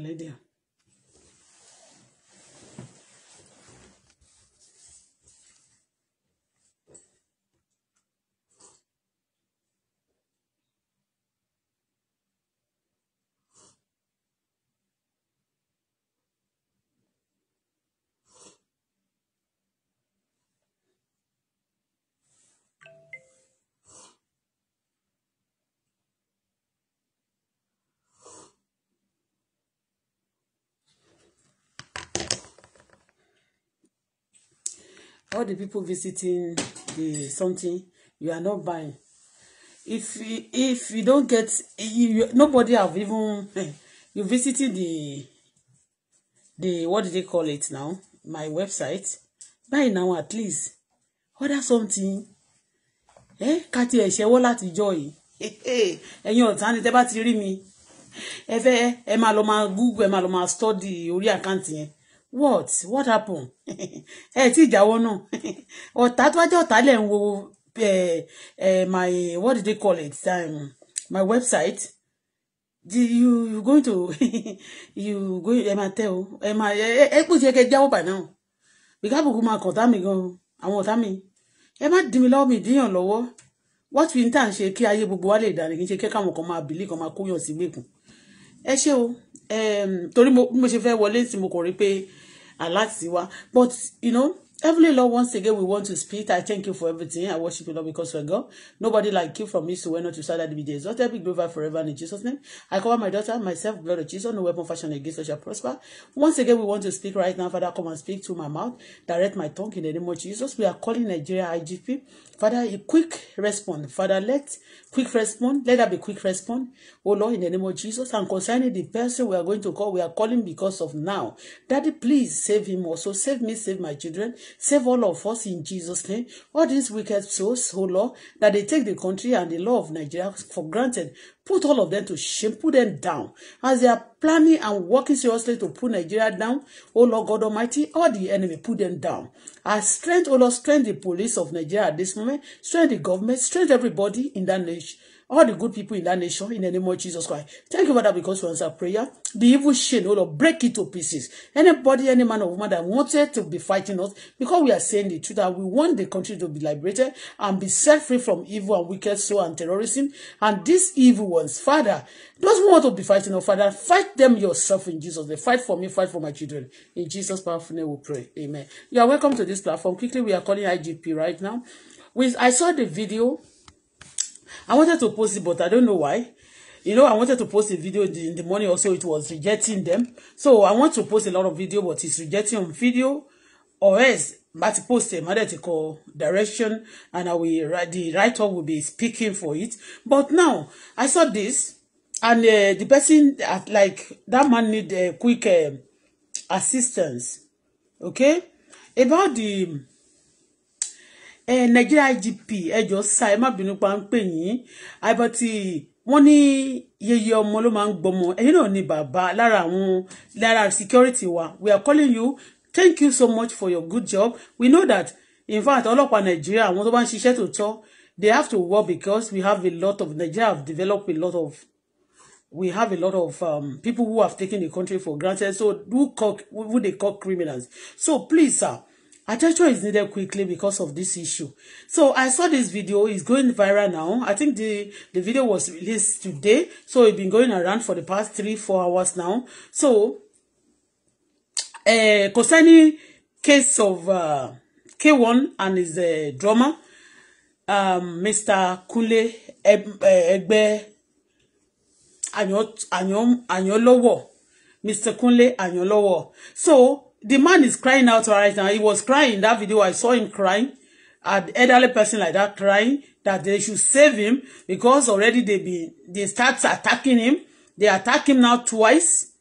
老爹爹。all the people visiting the something you are not buying if if you don't get you, you nobody have even eh, you visiting the the what do they call it now my website buy now at least order something eh ká tiẹ̀ ṣẹ́wọ́ láti jọ yìí ẹ̀yin ọ̀tá ni tẹ́ bá ti rí mi ẹ fẹ́ ẹ máa lọ máa google ẹ máa lọ máa study orí àkáǹtì yẹn what what happen ẹ tí ìjáwọ́ náà ọ̀tá tó wájú ọ̀tá lẹ̀ ń wo my what did they call it um, my website Do you you going to you go ẹ máa tẹ o ẹ máa ẹ pèsè ẹ kẹ jáwọ́ by now bìkà àbùkù máa kọ̀tá mi gan àwọn ọ̀tá mi ẹ má dì mí lọ́wọ́ mi díyàn lọ́wọ́ what we n tà ń ṣe kí ayé gbogbo wa lè dà ní kí n ṣe kẹ́kọ̀ọ́ àwọn kan máa bìlí kan máa kóyàn sí gbèkùn ẹ ṣé o torí mo mo ṣe fẹ́ wọlé tí mo kàn rí pé aláàtì wa but you know heavenly lord once again we want to speak i thank you for everything i worship you lord because you are god nobody like you from me so we're not to start that be the exalted be glorified forever in jesus name i cover my daughter myself blood of jesus no weapon fashioned against us shall prosper once again we want to speak right now father come and speak through my mouth direct my tongue in the name of jesus we are calling nigeria igp Father, a quick response. Father, let quick response. Let that be quick response. Oh Lord, in the name of Jesus. And concerning the person we are going to call, we are calling because of now. Daddy, please save him also. Save me, save my children. Save all of us in Jesus' name. All these wicked souls, oh Lord, that they take the country and the law of Nigeria for granted. Put all of them to shame, put them down. As they are planning and working seriously to put Nigeria down, oh Lord God Almighty, all the enemy, put them down. I strength, oh Lord, strength the police of Nigeria at this moment, strength the government, strength everybody in that nation, all the good people in that nation in the name of Jesus Christ. Thank you, for that because we answer prayer. The evil chain, oh Lord, break it to pieces. Anybody, any man or woman that wanted to be fighting us, because we are saying the truth that we want the country to be liberated and be set free from evil and wicked soul and terrorism and these evil ones. Father, those who want to be fighting us, Father, fight them yourself in Jesus. They fight for me, fight for my children. In Jesus' powerful name we pray. Amen. You are welcome to this platform. Quickly, we are calling IGP right now. With I saw the video I wanted to post it, but I don't know why. You know, I wanted to post a video in the morning also. It was rejecting them. So I want to post a lot of video, but it's rejecting on video. Or else, but post a medical direction and I will the writer will be speaking for it. But now I saw this and uh, the person at like that man need a uh, quick uh, assistance. Okay, about the eh, Nigeria IGP ẹjọ́ eh, sá ẹ má bínú pa ń pè yín àìbọ̀tì eh, wọ́n ní yeye ọmọ ló máa ń gbọmọ ẹ̀yin náà ni bàbá lára àwọn lára security wa we are calling you thank you so much for your good job we know that in fact ọlọ́pàá nàìjíríà àwọn tó bá ń ṣiṣẹ́ tó tọ́ they have to work because we have a lot of Nigeria have developed a lot of we have a lot of um, people who have taken the country for granted so who call who they call criminals so please sir. Uh, attention is needed quickly because of this issue so i saw this video it's going viral now i think the the video was released today so it's been going around for the past three four hours now so uh, concerning case of uh, eh, K1 and his uh, drummer um, Mr. Kunle Egbe Anyolowo Mr. Kunle Anyolowo so the man is crying out right now. He was crying in that video. I saw him crying. An elderly person like that crying that they should save him because already they be they start attacking him. They attack him now twice.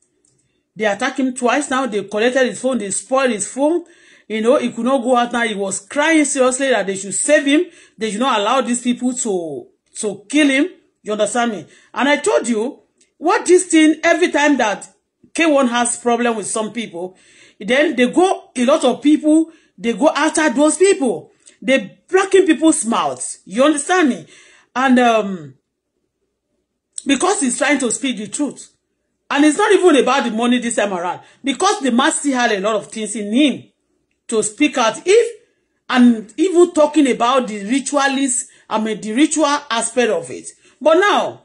They attack him twice now. They collected his phone. They spoiled his phone. You know, he could not go out now. He was crying seriously that they should save him. They should not allow these people to to kill him. You understand me? And I told you what this thing every time that K1 has problem with some people Then they go, a lot of people, they go after those people. They blocking people's mouths. You understand me? And um, because he's trying to speak the truth. And it's not even about the money this time around. Because the master had a lot of things in him to speak out. If, and even talking about the ritualists, I mean, the ritual aspect of it. But now,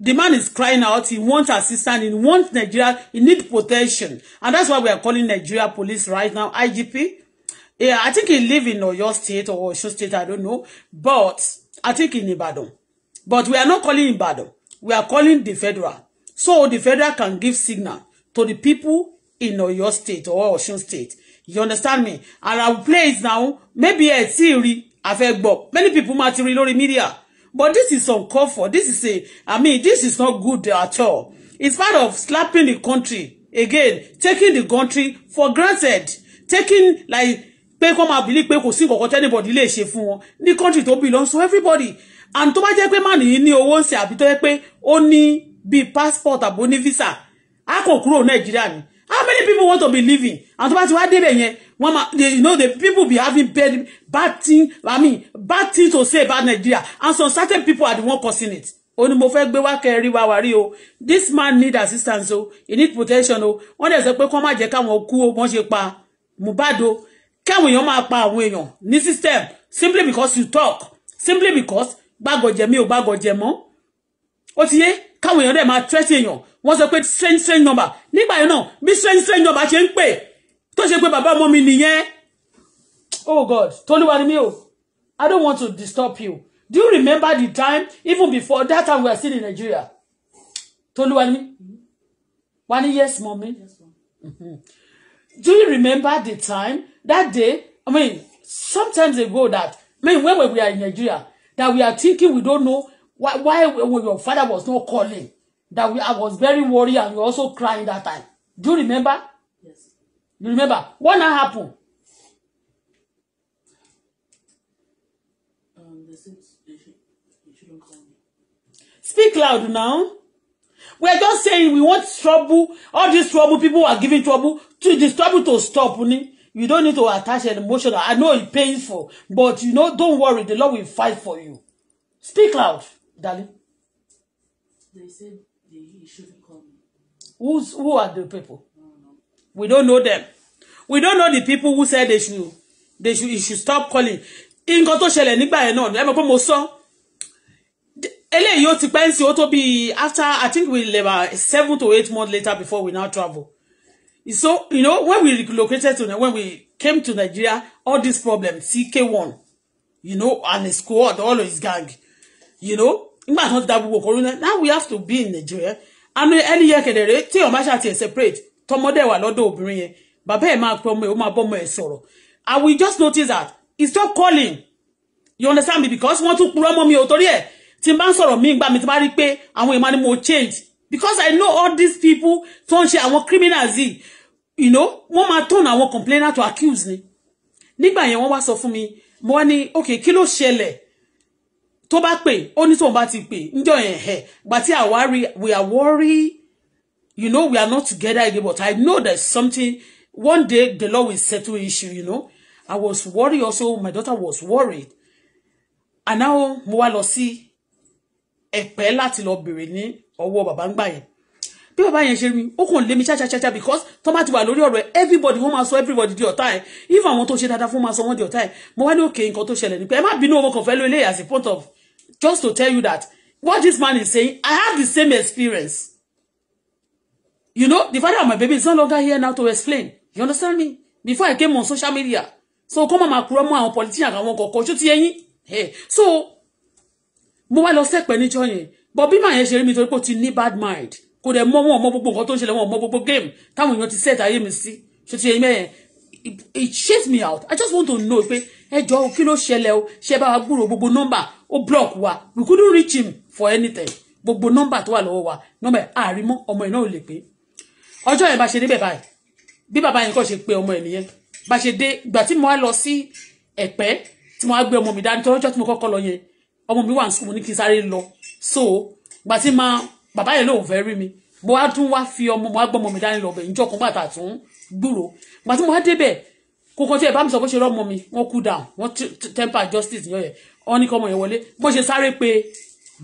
The man is crying out. He wants assistance. He wants Nigeria. He need protection. And that's why we are calling Nigeria police right now, IGP. Yeah, I think he live in Oyo State or Osun State, I don't know. But I think in Ibadan. But we are not calling Ibadan. We are calling the federal. So the federal can give signal to the people in Oyo State or Osun State. You understand me? And I will play it now. Maybe a theory. I've heard Bob. Many people might read media. But this is uncalled for. This is a, I mean, this is not good at all. It's part of slapping the country. Again, taking the country for granted. Taking, like, pé kọ́ máa bìlí pé kò sí nǹkan kan tẹ́nibọ̀dì lè ṣe fún wọn country to belong to everybody and to bá jẹ́ pé màní ní owó ń ṣe to tó jẹ́ pé ó ní bíi passport àbó ní visa á kò kúrò Nàìjíríà ni how many people want to be living and tó bá ti wá débẹ̀ ma they you know the people be having bad bad thing i mean bad thing to say about Nigeria and some certain people are the one causing it ó mo fẹ́ gbé wá kẹrí wa wàrí o this man need assistance o he need protection o wọ́n dẹ̀ sọ pé kọ́ má jẹ́ káwọn kú o wọ́n ṣe pa Mohbad o káwọn èèyàn máa pa àwọn èèyàn ní system simply because you talk simply because gbàgọ̀jẹ̀ mi ò gbàgọ̀jẹ̀ mọ́ ó ti yé káwọn èèyàn dẹ̀ máa tẹ́tí èèyàn wọ́n sọ pé strange strange number nígbà yẹn náà bí strange strange number ṣe ń pè tó ṣe pé bàbá ọmọ mi nìyẹn oh god tolúwa ni mi o i don't want to disturb you do you remember the time even before that time we were still in nigeria tolúwa ni mi wọ́n ní yes mommy yes, mm-hmm. do you remember the time that day i mean sometimes ago that i mean when we were in nigeria that we are thinking we don't know why why your father was not calling that we, I was very worried and you also crying that time. Do you remember? Yes. You remember? What now happened? Um, Speak loud now. We are just saying we want trouble. All these trouble, people are giving trouble. To this trouble to stop, ni. You don't need to attach an emotion. I know it's painful, but you know, don't worry. The Lord will fight for you. Speak loud, darling. They said Who's, who are the people? We don't know them. We don't know the people who said they should, they should, you should stop calling. In Koto ṣẹlẹ̀ nígbà yẹn náà, ẹ mọ̀ pé mo sọ. Eléyìí ó ti pẹ́ ń sí after I think we were seven to eight months later before we now travel. So, you know, when we relocated to, when we came to Nigeria, all these problems, CK1, you know, and his squad, all of his gang, you know, now we have to be in Nigeria and ẹni yẹn kẹ̀dẹ̀rẹ́ tí ọ̀ma ṣáà tiẹ̀ separate tọmọdé wà lọ́dọ̀ obìnrin yẹn bàbá ẹ̀ máa pẹ́ ọmọ ẹ̀ ó máa bọ́mọ ẹ̀ sọ̀rọ̀ and we just notice that he stop calling you understand me because wọ́n tún purọ́ mọ́ mi ò torí ẹ̀ tí n bá ń sọ̀rọ̀ mí gbà mí tí n bá rí pé àwọn èèyàn ni mo change because I know all these people tó ń ṣe àwọn criminals yìí you know wọ́n máa turn àwọn complainer to accuse ni nígbà yẹn wọ́n wá sọ fún mi mo wá ní okay kí ló ṣẹlẹ̀ tó bá pè ó ní tóun bá ti pè níjọ yẹn ẹ gba tí àwa we are worry. you know we are not together again but I know there's something one day the Lord will settle issue you know I was worry also my daughter was worried and now mo wá lọ sí Ẹ̀pẹ́ láti lọ bèrè ní ọwọ́ bàbá ń gbà yẹn bí bàbá yẹn ṣe rí ó kàn lé ṣáṣáṣáṣá because tó bá ti wà lórí ọ̀rọ̀ everybody wọ́n máa sọ everybody di ọ̀tá ẹ̀ if àwọn tó ṣe dáadáa fún máa sọ wọ́n di ọ̀tá ẹ̀ mo wá ní òkè nǹkan tó ṣẹlẹ̀ ní ẹ má bínú ọmọ kan fẹ́ ló ilé as a point of just to tell you that what this man is saying, I have the same experience. You know, the father of my baby is no longer here now to explain. You understand me? Before I came on social media. So, come on, my grandma àwọn politician àwọn kọ̀ọ̀kan ṣó ti yẹn. Hey, so, mo I lọ sẹ́pẹ̀ when yẹn. But bí màá yẹn ṣe rí mi torí pé ó ti ní bad mind. Could a mọ́ wọn mọ́ gbogbo nǹkan tó ń ṣẹlẹ̀ wọn mọ́ gbogbo game táwọn èèyàn ti set a mi sí. Ṣó ti yẹn It chase me out. I just want to know pé ẹjọ́ kí ló ṣẹlẹ̀ o ṣe bá wa gbúrò gbogbo nọ́mbà ó block wa we couldn't reach him for anything gbogbo number tó wà lọ́wọ́ wa nọ́mbà àrímọ́ ọmọ ẹ̀ náà ò lè pé ọjọ́ yẹn bá ṣe débẹ̀ báyìí bí bàbá yẹn kàn ṣe pé ọmọ ẹ̀ nìyẹn bá ṣe dé ìgbà tí mo wá lọ sí ẹ̀pẹ́ tí mo wá gbé ọmọ mi dání tó ọjọ́ tí mo kọ́kọ́ lọ yẹn ọmọ mi wà ní sùnmù ní kí n sáré lọ so ìgbà tí ma bàbá yẹn lóun fẹ́ rí mi mo wá tún wá fi ọmọ mo wá gbọ́ ọmọ mi dání lọ bẹ̀ ìjọ kan bàtà tún gbúrò ìgbà tí mo wá débẹ̀ kókó tí ẹ bá mi sọ bó ṣe rọ́mọ mi wọ́n cool down wọ́n temper justice yọ yẹ wọn ní kọ́ yẹn wọlé bó ṣe sáré pé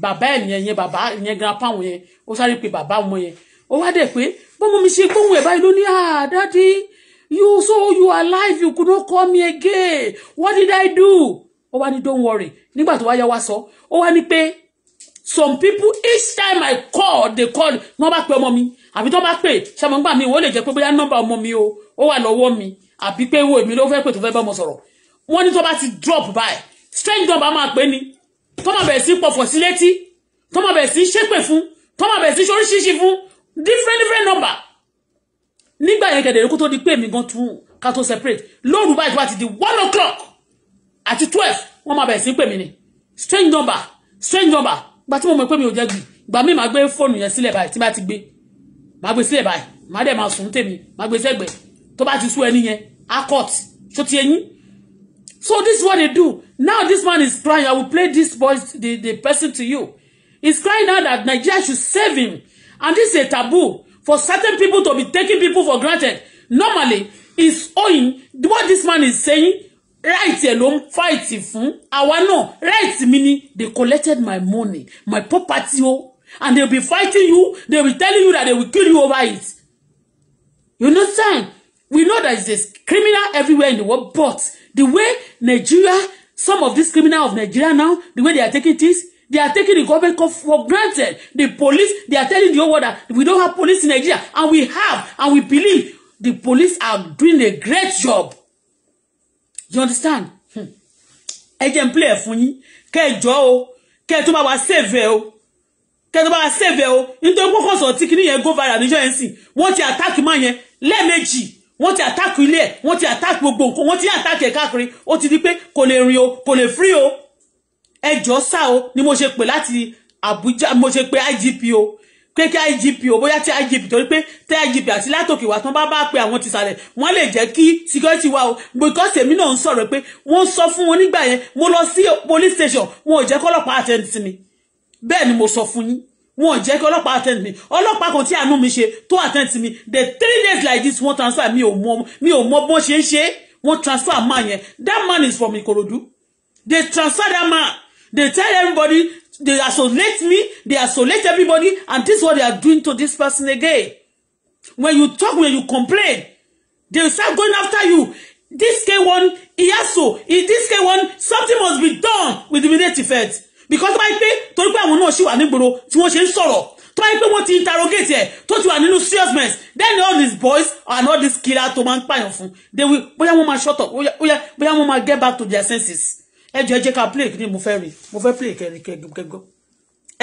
bàbá ẹ̀ yẹn bàbá yẹn gan apá wọn yẹn ó sáré pé bàbá wọn yẹn ó wá dẹ̀ pé bọ́mọ mi ṣe gbóhùn ẹ̀ báyìí ló ní ah you so you are alive you could not call me again what did I do ó wá ní don't worry nígbà tó wá yá wá sọ ó wá ní pé some people each time I call they call wọ́n bá pe ọmọ mi àbí tó bá pè ṣàmọ́ gbà mí wọ́n lè jẹ́ pé bóyá nọ́mbà ọmọ mi o ó wà lọ́wọ́ mi àbí pé owó èmi ló fẹ́ pè tó fẹ́ bá ọmọ sọ̀rọ̀ wọ́n ní tó bá ti drop báyìí strange dog bá máa pè ní tó máa bẹ̀rẹ̀ sí pọ̀fọ̀ sí létí tó máa bẹ̀rẹ̀ sí ṣépè fún tó máa bẹ̀rẹ̀ sí ṣoríṣiríṣi fún different different number nígbà yẹn gẹ̀dẹ̀ kó tó di pé èmi gan tún ká tó separate lóru báyìí tó bá ti di one o'clock àti twelve wọ́n máa be sí pè mí ni strange number strange number gba tí mo mọ̀ pé mi ò jẹ́ gbì gba mi máa gbé fóònù yẹn sílẹ̀ báyìí tí bá ti gbé máa gbé sílẹ̀ báyìí máa dẹ̀ máa sùn tèmi máa gbé sẹ́gbẹ̀ẹ́ tó bá ti sú ẹni yẹn á cut ṣó ti eyín So this is what they do. Now this man is crying. I will play this boy, the, the person to you. He's crying out that Nigeria should save him. And this is a taboo for certain people to be taking people for granted. Normally, it's owing what this man is saying. Right alone, fight fun. Àwa náà, right mi ni, they collected my money, my property o. Oh. And they'll be fighting you. They'll be telling you that they will kill you over it. You understand? We know that it's a criminal everywhere in the world, but The way Nigeria, some of these criminals of Nigeria now, the way they are taking things, they are taking the government for granted. The police, they are telling the whole world that we don't have police in Nigeria, and we have, and we believe the police are doing a great job. You understand? Hmm. Ẹ play ẹ̀ fún yín, kẹ́ ẹ jọ o, kẹ́ ẹ tó bá wa save ẹ o, kẹ́ ẹ tó bá wa save ẹ o, nítorí pọ́kọ̀sọ̀ tí kìíní yẹn go viral níjọ́ yẹn sìn, wọ́n ti attack máa yẹn lẹ́ẹ̀mejì wọ́n ti attack ilé ẹ̀ wọ́n ti attack gbogbo nǹkan wọ́n ti attack ẹ̀ káàkiri ó ti di pé kò lè rìn o kò lè free o ẹjọ́ sá o ni mo ṣe pè láti Abuja mo ṣe pè IGP o pé kí IGP o bóyá tí IGP torí pé tí IGP àti látòkè wà tán bá bá pe àwọn tìsàlẹ̀ wọ́n lè jẹ́ kí security wa o because èmi náà ń sọ̀rọ̀ pé wọ́n sọ fún wọn nígbà yẹn mo lọ sí police station wọn ò jẹ́ kọ́lọ́pàá attend sí mi bẹ́ẹ̀ ni mo sọ fún yín wọn ò jẹ́ kí ọlọ́pàá attend mi ọlọ́pàá kan tí àánú mi ṣe tó attend mi the three days like this wọ́n transfer mi ò mọ mi ò mọ bó ṣe ń ṣe wọ́n transfer man yẹn that man is from Ikorodu they transfer that man they tell everybody they isolate me they isolate everybody and this is what they are doing to this person again when you talk when you complain they start going after you this K1 Iyasu in this K1 something must be done with immediate effect because tó bá yí pé torí pé àwọn náà ṣì wà nígboro tí wọ́n ṣe ń sọ̀rọ̀ tó bá pé wọ́n ti interrogate ẹ̀ tó ti wà nínú seriousness then all these boys and all these killers tó máa ń pààyàn fún they will bóyá wọ́n máa shut up bóyá wọ́n máa get back to their senses ẹ jẹ́ jẹ́ ká play ní mo fẹ́ rí mo fẹ́ play kẹrin kẹgbọ́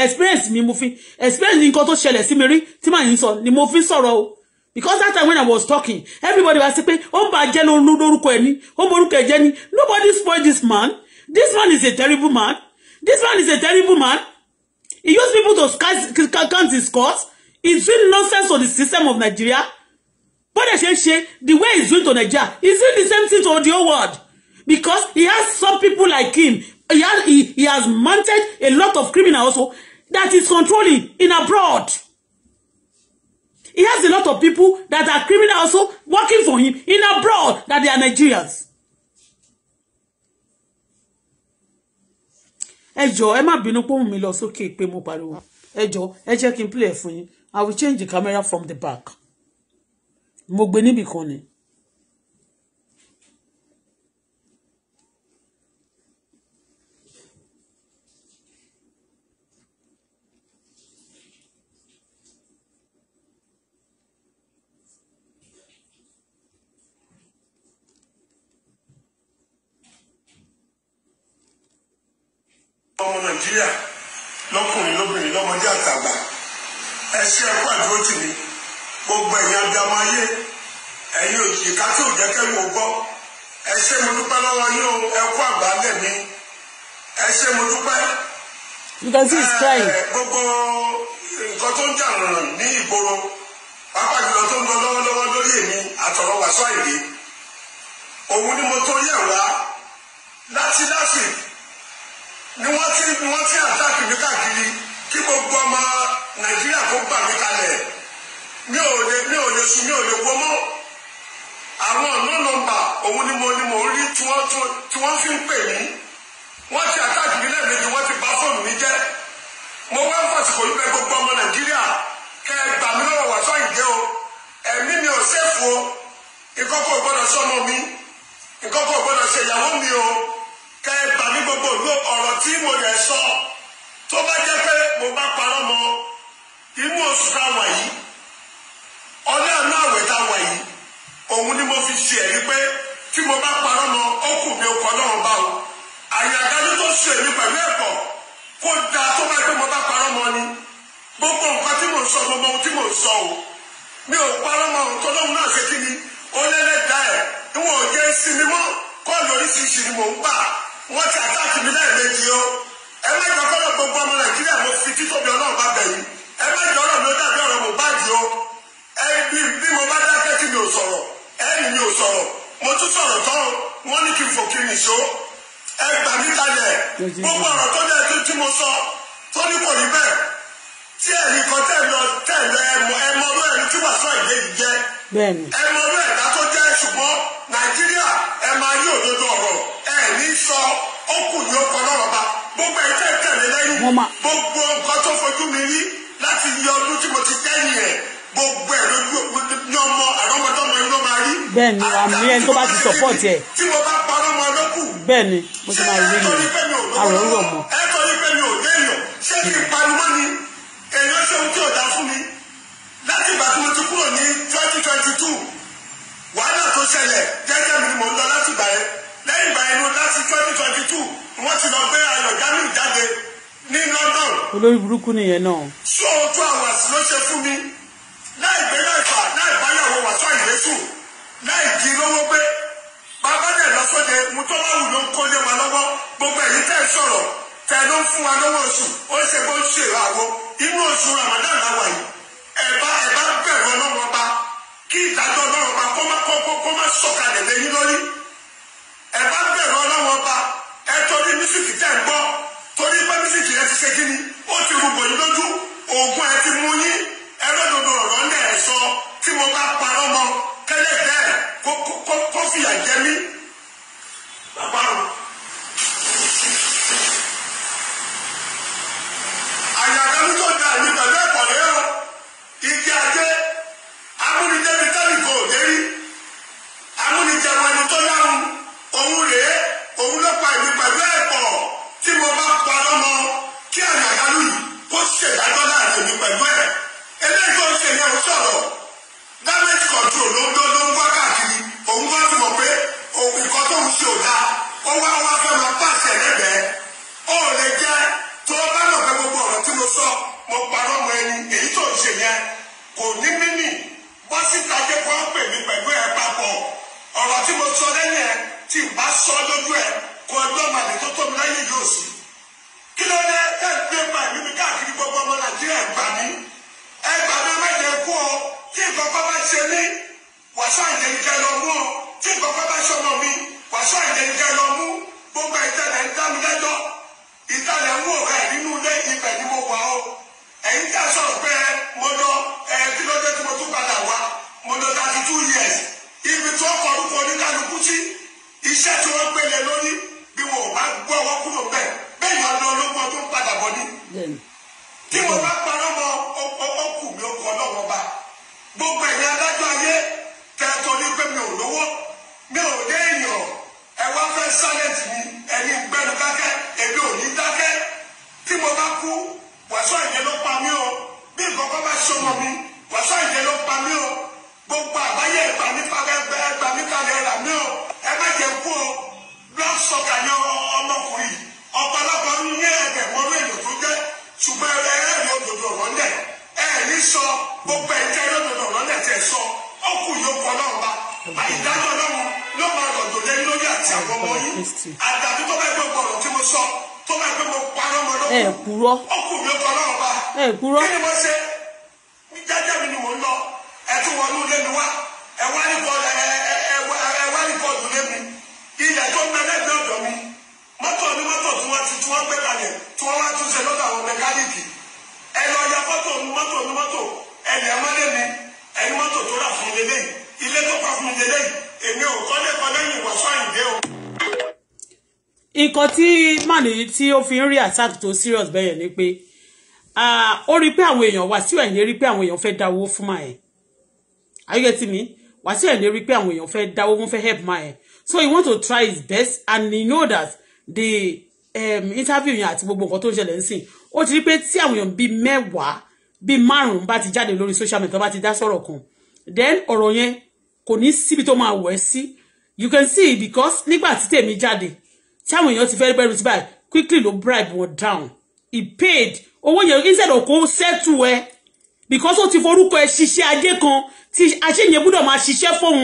experience mi mo fi experience ni nǹkan tó ṣẹlẹ̀ sí mi rí tí màá yín sọ ni mo fi sọ̀rọ̀ o because that time when I was talking everybody was saying pé ó ń bàjẹ́ lórúkọ ẹ̀ ní ó ń borúkọ ẹ̀ jẹ́ ní nobody spoil this man this man is a terrible man This man is a terrible man. He used people to count his cost. He's doing nonsense on the system of Nigeria. But I say, the way he's doing to Nigeria, he's doing the same thing to the whole world. Because he has some people like him. He has, he, he has mounted a lot of criminals also that is controlling in abroad. He has a lot of people that are criminals also working for him in abroad that they are Nigerians. ẹ jọ̀ọ́ ẹ má bínú pé òun mi lọ sókè pé mo pariwo ẹ jọ̀ọ́ ẹ jẹ́ kí n play ẹ̀ fún yín i will change the camera from the back mo gbé níbì kan ni ọmọ nàìjíríà lọ́kùnrin lóbìnrin lọ́mọdé àtàgbà ẹ ṣe ẹkọ àdúró tì mí gbogbo ẹ̀yin abiyamọ ayé ẹ̀yin ìka tí ò wò mo yín o ẹkọ àgbálẹ̀ mi gbogbo nǹkan tó ń ní ìgboro pápá jùlọ tó ń lọ lọ́wọ́lọ́wọ́ lórí èmi àìdè ni mo tó yẹ̀ wá láti láti ni wọ́n ti ni wọ́n ti àtàkì mi káàkiri kí gbogbo ọmọ nàìjíríà kó gbà mí kalẹ̀ mi ò lè mi ò lè sùn mi ò lè wọ́ mọ́ àwọn ọ̀nà nọ́mbà òun ni mo ni mo rí tí wọ́n tí wọ́n fi ń pè mí wọ́n ti àtàkì mi lẹ́ẹ̀mejì wọ́n ti bà fóònù mi jẹ́ mo wá ń fàsìkò yí bẹ gbogbo ọmọ nàìjíríà kẹ ẹ gbà mí lọ́wọ́ wà sọ ìdè o ẹ̀mí mi ò sẹ́fù o ìkọ́kọ̀ gbọ́dọ̀ sọmọ mi ìkọ́kọ̀ gbọ́dọ̀ ṣèyàwó mi o. kẹta ẹ gbogbo ìlú ọ̀rọ̀ tí mo yẹ sọ tó bá jẹ́ pé mo bá parọ́ mọ́ inú oṣù táwọn yìí ọlẹ́ àná ni mo fi ṣe ẹ̀rí pé tí mo bá parọ́ náà bá o tó ṣe èmi pẹ̀lú ẹ̀kọ́ kó ni gbogbo nǹkan tí sọ gbogbo ohun tí ń sọ o mi ò parọ́ mọ ohun tó náà ṣe kí ni ó lẹ́lẹ́dàá ẹ̀ níwọ̀n jẹ́ sinmi kọ́ọ̀lù oríṣiríṣi ni mò ń wọ́n ti àtàkì mi lẹ́ẹ̀mejì o ẹ má jọ kọ́lọ̀ gbogbo ọmọ nàìjíríà mo fi títóbi ọlọ́run bá bẹ̀ yìí ẹ má jọ ọ̀rọ̀ dàbí ọ̀rọ̀ Mohbad o ẹ bí mo bá dákẹ́ tí mi ò sọ̀rọ̀ ẹ mi ò sọ̀rọ̀ mo tún sọ̀rọ̀ tán wọ́n ní kí n fò kí n nìṣó ẹ gbà kalẹ̀ gbogbo ọ̀rọ̀ tó dẹ́ tí mo sọ tó ní kò rí bẹ́ẹ̀ tí ẹ̀rí kan tẹ̀lọ tẹ̀lọ ẹmọ ẹmọ ọdún ẹ̀rí tí wàásù àìlè yìí jẹ́ ẹmọ ọdún ẹ̀dá tó jẹ́ ṣùgbọ́n nàìjíríà ẹ máa yí òdodo ọ̀rọ̀ ẹ̀ ní sọ ó kù ní ó kan lọ́rọ̀ bá gbogbo ẹ̀ tẹ̀ tẹ̀lé lẹ́yìn gbogbo nǹkan tó fojú mi rí láti yí ọdún tí mo ti kẹ́yìn ẹ̀ gbogbo ẹ̀ lójú ní ọmọ àrọ́mọdọ́mọ yìí máa rí. bẹ́ẹ̀ni àmì ẹni tó bá ti sọpọọtì ẹ. tí mo bá pa ọlọmọ lókù. bẹ́ẹ̀ni mo ti máa rí mi àròrò mọ. ẹ tọ́ ní pé mi ò léèyàn olórí burúkú nìyẹn náà. sọ ọjọ́ àwọn àsìló ṣe fún mi láì gbé náà ìfà láì báyàwó wàtò àìlẹ́sù láì di lọ́wọ́ pé bàbá dẹ̀ lọ́sọ̀dẹ̀ mo tọ́ bá wù ló ń kọ́ lé wa lọ́wọ́ gbogbo ẹ̀yin tẹ́ ẹ sọ̀rọ̀ tẹ́ ló ń fún wa lọ́wọ́ oṣù ó ṣe bó ń ṣe àwọ inú oṣù Ramadan làwà yìí ẹ̀bá ẹ̀bá bẹ̀rù ọlọ́wọ́ bá kí ìdájọ́ ọlọ́wọ́ bá kó má kó má sọ̀kalẹ̀ lẹ́yìn lórí ẹ̀bá bẹ̀rù ọlọ́wọ́ bá ẹ torí mísìkì tẹ̀ torí pé mílíkì rẹ ti ṣe kí ni ó ti rúgbò yín lójú oògùn ẹ ti mú yín ẹlẹ́dọ̀dọ̀ ọ̀rọ̀ ńlẹ̀ ẹ̀ sọ tí mo bá parọ́ mọ kẹ́lẹ́ bẹ́ẹ̀ kó fìyà jẹ mí. bàbá rò àyàgbẹ́mú tó da ẹ̀mí pẹ̀lú ẹ̀pọ̀ rẹ̀ o igi ajé amúnijẹ́ ti tẹ́lẹ̀ kò lérí amúnijẹ́ wọn ẹni tó dáhùn òun rèé òun ló pa ẹ̀mí pẹ̀lú ẹ̀pọ̀ tí mo bá ṣèdájọ́ láàrin èmi pẹ̀lú ẹ̀ eléyìí tó ń ṣe yẹn ò sọ̀rọ̀ damage control ló ń dó ló ń wá káàkiri òun wá fi mọ̀ pé nǹkan tó ń ṣe ò dáa ó wá wá fẹ́ lọ pàṣẹ lẹ́bẹ̀ẹ́ ó lè jẹ́ tó o bá mọ̀ pé gbogbo ọ̀rọ̀ tí mo sọ mo parọ́ mọ ẹni èyí tó ń ṣe yẹn kò ní mímì bọ́ síta jẹ́ kó ń pè mí pẹ̀lú ẹ̀ papọ̀ ọ̀rọ̀ tí mo sọ lẹ́yìn ẹ̀ tí ì bá sọ lójú ẹ̀ kó ẹgbẹ́ ọmọdé tó tóbi lẹ́yìn yóò sí kí ló dé tẹ̀ ń gbé pẹ̀lú mi káàkiri gbogbo ọmọ nàìjíríà ẹ̀gbà mi ẹ̀gbà mi mẹ́jẹ̀ kú ọ tí nǹkan kan bá ṣe mí wàṣà ìjẹ̀nìkẹ́ lọ mú ọ tí nǹkan kan bá ṣọmọ mi wàṣà ìjẹ̀nìkẹ́ lọ mú gbogbo ìtẹ̀lẹ̀ ń dá mi lẹ́jọ́ ìtẹ̀lẹ̀ ń wò ká nínú ilé ibẹ̀ ni mo wà ó ẹ̀yin tí a sọ̀rọ̀ pé mo lọ ẹ̀ kí ló dé tí mo tún padà wá mo lọ thirty two years ibi tí wọ́n kọ orúkọ oníkálukú sí iṣẹ́ tí wọ́n gbélé lórí bí wọn ò bá gbọ́ ọwọ́ kúrò bẹ́ẹ̀ bẹ́ẹ̀ yọ ọdún ológun tó ń padà bọ̀ ní. tí mo bá parọ́ mọ ọkù mi ó kọ́ lọ́wọ́ bá gbogbo ẹ̀yin adájọ́ ayé kẹ́ẹ̀tọ́ ní pé mi ò lówó mi ò dé èèyàn ẹ wá fẹ́ sálẹ̀tì mi ẹni gbẹnu dákẹ́ èmi ò ní dákẹ́ tí mo bá kú wàásù àyẹ̀ ló pa mí o bí nǹkan kan bá ṣọmọ mi wàásù àyẹ̀ ló pa mí o gbogbo àbáyé ẹgbà mi kalẹ̀ ẹgbà mi rà mí o ẹ má jẹ kú o lọ́sọ̀tà ní ọmọkùnrin ọ̀pọ̀lọpọ̀ ń ní ẹgbẹ̀rún ọdún èèyàn tó jẹ́ ṣùgbọ́n ẹ ẹ ní òdòdó ọ̀rọ̀ ńlẹ̀ ẹ ní sọ gbogbo ẹ̀jẹ̀ ní òdòdó ọ̀rọ̀ ńlẹ̀ tẹ̀ sọ ọkùn yóò kọ́ náà bá àìdájọ́ ọlọ́run ló máa lọ̀dọ̀ lé lórí àti àwọn ọmọ yìí àtàbí tó bá gbé ọ̀rọ̀ tí mo sọ tó bá gbé mo parọ́ ọmọ lọ́kùn ọkùn yóò kọ́ náà bá kí ni mo ṣe jẹ́jẹ́ mi ni mò ń lọ ẹ̀ tún wọnú lé mi wá ẹ̀ wá ní bọ́ọ̀lù lé mi ilẹ̀ tó ń bẹ lẹ́gbẹ̀ẹ́ ọ̀dọ̀ mi mọ́tò ní mọ́tò tí wọ́n ti tí wọ́n gbé kalẹ̀ tí wọ́n wá tún ṣe lọ́dọ̀ àwọn mẹkáníìkì ẹ lọ ya fọ́tò ní mọ́tò ní mọ́tò ẹ̀lẹ́ mọ́lẹ́ mi ẹni mọ́tò tó rà fún mi lẹ́yìn ilé tó pa fún mi lẹ́yìn èmi ò kọ́ lẹ́kọ́ lẹ́yìn wàásù àyìndé o. nǹkan tí màní tí ó fi ń rí attack tó serious bẹ́yẹn ni pé ó rí pé àwọn èèyàn Wàsíù Àyìndé rí pé àwọn èèyàn fẹ́ dá owó fún máa ẹ̀ are you getting me Wàsíù Àyìndé rí pé àwọn èèyàn fẹ́ dáwó wọn fẹ́ help máa ẹ̀ so he want to try his best and he know that the um, interview yẹn àti gbogbo nǹkan tó ń ṣẹlẹ̀ ń sìn ó ti rí pé tí àwọn èèyàn bíi mẹ́wàá bíi márùn-ún bá ti jáde lórí social media bá ti dá sọ̀rọ̀ kan then ọ̀rọ̀ yẹn kò ní síbi tó máa wẹ̀ sí you can see because nígbà tí tèmi jáde tí àwọn èèyàn ti fẹ́ bẹ̀rù ti báyìí quickly ló bribe wọn down he paid owó yẹn instead of kó settle ẹ because ó ti forúkọ ẹ ṣiṣẹ́ ajé kan tí ajé yẹn gbúdọ̀ máa ṣiṣẹ́ fóun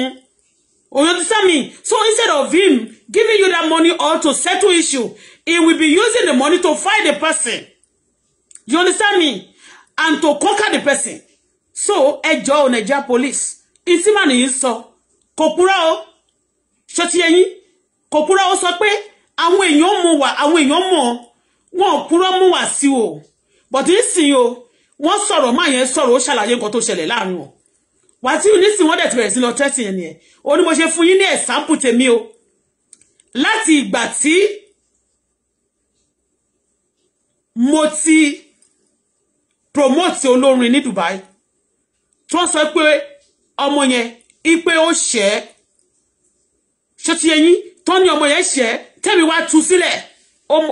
Oh, you understand me? So instead of him giving you that money or to settle issue, he will be using the money to fight the person. You understand me? And to conquer the person. So, ẹjọ́ o Nigeria police. Ìsìmá nìyí sọ. Kò purọ́ o. Ṣé ti yé yín? Kò purọ́ o sọ pé àwọn èèyàn mọ̀ wá àwọn èèyàn mọ̀ wọn purọ́ mú wá sí o. Bọ̀dí ìsìn o. Wọ́n sọ̀rọ̀ máa yẹn sọ̀rọ̀ ó ṣàlàyé nǹkan tó ṣẹlẹ̀ láàrin wọn. Wàsíù nísìn wọ́n dẹ̀ ti bẹ̀rẹ̀ sí lọ tẹ́sì yẹn nìyẹn ó ní mo ṣe fún yín ní ẹ̀sáǹpù tèmi o láti ìgbà tí mo ti promote olórin ní Dubai tí wọ́n sọ pé ọmọ yẹn ipe ó ṣẹ́ ṣé ti yẹn yín tó ní ọmọ yẹn ṣẹ́ tẹ́mi wá tú sílẹ̀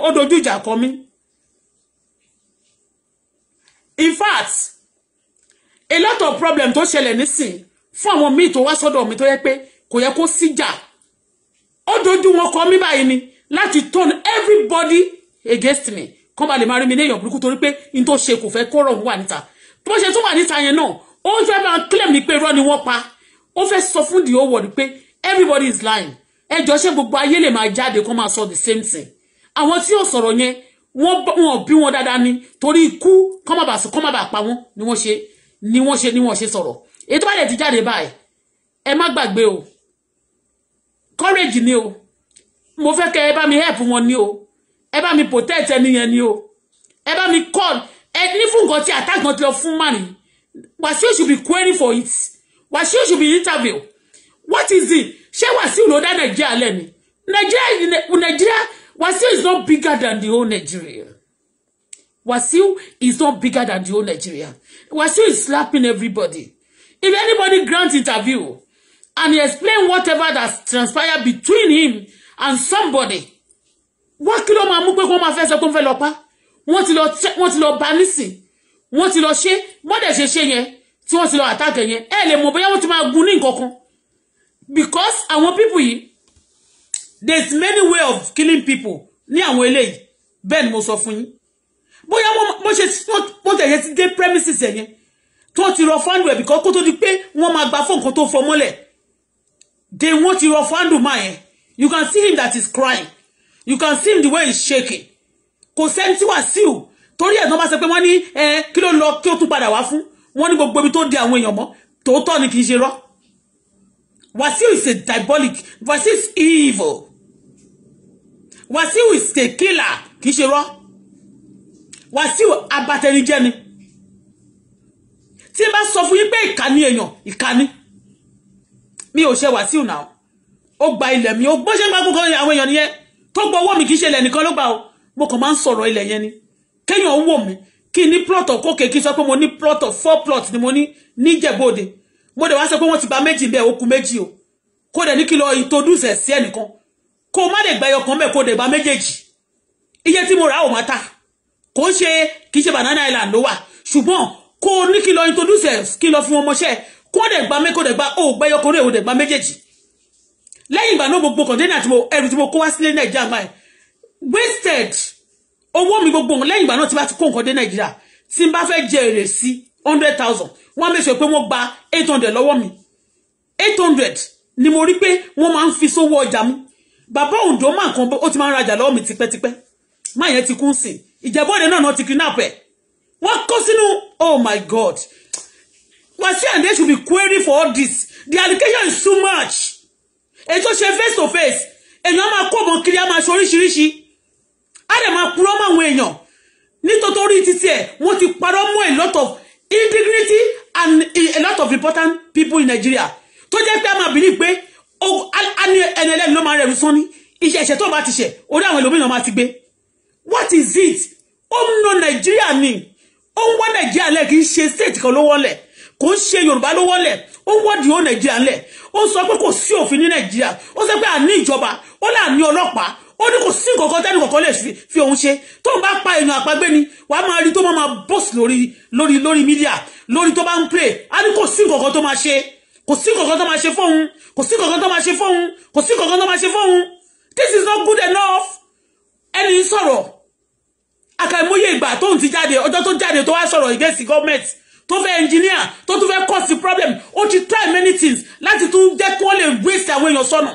ó dojú ìjà in fact a lot of problem tó ṣẹlẹ̀ nísìn fún àwọn míì tó wá sọ́dọ̀ mi tó yẹ pé kò yẹ kó síjà ó dojú wọn kọ mí báyìí ni láti turn everybody against me kán ba lè máa rí mi ní èèyàn burúkú torí pé n tó ṣe kò fẹ́ kọ́rọ̀ òun wà níta tó ṣe tó wà níta yẹn náà ó ń fẹ́ máa claim ni pé irọ́ ni wọ́n pa ó fẹ́ sọ fún the whole world pé everybody is lying ẹjọ́ ṣé gbogbo ayé lè máa jáde kán máa sọ the same thing àwọn tí ò sọ̀rọ̀ yẹn wọ́n bí wọn dáadáa ni torí ikú kán má bàa pa wọn ni wọ́n ṣe ni wọ́n ṣe ni wọ́n ṣe sọ̀rọ̀ èyí tó bá dẹ̀ ti jáde báyìí ẹ má gbàgbé o courage ni o mo fẹ́ kẹ́ ẹ bá mi help wọn ni o ẹ bá mi protect ẹni yẹn ni o ẹ bá mi call ẹ ní fún nǹkan tí attack kan ti lọ fún mani Wasiu should be query for it Wasiu should be interview what is it ṣé Wasiu ló dá Nàìjíríà lẹ́ni Nàìjíríà Nàìjíríà Wasiu is not bigger than the whole Nigeria Wasiu is not bigger than the whole Nigeria Wasiu is slapping everybody. If anybody grants interview and he explain whatever that transpired between him and somebody, what kí ló máa mú pé kó máa fẹ́ sọ pé lo fẹ́ lọ pa? Wọ́n ti lọ wọ́n ti lọ bá nísìn. Wọ́n ti lọ ṣe wọ́n dẹ̀ ṣe ṣe yẹn tí wọ́n ti lọ àtàkẹ́ yẹn. Ẹ lè mọ̀ bóyá wọ́n ti máa gun ní nǹkan Because àwọn people yìí there many way of killing people ní àwọn eléyìí. Bẹ́ẹ̀ ni mo sọ fún yín bóyá wọ́n ṣe wọ́n tẹ̀yẹ ti dé premises ẹ̀yẹn tó ti rọ fáńdù ẹ̀ bìkọ́ kó tó di pé wọ́n máa gba fóònù kan tó fọ mọ́lẹ̀ dé wọ́n ti rọ fáńdù máa yẹn you can see him that is crying you can see him the way he is shaking kò sẹ́ni tí Wàsíù torí ẹ̀ náà bá sọ pé wọ́n ní ẹ kí ló lọ kí ó tún padà wá fún wọ́n ní gbogbo ibi tó di àwọn èèyàn mọ́ tòótọ́ ni kì í ṣe rọ́ Wàsíù is a diabolic Wàsíù is evil Wàsíù is a killer kì í ṣe rọ́. Wàsíù abatẹnijẹ́ ni tí n bá sọ fún yín pé ìkànnì èèyàn ìkànnì mi ò ṣe Wàsíù náà ó gba ilẹ̀ mi ó bó ṣe ń àwọn èèyàn nìyẹn tó gbọ́ owó mi kì í ṣe ilẹ̀ nìkan ló gbà ó mo kàn máa ń sọ̀rọ̀ ilẹ̀ yẹn ni kéèyàn ń wò mí kí ní plot of kókè sọ pé mo ní plot four plot ni mo ní níjẹ̀bọ́dẹ mo dẹ̀ wá sọ pé wọ́n ti bà méjì bẹ́ẹ̀ ó kù méjì o kó dẹ̀ ní kí lọ introduce sí ẹnìkan kó o má lè gba bẹ́ẹ̀ kó o dẹ̀ gba méjèèjì iye tí mo rà ó máa ta kò ń ṣe kì í ṣe banana island ló wà ṣùgbọ́n kó o ní kí lọ introduce ẹ̀ kí lọ fún ọmọṣẹ́ kó o dẹ̀ gba mẹ́kó dẹ̀ gba o gbẹ́yọ kórè o dẹ̀ gba méjèèjì lẹ́yìn ìgbà náà gbogbo kọ̀ǹtẹ́nà tí mo ẹrù tí mo kó wá sílé nàìjíríà máa wasted owó mi gbogbo lẹ́yìn ìgbà náà tí bá ti kó nǹkan dé nàìjíríà tí n bá fẹ́ jẹ èrè sí hundred thousand wọ́n á mẹ́sọ̀ pé wọ́n gba eight hundred lọ́wọ́ mi eight hundred ni mo rí pé wọ́n máa ń fi sówó ọjà mú bàbá òǹdó máa kan ó ti máa ń rajà lọ́wọ́ mi tipẹ́tipẹ́ máa yẹn ti kún sí ìjẹ́bọ́dẹ náà ti kidnap ẹ̀ wọ́n kó sínú oh my god Wasiu and they should be query for all this the allocation is too much èyí tó ṣe face to face èèyàn máa kó ọmọ kiri á máa ṣe oríṣiríṣi á dẹ̀ máa purọ́ mọ́ àwọn èèyàn nítorí títí ẹ̀ wọ́n ti parọ́ mọ́ a lot of indignity and a lot of important people in Nigeria tó jẹ́ pé a máa bìlí pé oh, ẹni ẹlẹ́ni ló máa rẹ̀rù sán ní iṣẹ́ ìṣẹ́ tó bá ti ṣẹ̀ orí àwọn ẹlòmíràn máa ti gbé what is it ó ń lo nàìjíríà ni ó ń wọ́ nàìjíríà lẹ̀ kì í ṣe state kan ló wọ́lẹ̀ kò ń ṣe yorùbá ló wọ́lẹ̀ ó ń wọ́dì ó nàìjíríà lẹ̀ ó sọ pé kò sí òfin ní nàìjíríà ó sọ pé àní ìjọba ó là ní ọlọ́pàá ó ní kò sí nǹkan kan tẹ́nu kọ̀ọ̀kan lè fi òun ṣe tó ń bá pa èèyàn àpagbé ni wàá máa rí tó máa máa bọ́ọ̀sì lórí lórí lórí mídíà lórí tó bá ń pè á ní kò sí nǹkan kan tó máa ṣe kò sí nǹkan kan tó máa ṣe fóun kò sí nǹkan kan tó máa ṣe fóun kò sí nǹkan tó máa ṣe fóun this is not good enough ẹni sọ̀rọ̀ àkàìmọye ìgbà tóun ti jáde ọjọ́ tó jáde tó wá sọ̀rọ̀ against government tó fẹ́ engineer tó tún fẹ́ cause problem ó ti try many things láti tún jẹ́ kó lè waste àwọn èèyàn sọnù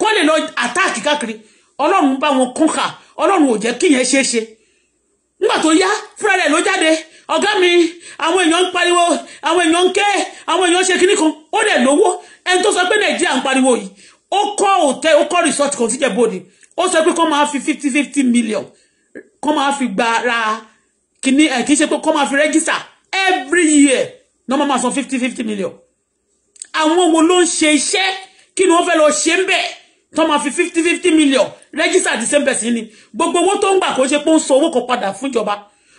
kó lè lọ attack káàkiri ọlọ́run bá wọn kún kà ọlọ́run ò jẹ́ kíyẹn ṣeé ṣe nígbà tó yá fúnra rẹ̀ ló jáde ọ̀gá mi àwọn èèyàn ń pariwo àwọn èèyàn ń ké àwọn èèyàn ń ṣe kíní kan ó dẹ̀ lówó ẹni tó sọ pé nàìjíríà ń pariwo yìí ó kọ́ òtẹ́ ó kọ́ resort kan síjẹ̀bọ̀dì ó sọ pé kó máa fi fifty fifty million kọ́ máa fi gba ra kìíní ẹ̀ eh, kìí ṣe pé kọ́ máa fi rẹ́gísà every year ní wọ́n máa san fifty fifty million àwọn wo ló ń ṣe iṣẹ́ kí ni wọ́n fẹ́ lọ ṣe ń bẹ̀ tó máa fi fifty fifty million rẹ́gísà the same person ni gbogbo owó tó ń gbà kó ṣe pé ó ń san owó kan padà fúnjọba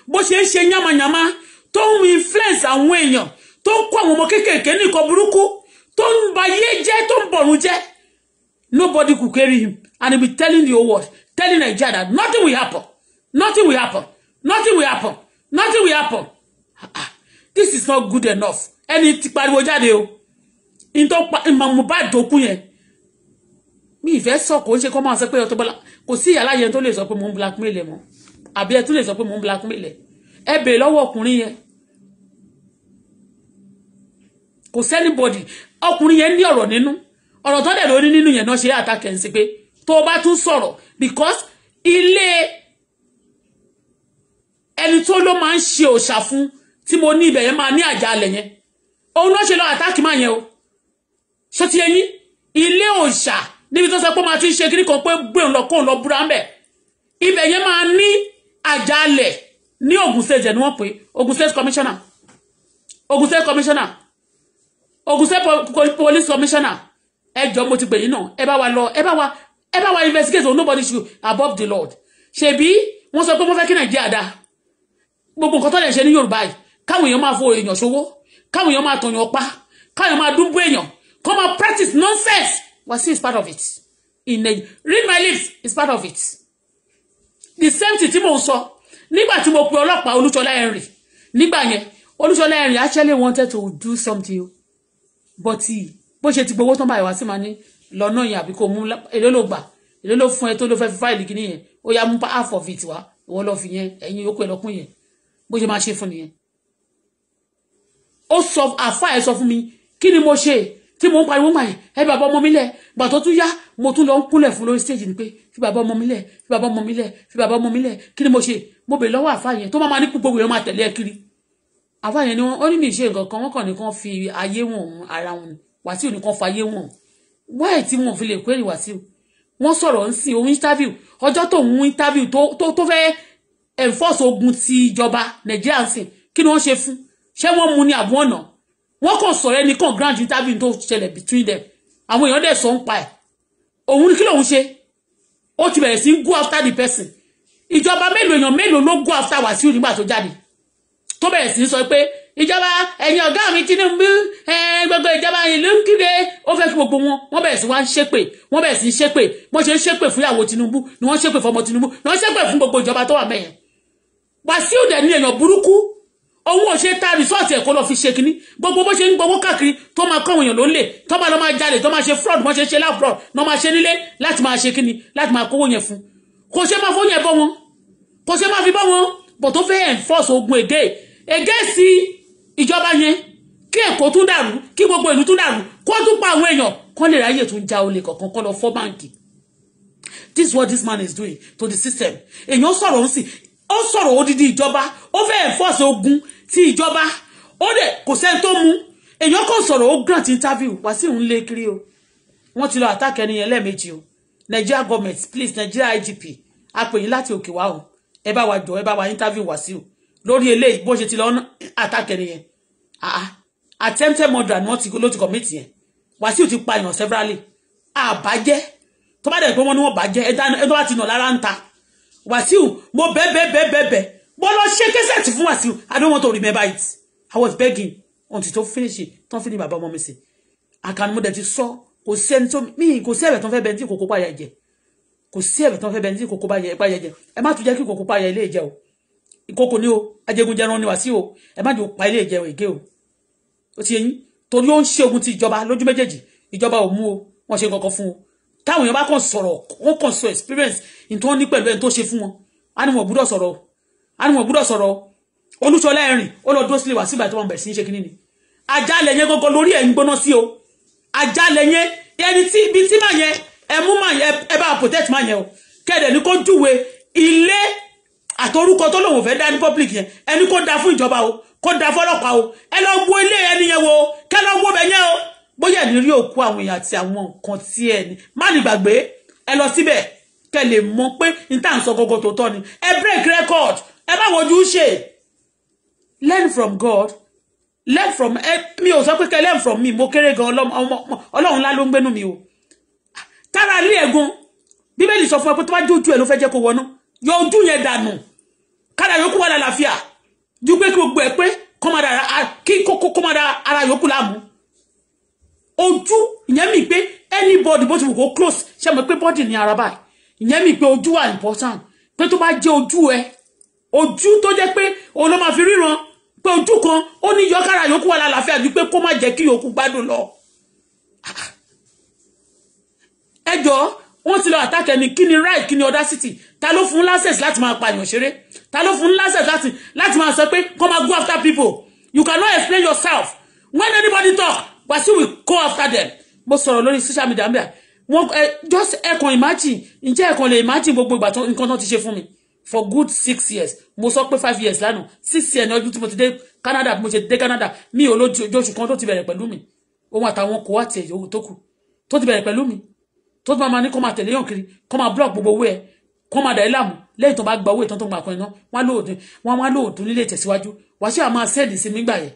bó ṣe ń ṣe yánmayánmá tó ń influence àwọn èèyàn tó ń kó àwọn ọmọ kéékèèké ní nǹkan burúkú tó ń ba yé jẹ́ tó ń bọ̀rùn jẹ́ nobody could carry him and he be telling the whole world telling Nigeria that nothing will happen Nothing will happen. Nothing will happen. Nothing will happen. Ah, ah. This is not good enough. Ẹni tí pariwo jáde o. In tó pa ìmọ̀ Mohbad tó kú yẹn. Mi ìfẹ́ sọ kò ń ṣe kọ́ máa sọ pé Auto Bola kò sí ìyá láyẹn tó lè sọ pé mò ń blackmail ẹ̀ mọ́. Àbí ẹ tún lè sọ pé mò ń blackmail ẹ̀. Ẹ bèè lọ́wọ́ ọkùnrin yẹn. Kò sẹ́nibọ̀dì ọkùnrin yẹn ní ọ̀rọ̀ nínú. Ọ̀rọ̀ tó dẹ̀ lórí nínú yẹn náà ṣe àtàkẹ́ ń sí pé tó o bá tún sọ̀rọ̀ because ilé ẹni tó ló máa ń ṣe òòṣà fún tí mo ní ibẹ̀ yẹn máa ní àjálẹ̀ yẹn òun náà ṣe lọ àtàkì máa yẹn o ṣó ti yẹn ilé òòṣà níbi tó sọ pé máa ti ṣe kíní kan pé gbé òun lọ kó òun lọ búra ńbẹ ibẹ̀ yẹn máa ní àjálẹ̀ ní Ogun State jẹ ni wọ́n Ogun State commissioner Ogun State commissioner Ogun State police commissioner ẹ mo ti gbẹ̀yìn náà ẹ bá wa lọ ẹ bá wa ẹ bá wa investigate o nobody should above the Lord ṣebí wọ́n sọ pé wọ́n fẹ́ kí Nàìjíríà dáa gbogbo nǹkan tó lè ṣe ní yorùbá yìí káwọn èèyàn máa fo èèyàn ṣòwò káwọn èèyàn máa tọ̀yàn pa káwọn máa dúnbó èèyàn kọ́ máa practice nonsense wàsí is part of it in a read my lips is part of it the same thing tí mò ń sọ nígbà tí mo pe ọlọ́pàá olúṣọlá henry nígbà yẹn olúṣọlá henry actually wanted to do something but bó ṣe ti gbowó tán báyìí wá sí ma ní lọ́nà yẹn àbí kò mú èlé ló gbà èlé ló fún ẹ tó ló fẹ́ fi fáìlì kìíní yẹn ó yá mú half of it wá ìwọ lọ fi yẹn ẹ̀yin yòókù ẹ lọ kún yẹn bó ṣe máa ṣe fún nìyẹn ó sọ àfa ẹ sọ fún mi kí ni mo ṣe tí mo ń pariwo mà ẹ ẹ bàbá ọmọ mi lẹ gbà tó tún yá mo tún lọ ń kúnlẹ̀ fún lórí stage ni pé fi bàbá ọmọ mi lẹ fi bàbá ọmọ mi lẹ fi bàbá ọmọ mi lẹ kí ni mo ṣe mo bèè lọ́wọ́ àfa yẹn tó máa ní gbogbo èèyàn máa tẹ̀lé ẹ kiri àfa yẹn ni wọn ó ní mi ṣe nǹkan kan wọn kàn ní kàn fi ayé wọn ara wọn Wàsíù ní kàn fa ayé wọn wáyé tí wọn fi lè kó èrè Wàsíù wọn sọ̀rọ̀ ń sìn òun interview ọjọ́ tó ń interview tó tó fẹ́ẹ́ enforce ogun ti ìjọba nàìjíríà ń sìn kí ni wọ́n ṣe fún ṣé wọ́n mu ní àbúrò náà wọ́n kàn sọ̀rọ̀ ẹni kan grand interview tó ṣẹlẹ̀ between them àwọn èèyàn dẹ̀ sọ ń pa ẹ̀ òun kí lòun ṣe ó ti bẹ̀rẹ̀ sí ń go after the person ìjọba mélòó èèyàn mélòó ló go after Wàsíù nígbà tó jáde tó bẹ̀rẹ̀ sí ń sọ pé ìjọba ẹ̀yin ọ̀gá mi Tinubu gbogbo ìjọba ìlú ń kíde ó fẹ́ kí gbogbo wọn wọ́n bẹ̀rẹ̀ sí wá ń ṣépè wọ́n bẹ̀rẹ̀ sí ń ṣépè wọ́n ṣe ń ṣépè fún ìyàwó Tinubu ni wọ́n ṣépè fún ọmọ Tinubu ni wọ́n ṣépè fún gbogbo ìjọba tó wà mẹ́yẹn Wàsíù dẹ̀ ní èèyàn burúkú owó òṣè ta rìsọ́ọ̀tì ẹ̀kọ́ lọ fi ṣe kínní gbogbo bó ṣe ń gbowó káàkiri tó máa kọ́ èèyàn ló lè tó máa lọ máa jalè tó máa ṣe fraud máa ṣe ṣe láàpọ̀ náà máa ṣe nílé láti máa ṣe kínní láti máa kówó yẹn fún kò ṣe máa fóyún ẹ̀ bọ́ wọn kò ṣe máa fi bọ́ wọn bọ̀ tó fẹ́ enforce ogun ègé ègé sí ìjọba yẹn kí Èkó tún dàrú kí gbogbo ìlú tún dàrú kó tún pa àwọn èèyàn kó lè ráyè tún ja olè kọ̀ọ̀kan kó lọ fọ́ báǹkì this is what this man is doing to the system èèyàn sọ̀rọ̀ ń sìn ó sọ̀rọ̀ odidi ìjọba ó fẹ́ẹ̀ fọ́ọ̀sì ogun ti ìjọba ó dẹ̀ kò sẹ́ni tó mú èèyàn kò sọ̀rọ̀ ó grant interview wá sí òun lé kiri o wọ́n ti lọ attack ẹni yẹn lẹ́ẹ̀mejì o Nigeria government please Nigeria IGP a pè yín láti òkè wá o ẹ bá wa jọ ẹ bá wa interview wá sí o lórí eléyìí bó ṣe ti lọ attack ẹni yẹn ah, ah. attempted murder ni wọ́n ti ló ti commit yẹn Wàsíù ti pa èèyàn severally àbájẹ́ tó bá dẹ̀ pé wọ́n ní wọ́n bàjẹ́ ẹ tó bá ti nà lára ń ta Wasiu, mo beg, beg, beg, beg, beg. But Lord, shake his head fún Wasiu. I don't want to remember it. I was begging until to finish it. Don't finish bàbá ọmọ mi sí. Àkànmú dẹ̀ ti sọ. Kò sí ẹni tó mi, kò sí ẹ̀bẹ̀ tó ń fẹ́ bẹ́ẹ̀ tí kòkó pa yẹ jẹ. Kò sí ẹ̀bẹ̀ tó ń fẹ́ bẹ́ẹ̀ tí kòkó pa yẹ jẹ. Ẹ má tún jẹ́ kí kòkó pa yẹ ilé ìjẹ o. Ìkòkò ni o, ajẹgunjẹran ni Wasiu o. Ẹ má jẹ́ pa ilé ìjẹ o èké o. Ó ti yẹ yín. Torí ó ń ṣe ogun ti ìjọba lójú méjèèjì. Ìjọba ò mú o. Wọ́n ṣe kankan fún o. Táwọn èèyàn bá kàn sọ̀rọ̀, wọ́n kàn sọ experience ìtọ́ ní pẹ̀lú ẹni tó ṣe fún wọn á ní wọn gbúdọ̀ sọ̀rọ̀ á ní wọn gbúdọ̀ sọ̀rọ̀ olúṣọlá ẹ̀rìn ó lọ dúró sílé wá síbà tó wọn bẹ̀rẹ̀ sí í ṣe kínní ni àjálẹ̀ yẹn gangan lórí ẹ̀ ń gbóná sí o àjálẹ̀ yẹn ẹni tí ibi tí màá yẹn ẹ mú màá yẹn ẹ bá protect màá yẹn o kẹ́ẹ̀dẹ̀ ní kó júwe ilé àtorúkọ tó lòun fẹ́ dá ní public yẹn ẹni kó da fún ìjọba o kó da fọlọ́pàá o ẹ lọ wo ilé ẹ kẹ́ lè mọ̀ pé n tá à ń sọ gógó tó tọ́ ni ẹ break record ẹ bá wojú ṣe learn from God learn from ẹ mi ò sọ pé kẹ́ learn from me mo kéré gan ọlọ́run lá ló ń gbénu mi o tára ilé ẹ̀gún bíbélì sọ fún ẹ pé tó bá jó ojú ẹ ló fẹ́ jẹ́ kó wọnú yọ ojú yẹn dànù kára yòókù wà lálàáfíà ju pé kí gbogbo ẹ pé kó má da ara yòókù láàmú ojú ìyẹn mi pé anybody bó ti wù kó close ṣe mọ̀ pé body ni ara báyìí ìyẹn mi pé ojú wà important pé tó bá jẹ́ ojú ẹ ojú tó jẹ́ pé òun ló máa fi ríran pé ojú kan ó ní yọkára yòókù wà lálàáfíà ju pé kó má jẹ́ kí yòókù gbádùn lọ. ẹjọ́ wọ́n ti lọ àtàkẹ́ ni kí ni right kí ni audacity ta ló fún license láti máa pààyàn ṣeré ta ló fún license láti láti máa sọ pé kó máa go after people you cannot explain yourself when anybody talk Wasiu will go after them mo sọ̀rọ̀ lórí social media mbẹ́ wọn ẹ eh, just ẹ kàn imagine ǹjẹ́ ẹ kàn lè imagine gbogbo ìgbà tó nǹkan náà ti ṣe fún mi for good six years mo sọ pé five years lánàá six years ní ọdún tí mo ti dé Canada bí mo ṣe dé Canada mi ò lójoojú kan tó ti bẹ̀rẹ̀ pẹ̀lú mi òun àtàwọn kò wá tiẹ̀ yòówù tó kù tó ti bẹ̀rẹ̀ pẹ̀lú mi tó ti máa ma ní kó máa tẹ̀lé yàn kiri kó máa block gbogbo owó ẹ kó máa dà ẹ́ láàmú lẹ́yìn tó bá gba owó ìtàn tó máa kan iná wọn lóòdùn wọn wá lóòdùn nílé ìtẹ̀síwájú wàá àmọ́ sẹ́ẹ̀lì sí nígbà yẹn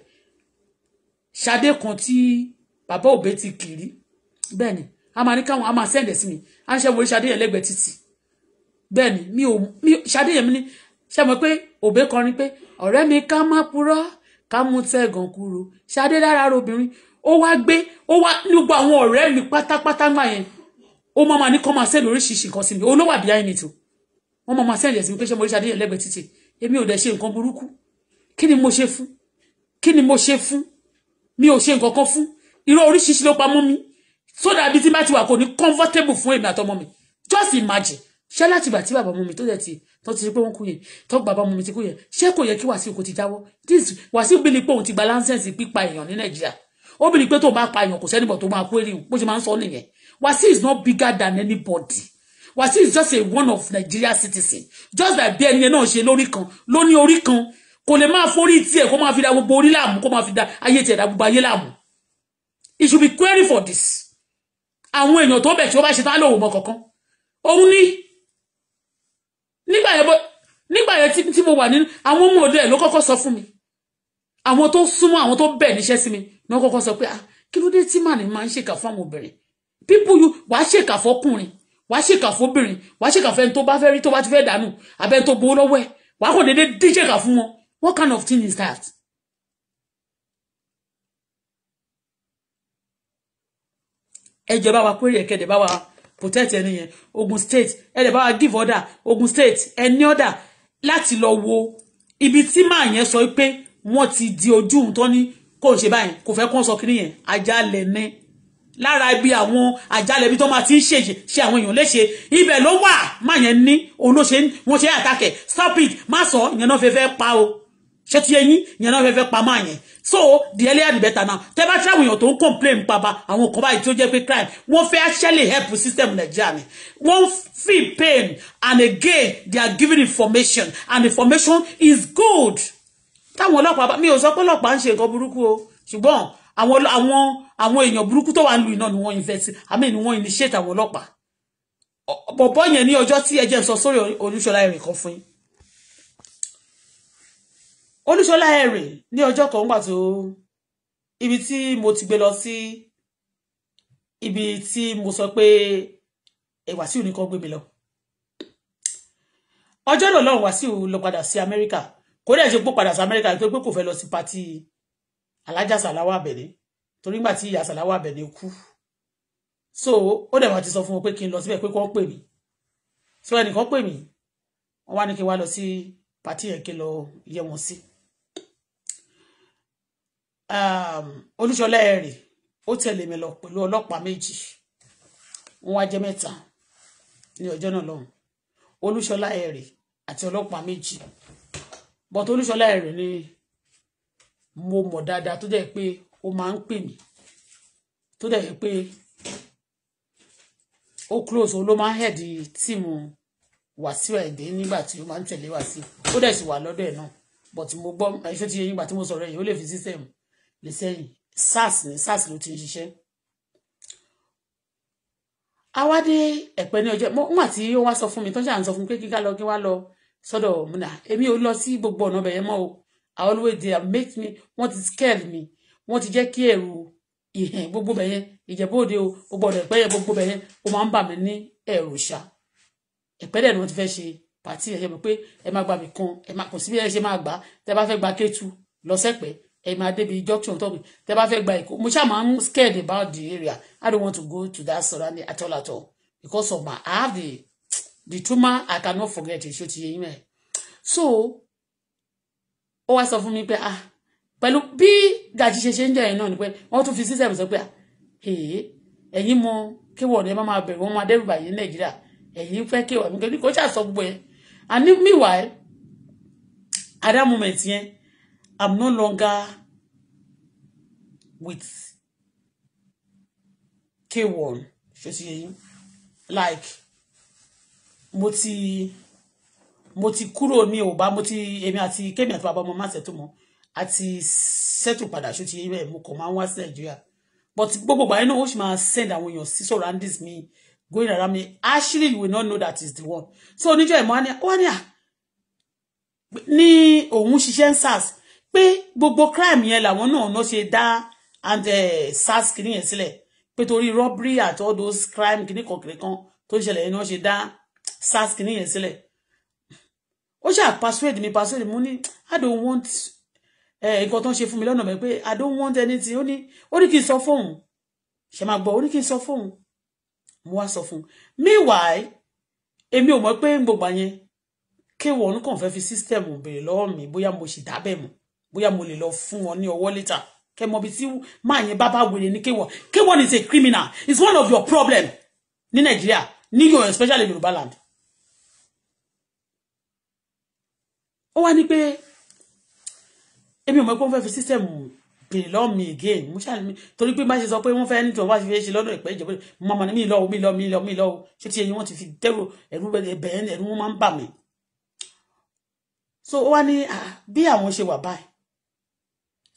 Ṣadé kan tí bàbá òbí ti kiri bẹ́ẹ̀ ni a máa ní káwọn a máa sẹ́ǹdẹ̀ sí mi à ń ṣe wòlé ṣadéyẹn lẹ́gbẹ̀ẹ́ títì bẹ́ẹ̀ ni mi ò mi ṣadéyẹn mi ní ṣe mọ̀ pé òbé kọrin pé ọ̀rẹ́ mi ká má purọ́ ká mú tẹ̀gàn kúrò ṣadé dára obìnrin ó wá gbé ó wá ní gbogbo àwọn ọ̀rẹ́ mi pátápátá gbà yẹn ó máa máa ní kọ́ máa sẹ́ǹdẹ̀ oríṣiríṣi nǹkan sí mi olówó àbí àyìn ètò wọ́n máa máa sẹ́ǹdẹ̀ sí mi pé ṣe mo mi so that bí tí bá ti wà kò ní comfortable fún èmi àtọmọ mi just imagine ṣé láti ìgbà tí bàbá ọmọ mi tó dẹ̀ ti tó ti ṣe pé wọ́n kú yẹn tó bàbá ọmọ mi ti kú yẹn ṣé kò yẹ kí Wàsíù kò ti jáwọ́ this Wàsíù bí ni pé òun ti gba láńsẹ̀nsì pípa èèyàn ní Nigeria. ó bí ni pé to bá pa èèyàn kò sẹ́nìbọ̀ tó máa kú èrè bó ṣe máa ń sọ nìyẹn Wàsíù is not bigger than anybody Wàsíù is just a one of Nigeria citizen just like bí ẹni náà ṣe lórí kan lóní ori kan kò lè máa forí tiẹ̀ kó máa fi da gbogbo orí láàmú kó máa fi da ayé tiẹ̀ da gbogbo ayé láàmú it should be query for this àwọn èèyàn tó bẹ̀ tí ó bá ṣe tá lòun mọ kankan òun ní nígbà yẹn nígbà yẹn tí mo wà nínú àwọn ọmọ ọdẹ ló kọ́kọ́ sọ fún mi àwọn tó súnmọ́ àwọn tó bẹ̀ níṣẹ́ sí mi ló kọ́kọ́ sọ pé ah kí ló dé tí màá ní máa ń ṣèkà fún àwọn obìnrin people you wàá ṣèkà fọkùnrin wàá ṣèkà fóbìnrin wàá ṣèkà fẹ́ni tó bá fẹ́ rí tó bá ti fẹ́ dànù àbẹ́ni tó gbowó lọ́wọ́ ẹ̀ wàá kàn déédéé díṣèkà fún wọn what kind of thing is that ẹ jẹ́ bá wa query ẹ̀ kẹ́dẹ̀ bá wa protect ẹni yẹn Ogun State ẹ bá wa give order Ogun State ẹni order láti lọ wo ibi tí màá yẹn sọ pé wọ́n ti di ojú òun tán ní kò ṣe báyìí kò fẹ́ kó sọ kí nìyẹn ajálẹ̀ ní lára ibi àwọn àjálẹ̀ ibi tó máa ti ń ṣe ṣe àwọn èèyàn léṣe ibẹ̀ ló wà má yẹn ní òun wọ́n ṣe àtàkẹ̀ stop it má sọ ìyẹn náà fẹ́ fẹ́ pa o ṣé ti ẹyin yẹn náà fẹ́fẹ́ pa máa yẹn so the earlier the better now tẹ bá ṣàwọn èèyàn tó ń complain pàbà àwọn kan báyìí tí ó jẹ́ pé crime wọ́n fẹ́ actually help system Nigeria ni wọ́n feel pain and again they are giving information and information is good táwọn ọlọ́pàá bá mi ò sọ pé ọlọ́pàá ń ṣe nǹkan burúkú o ṣùgbọ́n àwọn àwọn àwọn èèyàn burúkú tó wà ń lu iná ni wọ́n invest I mean wọ́n initiate àwọn ọlọ́pàá bọ̀bọ̀ yẹn ní ọjọ́ tí ẹ jẹ́ sọ sórí Olúṣọlá ẹ̀rìn kan fún yín Olúṣọlá ẹ̀rìn ní ọjọ́ kan gbà tó ibi tí mo ti gbé lọ sí ibi tí mo sọ pé ẹ̀wà sí oníkan gbé mi lọ ọjọ́ náà lọ́run Wàsíù lọ padà sí Amẹ́ríkà kò dẹ̀ ṣe pé padà sí Amẹ́ríkà nítorí pé kò fẹ́ lọ sí pati alájà sàláwà àbẹ̀ní torí nígbà tí ìyá sàláwà àbẹ̀ní kú so ó dẹ̀ máa ti sọ fún wọn pé kí n lọ síbẹ̀ pé kí pè mí so ẹnìkan pè mí wọ́n wá ní kí n wá lọ sí pati yẹn kí n lọ yẹ wọn sí Um, olúṣọlá ẹ̀rì ó tẹ̀lé mi lọ pẹ̀lú ọlọ́pàá méjì wọ́n wá jẹ́ mẹ́ta ní ọjọ́ náà lọ́hùn olúṣọlá ẹ̀rì àti ọlọ́pàá méjì bọ́tọ̀ olúṣọlá ẹ̀rì ni mo mọ̀ dáadáa tó jẹ́ pé ó máa ń pè mí tó dẹ̀ pé ó close ló máa ń head tíìmù wàsíù ẹ̀dẹ́ nígbà tí ó máa ń tẹ̀lé wàsíù ó dẹ̀ sì wà lọ́dọ̀ ẹ̀ náà but mo gbọ́ ẹ̀ṣọ́ ti yẹ nígbà tí mo sọ̀rọ̀ ẹ̀yìn ó lè fi system lẹ́sẹ̀yìn sars ní sars ló ti ń ṣiṣẹ́ awádé ẹ̀pẹ́ ní ọjọ́ nígbà tí ó wá sọ fún mi tó ń ṣàǹsọ fún pé kíkà lọ kí wá lọ sọ́dọ̀ múnà èmi ò lọ sí gbogbo ọ̀nà bẹ̀yẹn mọ́ o i always dey make me wọ́n ti scare me wọ́n ti jẹ́ kí ẹ̀rù ìhẹn gbogbo bẹ̀yẹn ìjẹ̀bú o gbogbo ọ̀dọ̀ ẹ̀pẹ́ yẹn gbogbo bẹ̀yẹn ó máa ń bà mí ní ẹ̀rù ṣá ẹ̀pẹ́ dẹ̀ ni wọ́n ti fẹ́ ṣe pàtí ẹ̀yẹ mi pé ẹ máa gbà mí kan ẹ máa kò sí bí ṣe máa gbà tẹ bá fẹ́ gba kétu lọ́sẹ̀pẹ́ ẹ máa débi junction tó tẹ bá fẹ́ gba èkó mo ṣáà máa ń scared about the area i don't want to go to that surrounding at all at all because of my i have the the tumor i cannot forget it ṣó ti yẹ yín mẹ́rin so ó wá sọ fún mi pé ah pẹ̀lú bí gàjí ṣe ṣe ń jẹ́ ẹ̀yìn náà ni pé wọ́n tún fi system sọ pé ah ẹ̀yin mọ kéwọ̀n ẹ má máa bẹ̀rù wọn máa dẹ́rù bàyí ní nàìjíríà ẹ̀yin fẹ́ kéwọ̀n mi kò ní kó ṣàṣọ gbogbo ẹ̀ and meanwhile at that moment yẹn I'm no longer with K1 like mo ti mo ti kúrò mi ò bá mo ti èmi àti kémi àti bàbá ọmọ má ṣètò mọ àti ṣètò padà ṣòṣeyìn bẹ́ẹ̀ mo kàn máa ń wá but gbogbo ìgbà yẹn Oshima ó that when send àwọn èèyàn sí going around me actually you will not know that is the one so oníjọ ìmọ̀ wá ní ni o mu ṣiṣẹ́ ń SARS pé gbogbo crime yẹn làwọn náà ló ṣe dá and eh, sars kìíní yẹn sílẹ̀ pé torí robbery àti all those crime kìíní kan kìíní kan tó ṣẹlẹ̀ yẹn ni wọ́n ṣe dá sars kìíní yẹn sílẹ̀ ó ṣáà persuade mi persuade mo ní i don't want eh, nǹkan tó ń ṣe fún mi lọ́nà mẹ́ pé i don't want anything ó ní ó ní kí n sọ fóun ṣe máa gbọ́ ó ní kí n sọ fóun mo wá sọ fún un meanwhile èmi ò mọ̀ pé gbogbo àyẹn kéwọ̀n kàn fẹ́ fi system béèrè lọ́wọ́ mi bóyá mo sì dábẹ̀ mọ́ bóyá mo lè lọ fún wọn ní ọwọ́ létà kẹmọ bí tí máa yẹn bá bá wèrè ní kéwọn kéwọn is a criminal it's one of your problem ní nàìjíríà ní yorùbá especially yorùbá land. ó wá ní pé èmi ò mọ̀ pé wọ́n fẹ́ fi sísẹ̀mù bèrè lọ́ọ̀ mi again mo ṣàlùmí torí pé má ṣe sọ pé wọ́n fẹ́ nítorí wọ́n fẹ́ ṣe lọ́dọ̀ ìpẹ́ ìjọba màmá ni mí lọ mí lọ mí lọ mí lọ ṣé tí ẹyin wọn ti fi dẹ́rù ẹ̀rú ẹ̀bẹ̀ ẹ̀rú wọn máa ń bà mí. so ó wá ní ah, bí àwọn ṣe wà báyìí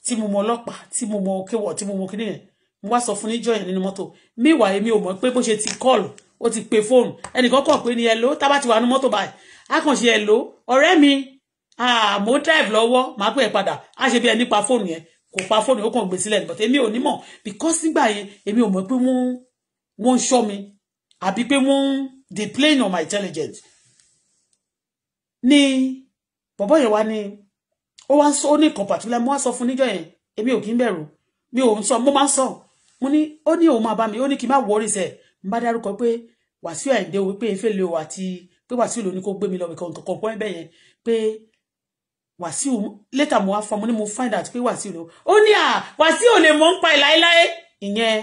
tí mo mọ ọlọ́pàá tí mo mọ kéwọ̀ tí mo mọ kíní yẹn mo wá sọ fún níjọ́ yẹn nínú mọ́tò míwà èmi ò mọ̀ pé bó ṣe ti kọ́ọ̀lù ó ti pe fóònù ẹnìkan kọ̀ pé ní hello tá bá ti wà nínú mọ́tò báyìí á kàn ṣe hello ọ̀rẹ́ mi mo drive lọ́wọ́ màá pè é padà á ṣe bí ẹni pa fóònù yẹn kò pa fóònù ó kàn gbé sílẹ̀ but èmi ò nímọ̀ because nígbà yẹn èmi ò mọ̀ pé wọ́n wọ́n ń ṣọ́ mi àbí pé wọ́n dey play on my intelligence ni bọ̀bọ̀ yẹn wá ní ó wá ń sọ ó ní nǹkan pàtúlẹ̀ mo wá sọ fún níjọ́ yẹn èmi ò kí ń bẹ̀rù mi ò ń sọ mo máa ń sọ mo ní ó ní òun máa bá mi ó ní kí n má wọrí sẹ̀ n bá dárúkọ pé wàsíù àìdè wípé efe lè o àti pé wàsíù ló ní kó gbé mi lọ nǹkan kan pọ́n bẹ́ẹ̀ yẹn pé wàsíù létà mo wá fọ mo ní mo find out pé wàsíù ló ó ní à wàsíù lè mọ̀ ń pa ìláéláé ìyẹn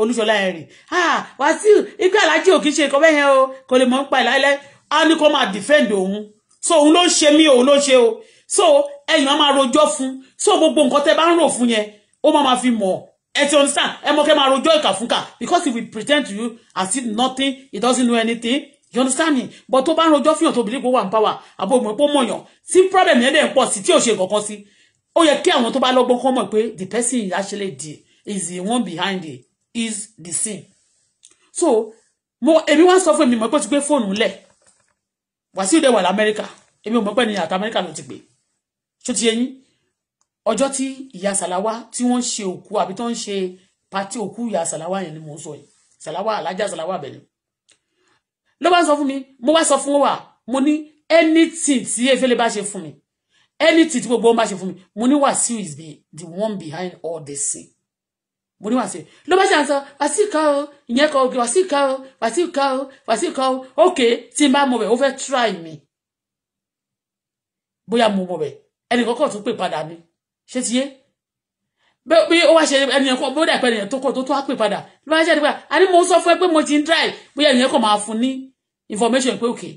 olúṣọlá ẹ̀ rìn à wàsíù ikú alájí ò kí ṣe nǹkan bẹ́ẹ̀ o kò lè mọ̀ ń pa ìláéláé á ní kó máa defend òun so òun ló ń ṣe mí òun ló ń ṣe o so ẹ̀yin máa máa rojọ́ fún so gbogbo nǹkan tẹ́ bá ń rò fún yẹn ó máa máa fi mọ̀ ẹ ti understand ẹ mọ̀ kẹ́ máa rojọ́ ìkà fún kà because if we pretend to you as if nothing he doesn't know anything you understand me but tó bá ń rojọ́ fihàn tó bìlí pé wà ń power àbò ìmọ̀ pé ó mọ̀yàn tí problem yẹn dẹ̀ ń pọ̀ sí tí ò ṣe kankan sí ó yẹ kí àwọn tó bá lọ́gbọ́n kọ́ mọ̀ pé the person is actually the is the one behind it is the sin so mo èmi wá sọ fún mi mọ̀ pé ó ti gbé fóònù lẹ̀ Wàsíù dẹ̀ wà lamẹ́ríkà èmi ò mọ̀ pé ní àtàmẹ́ríkà ló ti gbé ṣó ti yẹn ọjọ́ tí ìyá sàláwá tí wọ́n ń ṣe òkú àbí tó ń ṣe pati òkú ìyá sàláwá yẹn ni mò ń sọ yìí sàláwá alájà sàláwá bẹ̀rẹ̀ ló bá ń sọ fún mi mo bá sọ fún wa mo ní anything tí efele bá ṣe fún mi anything tí gbogbo wọn bá ṣe fún mi mo ní Wàsíù is be the one behind all this thing mo ní Wàsíù ló bá ṣe à ń sọ Wàsíù ká o ìyẹn kọ òkè Wàsíù ká o Wàsíù ká o Wàsíù ká o òkè tí n bá mọ bẹ ó fẹ́ try me, bóyá mo mọ bẹ ẹnì kọ́kọ́ tún pè padà ni ṣé ti yé bí ó wá ṣe ẹnìyàn kan bó dàpẹ́ ẹnìyàn tó kọ́ tó tó wá pè padà ló máa ń ṣe ẹni pé a mo sọ fún ẹ pé mo ti ń drive bóyá ẹnìyàn kan máa fún ní information pé òkè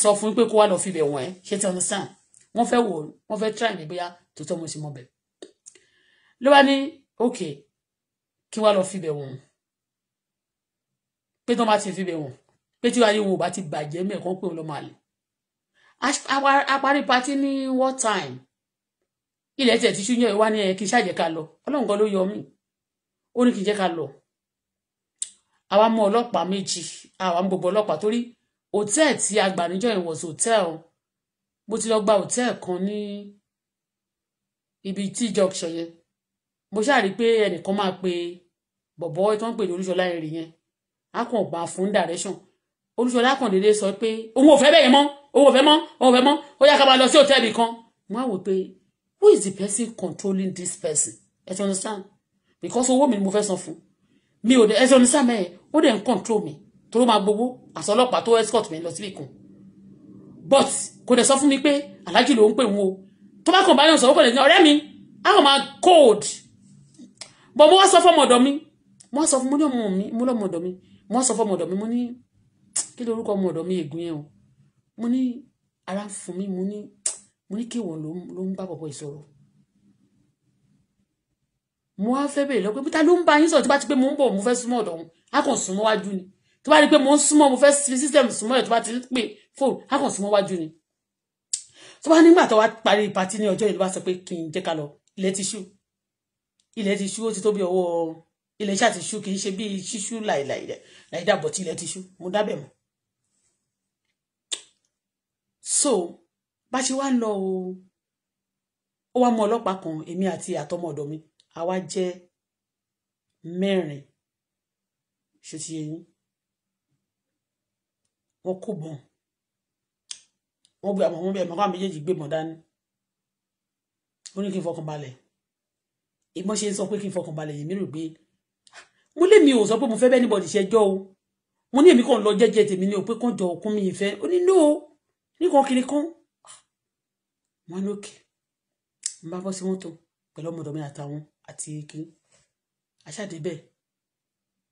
sọ fún pé kó wá lọ fi bẹ̀ wọ̀n ẹ́ ṣé ti understand wọ́n fẹ́ wò wọ́n fẹ́ try mi bóyá tó tọ́ mo ṣe mọ bẹ̀. ló bá ní òkè kí wá lọ fi bẹ̀ wọ̀n pé tó máa ti fi bẹ̀ wọ̀n pé tí wàá yí wọn ò bá ti bàjẹ́ mẹ́ẹ̀kan pé òun ló máa lè. a parí ní what time? ilẹ̀ tiẹ̀ ti ṣúyàn ìwá ní ẹ kí n ṣàjẹ́ ká lọ ọlọ́run kan ló yọ mí ó ní kí n jẹ́ ká lọ àwa mú ọlọ́pàá méjì àwa mú gbogbo ọlọ́pàá torí hòtẹ́ẹ̀ tí a gbà níjọ́ yẹn wọ̀sí hòtẹ́ẹ̀ mo ti lọ gba hòtẹ́ẹ̀ kan ní ibi tí junction yẹn mo ṣáà rí i pé ẹnìkan máa pe bọ̀bọ̀ tó ń pè ní olúṣọlá irin yẹn á kàn gbà fún direction olúṣọlá kàn déédé sọ pé òun ò fẹ́ bẹ́ẹ̀ mọ́ òun ò fẹ́ mọ́ òun ò fẹ́ mọ́ ó yá ká máa lọ sí hòtẹ́ẹ̀lì kan mo á wò pé who is the person controlling this person As you understand because owó mi ni mo fẹ́ san fún mi ò dé ẹ ti understand mẹ́ẹ̀ ó dẹ̀ ń control mi toró máa gbowó àṣọ ọlọ́pàá tó escort mi lọ sílé kan but kò dẹ̀ sọ fún mi pé aláàjì ló ń pè wọ́n o tó bá kàn bá yàn sọ̀rọ̀ kò lè ní ọ̀rẹ́ mi á kàn máa cold but mo wá sọ fún ọmọdọ̀ mi mo wá sọ fún mo ní ọmọ mi mo lọ́mọdọ̀ mi mo wá sọ fún ọmọdọ̀ mi mo ní kí lórúkọ ọmọdọ̀ mi ègún yẹn o mo ní ara fún mi mo ní mo ní kí wọn ló ń bá bọ̀bọ̀ ìsọ̀rọ̀ mo wá fẹ́ bèèrè lọ́pẹ́ pété ló ń bá yín sọ̀rọ̀ tó bá ti pé mo ń bọ̀ mo fẹ́ súnmọ́ ọ̀dọ̀ òun á kàn súnmọ́ wájú ni tó bá rí pé mo ń súnmọ́ mo fẹ́ fi system súnmọ́ ẹ̀ tó bá ti pè fóònù á kàn súnmọ́ wájú ni tó bá nígbà tó wá parí patí ní ọjọ́ yìí ló bá sọ pé kí n jẹ́ ká lọ ilẹ̀ ti ṣú ilẹ̀ ti ṣú ó ti tó ọwọ́ ilẹ̀ ṣáà ti ṣú kì í ṣe bí ṣíṣú láìláì láìdàbọ̀ tí ilẹ̀ ti ṣú mo dábẹ̀ mọ́ so bá ṣe wá ń lọ o ó wá mú ọlọ́pàá kan èmi àti àtọmọ ọ̀dọ̀ mi àwa jẹ́ mẹ́rin ṣòṣì ẹ̀yìn wọ́n kò bọ̀n wọ́n gbé àwọn ọmọ bẹ́ẹ̀ mọ́kàn méjèèjì gbé bọ̀n dání ó ní kí n fọkàn balẹ̀ ìmọ̀ ṣe ń sọ pé kí n fọkàn yìí mi rò mo lé mi ò sọ pé mo fẹ́ bẹ́ẹ̀ níbọ̀dì ṣẹjọ́ o mo ní èmi kàn lọ jẹ́jẹ́ tèmi ní o pé jọ òkun mi ìfẹ́ ó ní no nìkan kiri kan wọn ní òkè n bá bọ́ sí mọ́tò pẹ̀lú ọmọdé mi àtàwọn àti kiri aṣáde bẹ́ẹ̀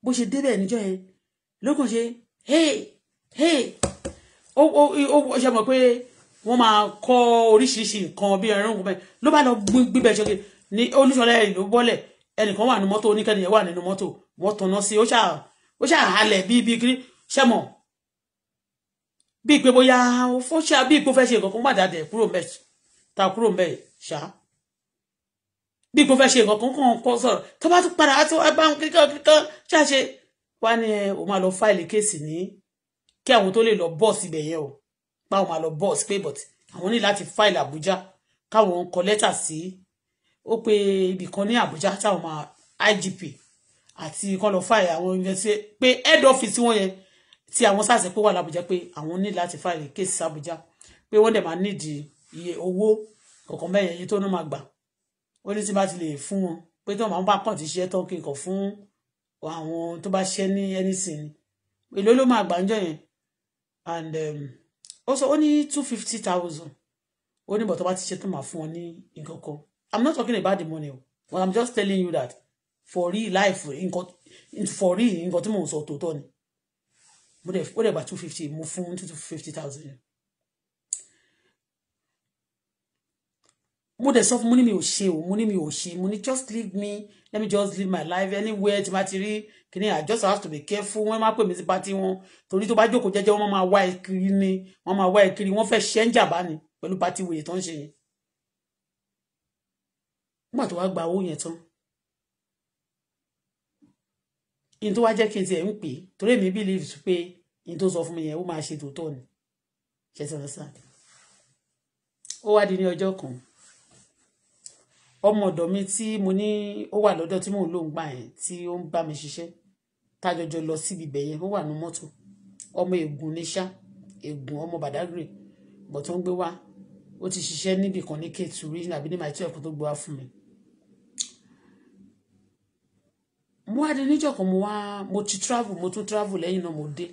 bó ṣe débẹ̀ níjọ́ yẹn lókàn ṣe hey hey ó ó ṣe mọ̀ pé wọ́n máa kọ́ oríṣiríṣi nǹkan bí ẹran ògùn bẹ́ẹ̀ ló bá lọ gbígbẹ́ ṣe ní olùsọ̀lẹ̀ ìlú bọ́lẹ̀ ẹnìkan wà nínú mọ́tò oníkẹ́niyẹ wà nínú mọ́tò wọ́n tanná sí ó ṣáà ó ṣáà halẹ̀ bíi bíi kiri ṣe mọ̀ bíi pé bóyá ó fọ́ ṣáà bíi pé ó fẹ́ ṣe nǹkan kan má dáadẹ̀ kúrò mẹ́sì ta kúrò mbẹ ṣá bí kò fẹ́ ṣe nǹkan kan kọ sọ̀rọ̀ tó bá tún padà tó bá ń kíkan kíkan ṣáṣe wá ní o máa lọ fáìlì kéèsì ní kí àwọn tó lè lọ bọ́ọ̀sì ibẹ̀ yẹn o pa o máa lọ bọ́ọ̀sì pé bọ̀t àwọn ní láti fáìlì Àbújá káwọn kọ lẹ́tà sí ó pé ibì kan ní Àbújá táwọn máa IGP àti kan lọ fáìlì àwọn ìrẹsì pé head office wọn yẹn tí àwọn sàṣẹ pé wà lábújá pé àwọn ní láti fáìlì kéèsì sàbújá pé wọ́n dẹ̀ máa nídìí iye owó kọ̀ọ̀kan mẹ́yẹ iye tó ní máa gbà ó ní tí bá ti lè fún wọn pé tí wọn máa ń bá kàn ti ṣiṣẹ́ tán kí n kàn fún àwọn tó bá ṣiṣẹ́ ní anything èló ló máa gbà ń jọ yẹn and um, ó sọ ó ní two fifty thousand ó ní bọ̀tọ̀ bá ti ṣe tó máa fún wọn ní nǹkan kan i'm not talking about the money o but i'm just telling you that for real life nǹkan for real nǹkan tí mò ń sọ tòótọ́ ni mo dẹ̀ bá two fifty mo fún two fifty thousand mo dẹ̀ sọ fún mo ní mi ò ṣe o mo ní mi ò ṣe mo ní just leave me let me just live my life anywhere tí ma ti rí kìíní i just have to be careful wọ́n máa pè mí sí pati wọn torí tó bá jókòó jẹ́jẹ́ wọ́n máa wá ẹ kiri ni wọ́n máa wá ẹ kiri wọ́n fẹ́ ṣẹ́ ń jàbá ni pẹ̀lú pati wòye tó ń ṣe yẹn nígbà tó wá gba owó yẹn tán in tó wá jẹ́ kí n tiẹ̀ ń pè torí èmi believes pé in tó sọ fún mi yẹn ó máa ṣe tòótọ́ ni ṣe sọ̀rọ̀ sáà ó wá di ní ọjọ́ kan ọmọ ọ̀dọ̀ mi tí mo ní ó wà lọ́dọ̀ tí mò ń lò ń gbà yẹn tí ó ń bá mi ṣiṣẹ́ tájọjọ lọ síbi ibẹ̀ yẹn ó wà ní mọ́tò ọmọ ègùn ní ṣá ègùn ọmọ bàdágìrì bọ̀ tó ń gbé wá ó ti ṣiṣẹ́ níbì kan ní kéètù àbí ní màá tí tó gbé wá fún mi. mo wá dé níjọ́ mo wá mo ti travel mo tún travel lẹ́yìn náà mo dé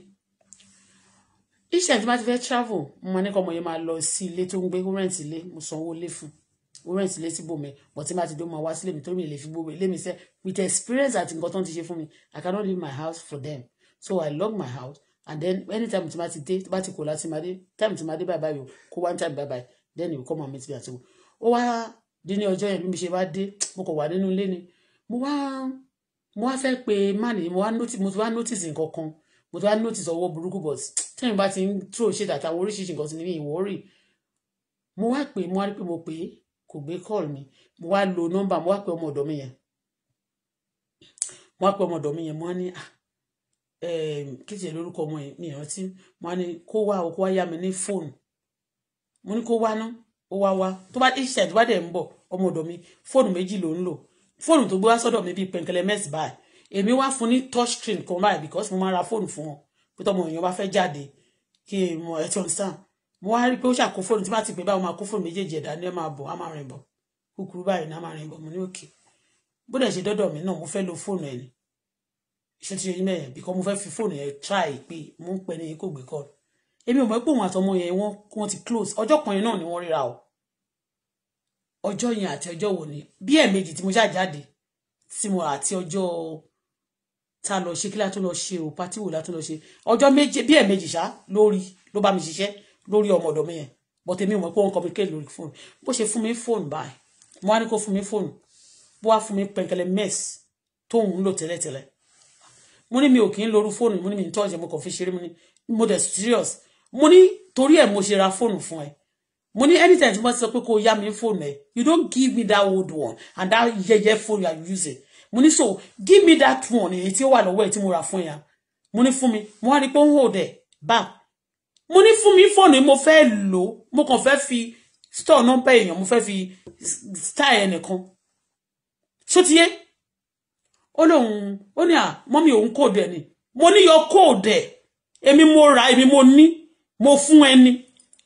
iṣẹ́ tí wọ́n ti fẹ́ travel mo máa ní kọ́ ọmọ yẹn máa lọ sí ilé tó ń gbé rent ilé mo sanwó ilé fún un ó rẹ̀ sílé síbòmí but tí máa ti dó máa wá sílé mi torí mi lè fi gbogbo ilé mi sẹ́ with experience àti nǹkan tó ń ti ṣe fún mi I cannot leave my house for them so I lock my house and then anytime tí máa ti dé tí bá ti kò láti máa dé time tí máa dé bye bye o kó one time bye bye then you come and meet me at home ó wá dé ní ọjọ́ yẹn bí mi ṣe wá dé mo kò wà nínú ilé ni mo wá mo wá fẹ́ pe man mo wá notice mo ti wá notice nǹkan kan mo ti wá notice ọwọ́ burúkú but tẹ́yìn bá ti ń throw shade àtàwọn oríṣiríṣi nǹkan ti ní ìwọ́rì mo wá pè mo wá rí pé mo pè é kò gbé call mi mo wá lo nọ́mbà mo wá pe ọmọ ọ̀dọ̀ mi yẹn mo wá pe ọmọ ọ̀dọ̀ mi yẹn mo wá ní ah, ehm, kíjẹ lórúkọ ọmọ yẹn mi ìrántí mo wá ní kó wá o kó wá yá mi ní fóònù mo ní kó wá ná ó wá wá tó bá iṣẹ́ tó bá dẹ̀ ń bọ̀ ọmọ ọ̀dọ̀ mi fóònù méjì ló ń lò fóònù tó gbé wá sọ́dọ̀ mi bíi pẹ̀ǹkẹ̀lẹ̀ mẹ́sì báyìí èmi wá fún ní touch screen kan báyìí because mo máa ra fóònù fún wọn pé tọmọ èèyàn bá fẹ́ jáde kí n mọ ẹ̀ tí wọ́n sàn mo wá rí pé ó ṣàkó fóònù tí bá ti pè báwo máa kó fóònù méjèèjì ẹ̀dá ní ẹ máa bọ̀ á máa rìn bọ̀ kúkúrú báyìí náà máa rìn bọ̀ mo ní òkè bó dẹ̀ ṣe dọ́dọ̀ mi náà mo fẹ́ lo fóònù ẹ̀ ni iṣẹ́ ti ṣe mẹ́yẹn bíkọ́ mo fẹ́ fi fóònù yẹn try pé mo ń pẹ́ ní kò gbé kọ́ èmi ò mọ̀ pé òun àtọmọ yẹn wọ́n ti close ọjọ́ kan yẹn náà ni wọ́n ríra o ọjọ́ yẹn àti ọjọ́ ni bí ẹ̀ẹ̀mejì tí mo ṣàjáde tí mo àti ọjọ́ tá a lọ ṣe kí látó lọ ṣe o pátí wò látó lọ ṣe ọjọ́ méje lórí ọmọ ọ̀dọ̀ mi yẹn but èmi mọ̀ pé wọ́n communicate lórí fóònù bó ṣe fún mi fóònù báyìí mo wá ní kó fún mi fóònù bó wá fún mi pẹ̀kẹ́lẹ́ mess tó ń lò tẹ́lẹ̀tẹ́lẹ̀ mo ní mi ò kì í lóru fóònù mo ní mi ń tọ́jú mo kàn fi ṣeré mo ní mo dẹ̀ serious mo ní torí ẹ̀ mo ṣe ra fóònù fún ẹ mo ní anytime tí mo ti sọ pé kó o yá mi fóònù ẹ you don't give me that old one and that yẹyẹ phone you are using mo ní so give me that one èyí tí ó wà lọ́wọ́ ẹ tí mo rà fún ẹ mo ní fún mi mo wá rí pé ń hold ẹ back mo ní fún mi fóònù yìí mo fẹ́ lò mo kàn fẹ́ fi store nọ́mbà èèyàn mo fẹ́ fi style ẹnìkan ṣó ti yé ó lóun ó ní à mọ́mí òun kóòdù ẹ̀ ni mo ní yọ kóòdù ẹ̀ èmi mo rà èmi mo ní mo fún ẹni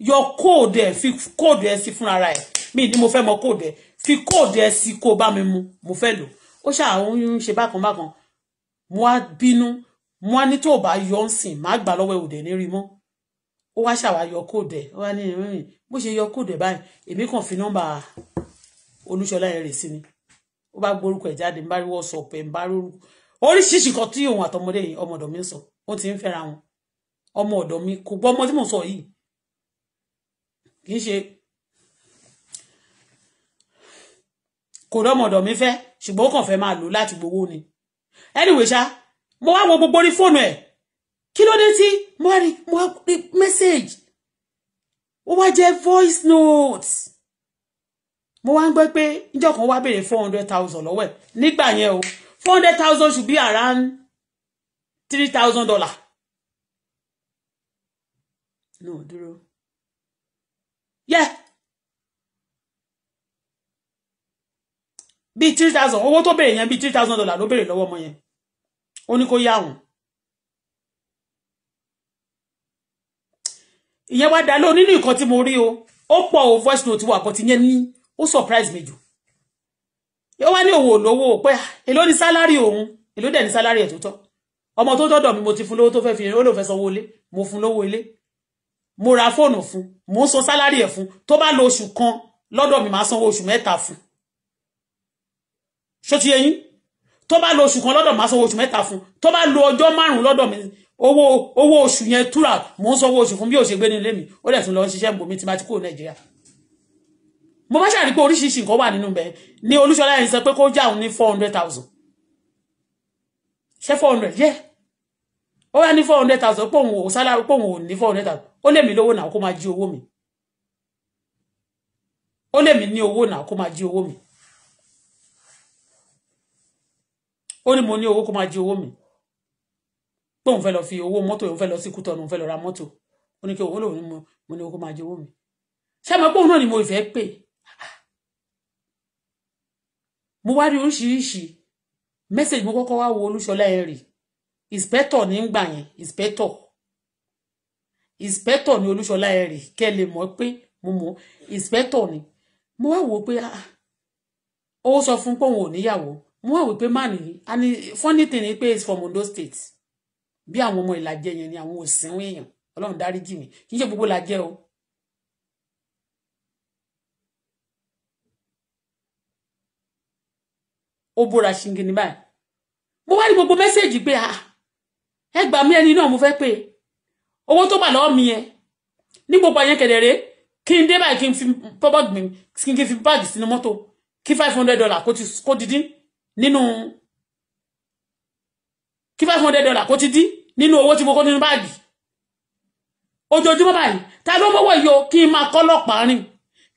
yọ kóòdù ẹ̀ fi kóòdù ẹ̀ sí fúnra ẹ̀ mi ni mo fẹ́ mọ kóòdù ẹ̀ fi kóòdù ẹ̀ sí kó bá mi mu mo fẹ́ lò ó ṣáà ń ṣe bákan bákan mo á bínú mo á ní tó o bá yọ ń sìn má gbà lọ́wọ́ ẹ̀ ní rí mọ́ ó wá ṣàwá yọ kóòdù ẹ̀ ó wá ní ìrìn bó ṣe yọ kóòdù ẹ̀ báyìí èmi kàn fi nọ́mbà olúṣọlá ẹ̀ rè sí ni ó bá gborúkọ ẹ̀ jáde ń bá rí wọ́sọ̀pẹ̀ ń bá rúru oríṣiríṣi kan tí òun àtọmọdé yìí ọmọ ọ̀dọ̀ mi ń sọ ó ti ń fẹ́ra wọn ọmọ ọ̀dọ̀ mi kò gbọ́ ọmọ tí mò ń sọ yìí kì í ṣe kò rọ́mọ̀dọ̀ mi fẹ́ ṣùgbọ́n ó kàn fẹ́ máa lò láti gbowó ni anyway ṣá mo wá wo gbogbo orí fóònù ẹ̀ kí ló dé tí mo wá rí mo wá rí message ó wá jẹ́ voice note mo wá ń gbọ́ pé níjọ́ kan wá béèrè four hundred thousand lọ́wọ́ ẹ̀ nígbà yẹn o four hundred thousand should be around three thousand dollar no dúró yẹ bíi three thousand owó tó béèrè yẹn bíi three thousand dollar ló béèrè lọ́wọ́ ọmọ yẹn ó ní kó yá ìyẹn wá dá lóò nínú nǹkan tí mo rí o ó pọ̀ o voice note wà kan ti yẹn ní ó surprise mi jù ó wá ní òwò lówó pé ah, èló ni sálárì òun èló dẹ̀ ni sálárì ẹ̀ tó tọ́ ọmọ tó tọ́dọ̀ mi mo ti fún lówó tó fẹ́ fi ó lò fẹ́ sanwó ilé mo fún lówó ilé mo ra fóònù fún mo san sálárì ẹ̀ fún tó bá lo oṣù kan lọ́dọ̀ mi máa sanwó oṣù mẹ́ta fún ṣó ti yé yín tó bá lo oṣù kan lọ́dọ̀ máa sanwó oṣù mẹ́ta fún tó bá lo ọjọ́ márùn-ún lọ́dọ̀ mi owó owó oṣù yẹn túrà mò ń sanwó oṣù fún bí òṣègbè ní ilé mi ó dẹ̀ tún lọ ṣiṣẹ́ nbòmí tí ma ti kúrò nàìjíríà mo bá ṣàrí pé oríṣiríṣi nǹkan wà nínú bẹ́ẹ̀ ni olúṣọlá yẹn sọ pé kó já ní four hundred thousand ṣé four hundred yẹ ó wá ní four hundred thousand pé òun ò sálárì pé òun ò ní four hundred thousand ó lè mí lówó náà kó máa jí owó mi ó lè mí ní owó náà kó máa jí owó mi ó ní mo ní owó kó máa jí owó mi pé òun fẹ́ lọ fi owó mọ́tò òun fẹ́ lọ sí kútọ́nù òun fẹ́ lọ ra mọ́tò ó ní kí owó lòun mú mo ní owó máa jẹ owó mi ṣé mo pé òun náà ni mo ìfẹ́ pè mo wá rí oríṣiríṣi mẹ́sẹ̀gì mo kọ́kọ́ wá wo olúṣọlá ẹ̀rì ìspẹ́tọ̀ ní gbà yẹn ìspẹ́tọ̀ ìspẹ́tọ̀ ní olúṣọlá ẹ̀rì kẹ́ ẹ lè mọ̀ pé mo mọ̀ ìspẹ́tọ̀ ni mo wá wò ó pé ah, ah. ó sọ fún pé òun ò níyàwó mo wá wò pé má nìyí and funny thing pé it's from Ondo State bí àwọn ọmọ ìlàjẹ yẹn ni àwọn òsínwó èèyàn ọlọ́run dáríjì mi kì í ṣe gbogbo làjẹ o. ó bóra ṣingi ní báyìí mo wá ní gbogbo mẹ́sẹ̀gì pé ah, ẹ gbà mí ẹni náà mo fẹ́ pé owó tó wà lọ́wọ́ mi yẹn ní gbogbo àyẹn kẹ̀dẹ̀rẹ́ kí n dé báyìí kí n fi pọ́bọ́ gbìn kí n fi báàgì sínú mọ́tò kí five hundred dollar kó ti dín nínú kí five hundred dollar kó ti dín nínú owó tí mo kó nínú báàgì ojoojúmọ́ báyìí ta ló mọ́wọ́ yìí o kí n máa kọ́ lọ́pàá rìn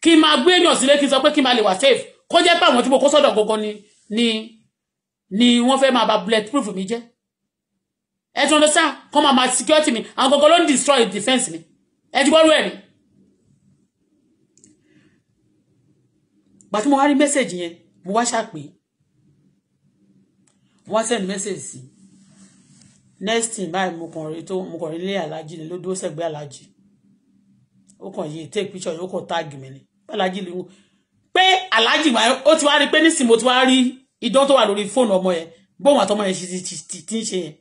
kí n máa gbé èèyàn sílé kí n sọ pé kí n máa lè wà safe kó jẹ́ pé àwọn tí mo kó sọ́dọ̀ gangan ni ni ni wọ́n fẹ́ máa bà bullet proof mi jẹ́ ẹ ti understand kọ́ máa máa security mi àwọn gangan ló ń destroy defence mi ẹ ti gbọ́rú ẹ̀ ni. gbàtí mo wá rí mẹ́sẹ̀gì yẹn mo wá ṣàpè mo wá send message sí i next thing báyìí mo kàn rí tó mo kàn rí ilé alájí ni ló dúró sẹ́gbẹ́ alájí ó kàn yìí take picture yóò kàn tag mi ni alájí lè wo pé alájí ó ti wá rí pé nísìnyí mo ti wá rí idán tó wà lórí fóònù ọmọ yẹn bóun àtọmọ yẹn ṣe ti ń ṣe yẹn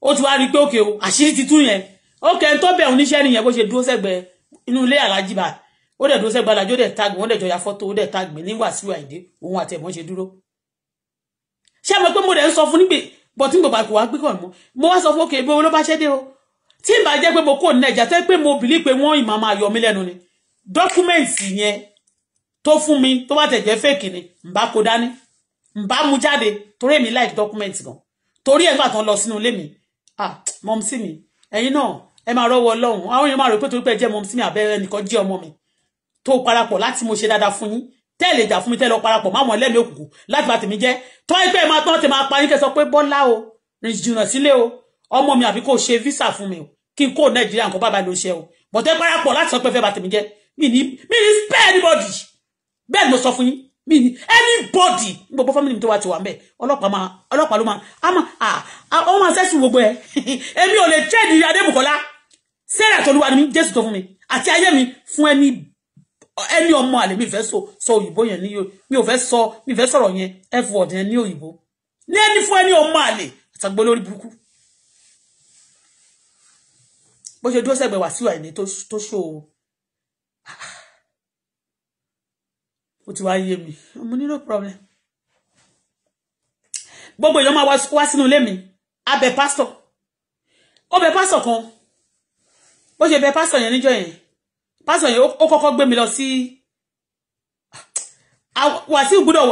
ó ti wá rí pé òkè o àṣírí ti tú yẹn òkè tó bẹ̀ òun níṣẹ́ nìyẹn bó ṣe dúró sẹ́gbẹ́ inú ilé alájí báyìí ó dẹ̀ dúró sẹ́gbẹ́ alájí ó dẹ̀ tag wọ́n dẹ̀ jọ ya fọ́tò ó dẹ̀ tag mi nígbà sí àìdé òun àti ṣe dúró ṣé mo pé mo dẹ̀ ń sọ fún nígbè but tí mo bá kò wá gbé kàn mọ́ mo wá sọ fún òkè ìbọn ló bá ṣẹ́ dé o tí n bá jẹ́ pé mo kò ní ẹ̀jà tẹ́ pé mo bìlí pé wọ́n ìmọ̀ máa yọ mí lẹ́nu ni dọ́kúmẹ̀ǹtì yẹn tó fún mi tó bá tẹ̀jẹ́ fèkì ni n bá kó dání n bá mu jáde torí èmi láì dọ́kúmẹ̀ǹtì gan torí ẹ̀gbà tán lọ sínú ilé mi ah mọ̀mísí mi ẹ̀yin náà ẹ máa rọ́wọ́ ọlọ́run àwọn èèyàn máa rò pé torí pé ẹ jẹ́ mọ̀mísí mi àbẹ́rẹ́ nìkan jẹ́ ọmọ mi tó parapọ̀ láti mo ṣe dáadáa fún yín tẹ́ lè jà fún mi tẹ́ lọ parapọ̀ máwọn ẹlẹ́mìí òkùnkùn láti bá tèmi jẹ́ tọ́ ẹgbẹ́ máa tán tẹ máa pa yín kẹ́ sọ pé bọ́lá o rìn jìnnà sílé o ọmọ mi àbí kò ṣe visa fún mi o kí n kó nàìjíríà nǹkan bàbá ló ṣe o bọ̀tẹ́ parapọ̀ láti sọ pé fẹ́ bá tèmi jẹ́ mi ní mi ní spare anybody bẹ́ẹ̀ ni mo sọ fún yín mi ní anybody gbogbo family mi tó wá ti wà ń bẹ̀ ọlọ́pàá máa ọlọ́pàá ló máa a máa a ó máa sẹ́sùn gbogbo ẹ̀ èmi ò lè trade Adébùkọ́lá Sarah Tolúwa ni mi Jésù tó fún ẹni ọmọ àlè mi fẹ́ sọ sọ òyìnbó yẹn ní mi ò fẹ́ sọ mi fẹ́ sọ̀rọ̀ yẹn f word yẹn ní òyìnbó ní ẹni fún ẹni ọmọ àlè àtàgbé lórí burúkú bó ṣe dúró sẹ́gbẹ̀ẹ́ Wàsíù Àyìndé tó ṣó o ó ti wá yé mi mo ní no problem gbogbo èèyàn máa wá sínú ilé mi abẹ pásítọ̀ ó bẹ pásítọ̀ kan bó ṣe bẹ pásítọ̀ yẹn níjọ́ yẹn pásítọ̀ yẹn ó kọ́kọ́ gbé mi lọ sí ah, Wàsíù gbọ́dọ̀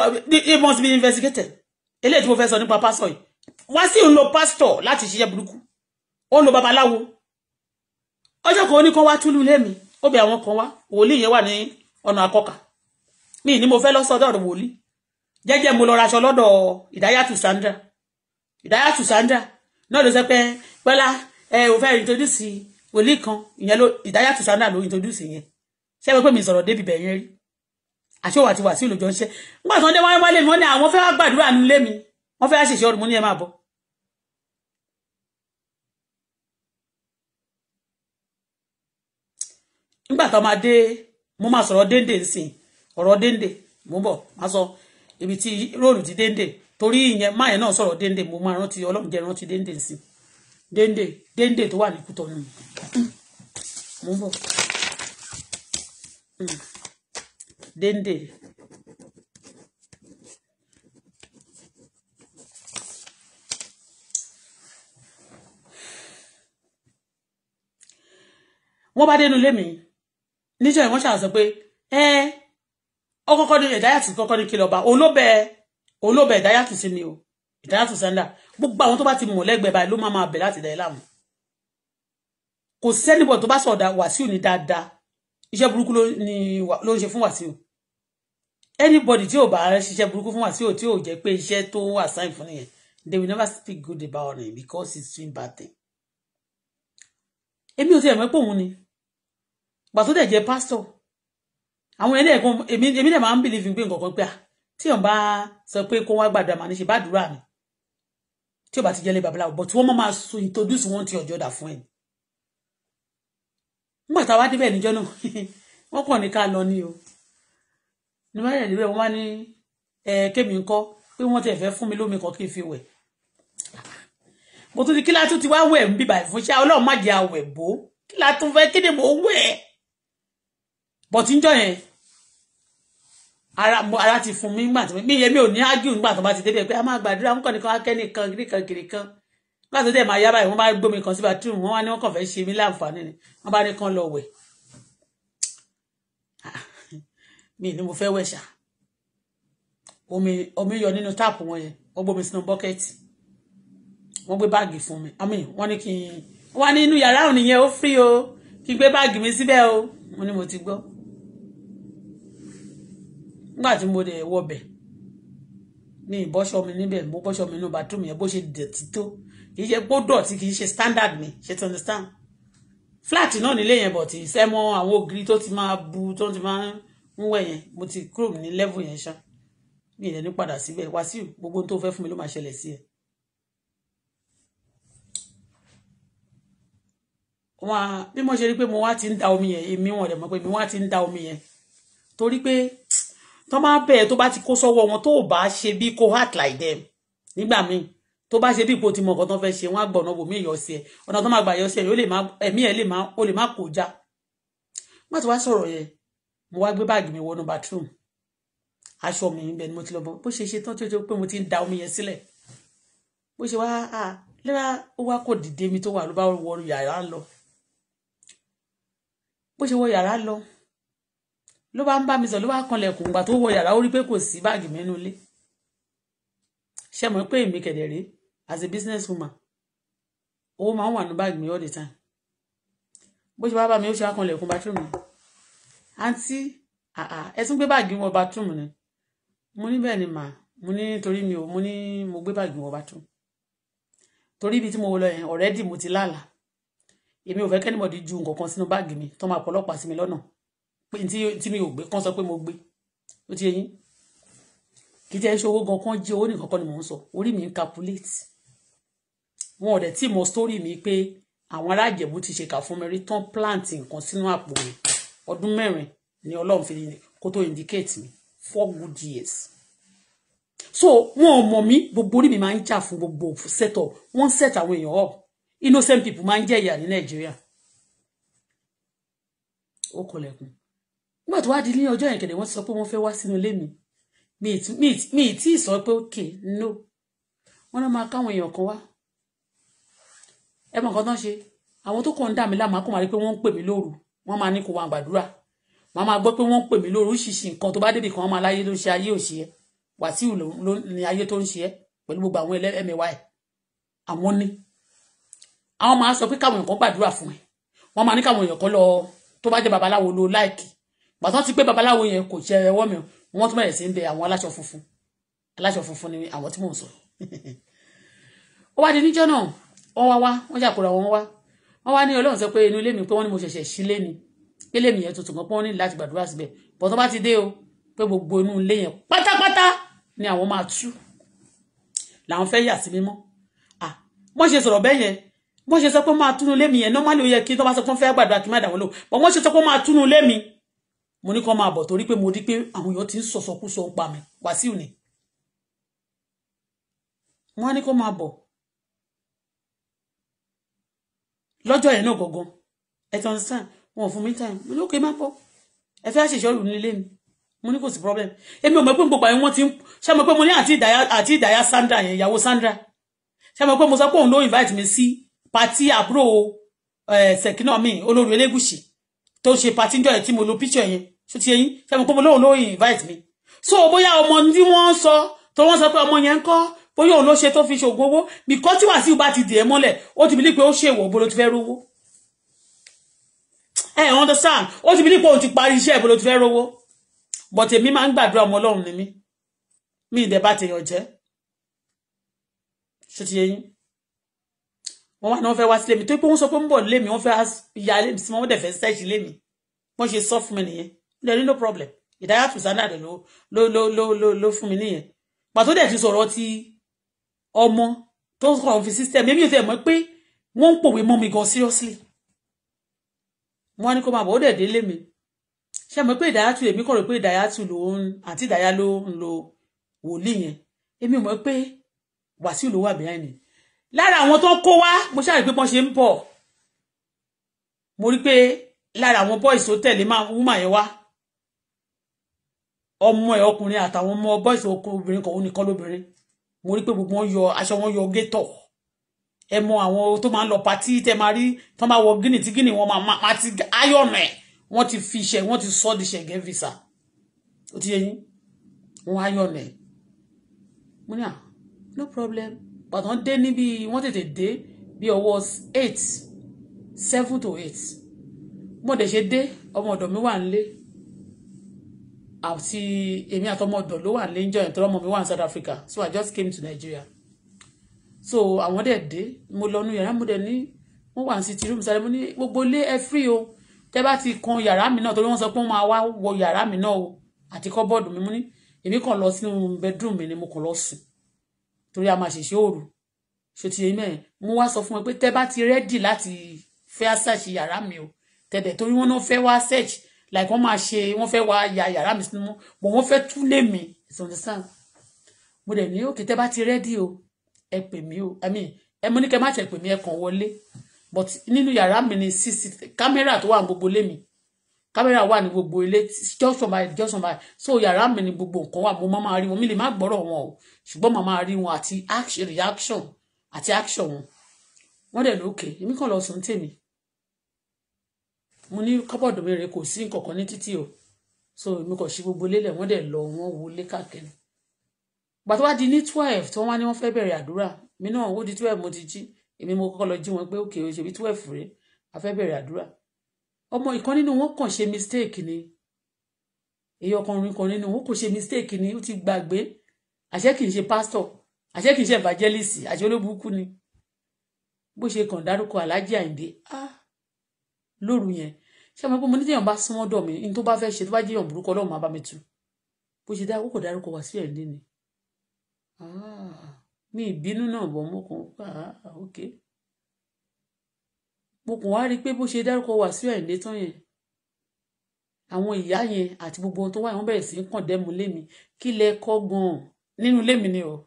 it must be investigated eléyìí tí mo fẹ́ sọ nípa pásítọ̀ yìí Wàsíù ń lo pásítọ̀ láti ṣiṣẹ́ burúkú ó ń lo babaláwo ọjọ́ kan ó ní kán wá túlú ilé mi ó bẹ àwọn kan wá wòlíì yẹn wà ní ọ̀nà àkọ́kà mi ni mo fẹ́ lọ sọ́dọ̀ wòlíì jẹ́jẹ́ mo lọ raṣọ lọ́dọ̀ ìdáyàtù Sandra ìdáyàtù Sandra náà ló sọ pé Bọ́lá ẹ ò fẹ́ introduce wòlíì kan ìyẹn ló ìdáyà tó sáná ló introduce yẹn mi sọ̀rọ̀ débi bẹ̀ yẹn rí àṣé àti wàsíù lòjọ ń ṣe nígbà tó ń dé wálé mi wọ́n ní àwọn ah, fẹ́ wá gbàdúrà mi wọ́n fẹ́ wá ṣèṣe ọdún mo ní ẹ máa bọ̀ mo máa sọ̀rọ̀ déndé nsìn ọ̀rọ̀ déndé mo bọ̀ máa sọ ibi tí róòlù ti déndé torí ìyẹn náà sọ̀rọ̀ déndé mo máa rántí ọlọ́run jẹ́ rántí déndé dende dende tó wà ní Kútọ́nù mo ń bọ̀ hmm. dende. wọ́n bá dénú ilé mi níjọ́ ìwọ́n ṣàṣọ pé ẹ ọkọ̀kọ́ ní ìdáyàtì kọ́kọ́ ní kí lọ́ba olóbẹ̀ olóbẹ̀ ìdáyàtì sí mi o ìdáyàtì sẹ́ńdà gbogbo àwọn tó bá ti mọ̀ lẹ́gbẹ̀ẹ́ báyìí ló máa máa bẹ̀ láti dá ẹ láàmú kò sẹ́nìbọ̀ tó bá sọ̀dà wàsíù ní dáadáa iṣẹ́ burúkú ló ń ṣe fún wàsíù anybody tí ò bá ṣiṣẹ́ burúkú fún wàsíù tí ò jẹ́ pé iṣẹ́ tó wà sáìn fún nìyẹn they will never speak good about him because he's doing bad thing èmi ò tiẹ̀ mọ̀ pé òun ni gbà tó dẹ̀ jẹ́ pásítọ̀ àwọn ẹlẹ́ẹ̀kan èmi dẹ̀ máa ń believe pé nǹkan kan pé à ah, tí òun bá sọ pé kó wá gbàdúrà màá ní ṣe bá àdúrà mi tí ó bá ti jẹ́ lé babaláwo but wọ́n máa so introduce wọn ti ọjọ́ dà fún ẹ̀ nígbà táwa débẹ̀ níjọ́ náà wọ́n kàn ní ká lọ ní o ní wọ́n yẹ̀ débẹ̀ wọ́n wá ní kémi ńkọ́ pé wọ́n tẹ̀ fẹ́ fún mi lómi kan kí n fi wẹ̀ mo tún ní kí látún ti wá wẹ̀ ń bíbà ìfúnṣẹ́ ọlọ́run má jẹ́ àwẹ̀ bò kí látún fẹ́ kéde mò ń wẹ̀ bọ̀tíńjọ́ yẹn ara mo ara ti fún mi nígbà tó mi yẹmi ò ní ágì nígbà tó bá ti débẹ̀ pé a máa gbàdúrà wọn kàn nìkan akẹ́nìkan kìnìkan kìnìkan nígbà tó dẹ̀ máa yá báyìí wọ́n máa gbómi kan síbi àtúrù wọ́n wá ní wọ́n kàn fẹ́ ṣe mí láǹfààní ni wọ́n bá ní kan lọ wẹ̀ ah, mi ni mo fẹ́ wẹ̀ ṣá omi omi yọ nínú táàpù wọn yẹn wọ́n gbómi sínú bọ́kẹ́tì wọ́n gbé báàgì fún mi àmì wọ́n ní kí n wọ́n ní inú yàrá òní yẹn ó frí o kí n gbé báàgì mi síbẹ̀ o mo ní mo ti gbọ́ nígbà tí mo dẹ̀ wọbẹ̀ ní ìbọ́ṣọ mi níbẹ̀ mo bọ́ṣọ mi inú bathroom yẹn bó ṣe dẹ̀tí tó kì í ṣe pó dọ̀tí kì í ṣe standard mi ṣe ti understand flat náà nílé yẹn bọ̀ tí sẹ́mọ́ àwọn ògiri tó ti máa bu tó ti máa ń wẹ̀ yẹn mo ti kúrò ní level yẹn ṣá mi ìdẹ́ni padà síbẹ̀ Wàsíù gbogbo tó fẹ́ fún mi ló máa ṣẹlẹ̀ sí ẹ̀. wọn bí mo ṣe rí pé mo wá ti ń da omi yẹn èmi wọn dẹ̀ mọ̀ pé mi wá ti ń da omi yẹn torí pé tó máa bẹ̀ẹ́ tó bá ti kó sọ́wọ́ wọn tó bá ṣe bí kó heart like them nígbà míì tó bá ṣe bí ipò tí mo nǹkan tó fẹ́ ṣe wọ́n á gbọ̀nà bòmí ìyọ̀ sí ẹ ọ̀nà tó máa gbà yọ sí ẹ ẹ̀mí ẹ lè má o lè má kó já má ti wá sọ̀rọ̀ yẹn mo wá gbé báàgì mi wọnú bathroom aṣọ mi ibẹ̀ ni mo ti lọ bọ́ bó ṣe ṣe tán tí ó jẹ́ pé mo ti ń da omi yẹn sílẹ̀ bó ṣe wá a lẹ́ra ó wá kò dìde mi tó wà ló bá wọ yàrá lọ bó ṣe wọ yàrá lọ ló bá ń bá mi sọ ló bá kanlẹ̀kùn ìgbà tó wọ yàrá ó rí pé kò sí báàgì mẹ́nu ilé ṣe mọ̀ pé èmi kẹ̀dẹ̀ rí as a business woman owó máa ń wà ní báàgì mi all the time bó ṣe bá bá mi ó ṣe akànlẹ̀kùn bathroom mi àǹtí ẹ tún gbé báàgì wọ bathroom ni mo ní bẹ́ẹ̀ ni mà mo ní torí mi ò mo ní mo gbé báàgì wọ bathroom torí ibi tí mo lọ yẹn already mo ti lálàá èmi ò fẹ́ kẹ́nìmọ̀dé ju nǹkan kan sínú báàgì mi tó máa pọ̀ ọlọ́pàá sí mi lọ́nà tí mi ò gbé kán sọ pé mo gbé ó ti yẹyìn kì í tẹ́ ṣe owó gan kán jẹ́ owó nìkan kọ́ ni mò ń sọ orí mi ń calculate wọn ò dẹ̀ tí mo story mi pé àwọn aráàjẹ̀bú ti ṣèkà fún mi rí tán plant nǹkan sínú àpò mi ọdún mẹ́rin ni ọlọ́run fi kó tó indicate mi four good years so wọn ò mọ̀ mí gbogbo orí mi máa ń jà fún gbogbo set up wọ́n set àwọn èèyàn up innocent people máa ń jẹ ìyà ní nàìjíríà ó kọlẹ̀kùn nígbà tó wá di ní ọjọ́ yẹn kẹ̀dẹ̀ wọ́n ti sọ pé wọ́n fẹ́ wá sínú ilé mi mi ì tí ì sọ pé okay no wọ́n náà máa káwọn èèyàn kan wá ẹ mọ̀ nǹkan tán ṣe àwọn tó kàn ń dà mí láàmú akọ̀mọ̀ pé wọ́n ń pè mí lóru wọ́n máa ní kó wa gbàdúrà wọ́n máa gbọ́ pé wọ́n ń pè mí lóru ṣìṣì nǹkan tó bá débì kan wọ́n máa láyé ló ṣe ayé òṣì ẹ wàsíù ló ní ayé tó ń ṣe ẹ pẹ̀lú gbogbo àwọn ẹlẹ́mẹ̀wá ẹ̀ àwọn ní àwọn máa sọ pé káwọn èèyàn kan gbàdúrà fún ẹ wọ́n máa ní káwọn èèyàn kan lọ tó bá jẹ́ babaláwo lo láìkì pàtó ti pé babaláwo yẹn kò jẹ ẹwọ́ mi wọ́n tún bẹ̀rẹ̀ sí ń bẹ àwọn aláṣọ funfun aláṣọ funfun ni àwọn tí mò ń sọ ó wá di níjọ́ náà wọ́n wá wá wọ́n ṣàkóra wọn wá wọ́n wá ní ọlọ́run sọ pé inú ilé mi pé wọ́n ní mo ṣẹ̀ṣẹ̀ sílé ni ilé mi yẹn tuntun kan pé wọ́n ní láti gbàdúrà síbẹ̀ bọ́ bá ti dé o pé gbogbo inú ilé yẹn pátápátá ni àwọn máa tú làwọn fẹ́ yà sí mímọ́ ah wọ́n ṣe sọ̀rọ̀ bẹ́ẹ̀ yẹn wọ́n ṣe sọ pé máa túnú ilé mi yẹn normally ó yẹ kí tó bá sọ pé wọ́n fẹ́ gbàdúrà kí má dà wọ́n lò but wọ́n ṣe sọ pé máa túnú ilé mi mo ní kó máa bọ̀ torí pé mo rí pé àwọn èèyàn ti ń sọ̀sọ̀kúsọ pa mi Wàsíù ni wọ́n á ní kó máa bọ̀ lọ́jọ́ yẹn náà gangan ẹ ti understand wọn fún mi time mo ní òkè má bọ̀ ẹ fẹ́ ṣèṣọ́rù nílé mi mo ní kò sí problem èmi ò mọ̀ pé gbogbo àwọn wọn ti ń ṣe mọ̀ pé mo ní àti ìdáyà àti ìdáyà Sandra yẹn ìyàwó Sandra ṣe mọ̀ pé mo sọ pé òun ló invite mi sí pati àbúrò ṣèkínà eh, mi olórí Elégùṣì tó ṣe pati ń jọ ẹ̀ tí mo lo picture yẹn ṣe ti yẹn ṣe mo pé mo lóun ló invite mi so bóyá ọmọ tí wọ́n sọ tó wọ́n sọ pé ọmọ yẹn ń kọ́ bóyá òun ló ṣe tó fi ṣògùn owó bìkọ́ tí Wàsíù bá ti dè é mọ́lẹ̀ ó ti bìlí pé ó ṣèwọ̀ bó ló ti fẹ́ rówó ẹ understand ó ti bìlí pé òun ti parí iṣẹ́ bó ló ti fẹ́ rówó but èmi máa ń gbàdúrà ọmọ Ọlọ́run ni mí mi ìdẹ bá tèèyàn jẹ́ ṣe ti yẹn wọ́n wá ní wọ́n fẹ́ wá sílé mi tó pé wọ́n sọ pé ń bọ̀ lé mi wọ́n fẹ́ ìyá lé mi sí wọ́n dẹ̀ fẹ́ sẹ́ẹ̀ṣì lé mi wọ́n ṣe sọ fún mi nìyẹn there is no problem ìdáyà tùsánà rẹ̀ ló ló ló ló ló fún mi nìyẹn pàtó dẹ̀ ti sọ̀rọ̀ ti ọmọ tó ń kọ̀ fi system èmi ò tẹ̀ mọ́ pé wọ́n ń pòwe mọ́ mi gan seriously wọ́n á ní kó máa bọ̀ ó dẹ̀ délé mi ṣe mọ̀ pé ìdáyà tù èmi kọ̀ rò pé ìdáyà tù ló ń àti ìdáyà ló ń lo wòlíì yẹn èmi mọ̀ pé wàsíù ló wà behind me lára àwọn tó kó wá mo ṣàrí pé wọ́n ṣe ń pọ̀ mo rí pé lára àwọn boys tẹ̀lé máa wúmà yẹn wá ọmọ ẹ̀ ọkùnrin àtàwọn ọmọ bọ́ìsì obìnrin kan ó nìkan lóbìnrin mo rí pé gbogbo wọn yọ aṣọ wọn yọ gétọ̀ ẹ mọ àwọn tó máa ń lọ patí tẹ máa rí tó máa wọ gíní tí gíní wọn máa ti áyọ̀nù ẹ̀ wọ́n ti fi iṣẹ́ wọ́n ti sọ di ṣẹ̀gẹ́ visa ó ti yẹ yín wọ́n áyọ̀nù ẹ̀ mo ní à ah, no problem pàtàn dé níbi wọ́n tètè dé bí ọwọ́ eight seven to eight mo dẹ̀ ṣe dé ọmọ ọ̀dọ̀ mi wà nílé àti èmi àtọmọdọ ló wà lẹ́yìn jọyìn tọrọ ọmọ mi wà ní South Africa so I just came to Nigeria so àwọn dẹ̀ dé mo lọ nu yàrá mo dẹ̀ ní wọ́n wà ní sitting room sáré mo ní gbogbo ilé ẹ free o tẹ́ bá ti kan yàrá mi náà torí wọ́n sọ pé wọ́n máa wá wọ yàrá mi náà o àti kọ́bọ́ọ̀dù mi mo ní èmi kàn lọ sínú bedroom mi ni mo kàn lọ sùn torí a máa ṣèṣe òru ṣe ti ẹ̀mẹ́ mo wá sọ fún ẹ pé tẹ́ bá ti rẹ́dì láti fẹ́ search yàrá mi o tẹ̀dẹ̀ torí wọ́n náà fẹ́ wá search like wọ́n máa ṣe wọ́n fẹ́ wá ya yàrá mi sínú bọ̀ wọ́n fẹ́ tú lé mi ìsọ̀n ti sàn mo dẹ̀ ní òkè tẹ́ bá ti rẹ́dí o ẹ pè mí o i mean ẹ mo ní kẹ́ má tẹ̀ pè mí ẹ kàn wọlé but nínú yàrá mi ni sisi kámẹ́rà tó wà ní gbogbo ilé mi kámẹ́rà wà ní gbogbo ilé just on my just on my so yàrá mi ni gbogbo nǹkan wà mo máa máa rí wọn mi lè má gbọ́rọ̀ wọn o ṣùgbọ́n màá máa rí wọn àti reaction àti action wọn wọ́n dẹ̀ ní òkè èmi kàn lọ sùn tèmi mo ní kọ́bọ̀dù mi rè kò sí nǹkankan ní títì o so èmi kò ṣe gbogbo lélẹ̀ wọ́n dẹ̀ lọ wọ́n wo lé káàkiri gbàtọ́ wá di ní twelve tí wọ́n wá ní wọ́n fẹ́ bẹ̀rẹ̀ àdúrà mi náà ó di twelve mo ti jí èmi mo kọ́kọ́ lọ jí wọn pé òkè o ṣe twelve rèé a fẹ́ bẹ̀rẹ̀ àdúrà ọmọ ìkan nínú wọn kàn ṣe mistake ni èyí ọkùnrin kan nínú wọn kò ṣe mistake ni ó ti gbàgbé àṣẹ kì í ṣe pastor àṣẹ kì í ṣe evangelist àṣẹ olóbùkú ni bó ṣe kàn dárúkọ aláàjì àyìndé ah lóru yẹn ṣé ọmọ pé mo ní téèyàn bá súnmọ́ dọ̀ mí ní tó bá fẹ́ ṣe tó bá jẹ́ èèyàn burúkú ọlọ́run máa bá mi tu bó ṣe dá ó kò dárúkọ wá sí ẹ̀rín ni ní ah, ìbínú náà bọ̀ mo kàn pa ah, ok mo kàn wá rí i pé bó ṣe dárúkọ wá sí ẹ̀rín tán yẹn àwọn ìyá yẹn àti gbogbo ohun tó wà wọn bẹ̀rẹ̀ sí í kàn dẹ́mu lémi kí lẹ kọ́ gan-an nínú lémi ni o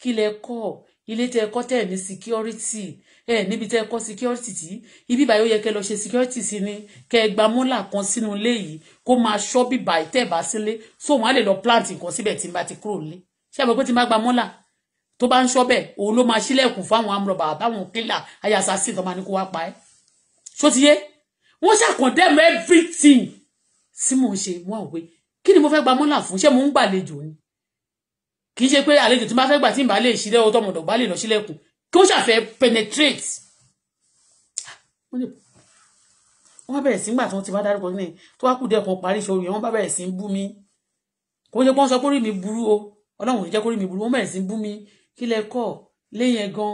kí lẹ kọ́ ọ ilé tẹ́ ẹ kọ́ tẹ́ ẹ ní security ẹ níbi tẹ́ ẹ kọ́ security tí ibi ìbáyọ̀ yẹ kẹ́ lọ ṣe security sí ni kẹ́ ẹ gba mọ́là kan sínú ilé yìí kó máa ṣọ́ bíbá ìtẹ́ ẹ̀ bá sílé so wọ́n á lè lọ plant nǹkan síbẹ̀ tí n bá ti kúrò nílé ṣé àbẹ̀ pé tí n bá gba mọ́là tó bá ń ṣọ́ bẹ́ẹ̀ òun ló máa ṣílẹ̀kùn fáwọn amúrọ̀bà àbáwọn kílà ayasa sí ìtọ́ ní kó wá pa ẹ́ ṣó ti yé wọ́n ṣàkọ̀ndẹ́mù everything tí mò ń ṣe wọ́n ò pé kí ni mo fẹ́ gba mọ́là fún ṣé mò ń gbàlejò ni kì í ṣe pé àlejò tí n bá fẹ́ gbà tí n bá lè ṣílẹ̀ ọ̀tọ̀ ọmọdọ̀ bá lè lọ sílẹ̀kùn kí wọ́n ṣàfẹ́ penetrate wọ́n bẹ̀rẹ̀ sí gbà tí wọ́n ti wá dárúkọ ní tó wá kù díẹ̀ kan parí ìṣòro yẹn wọ́n bá bẹ̀rẹ̀ sí bú mi kò ń ṣe pé sọ pé orí mi burú o ọlọ́run ò ní mi burú wọ́n bẹ̀rẹ̀ sí bú mi kí lẹ kọ́ léyìn gan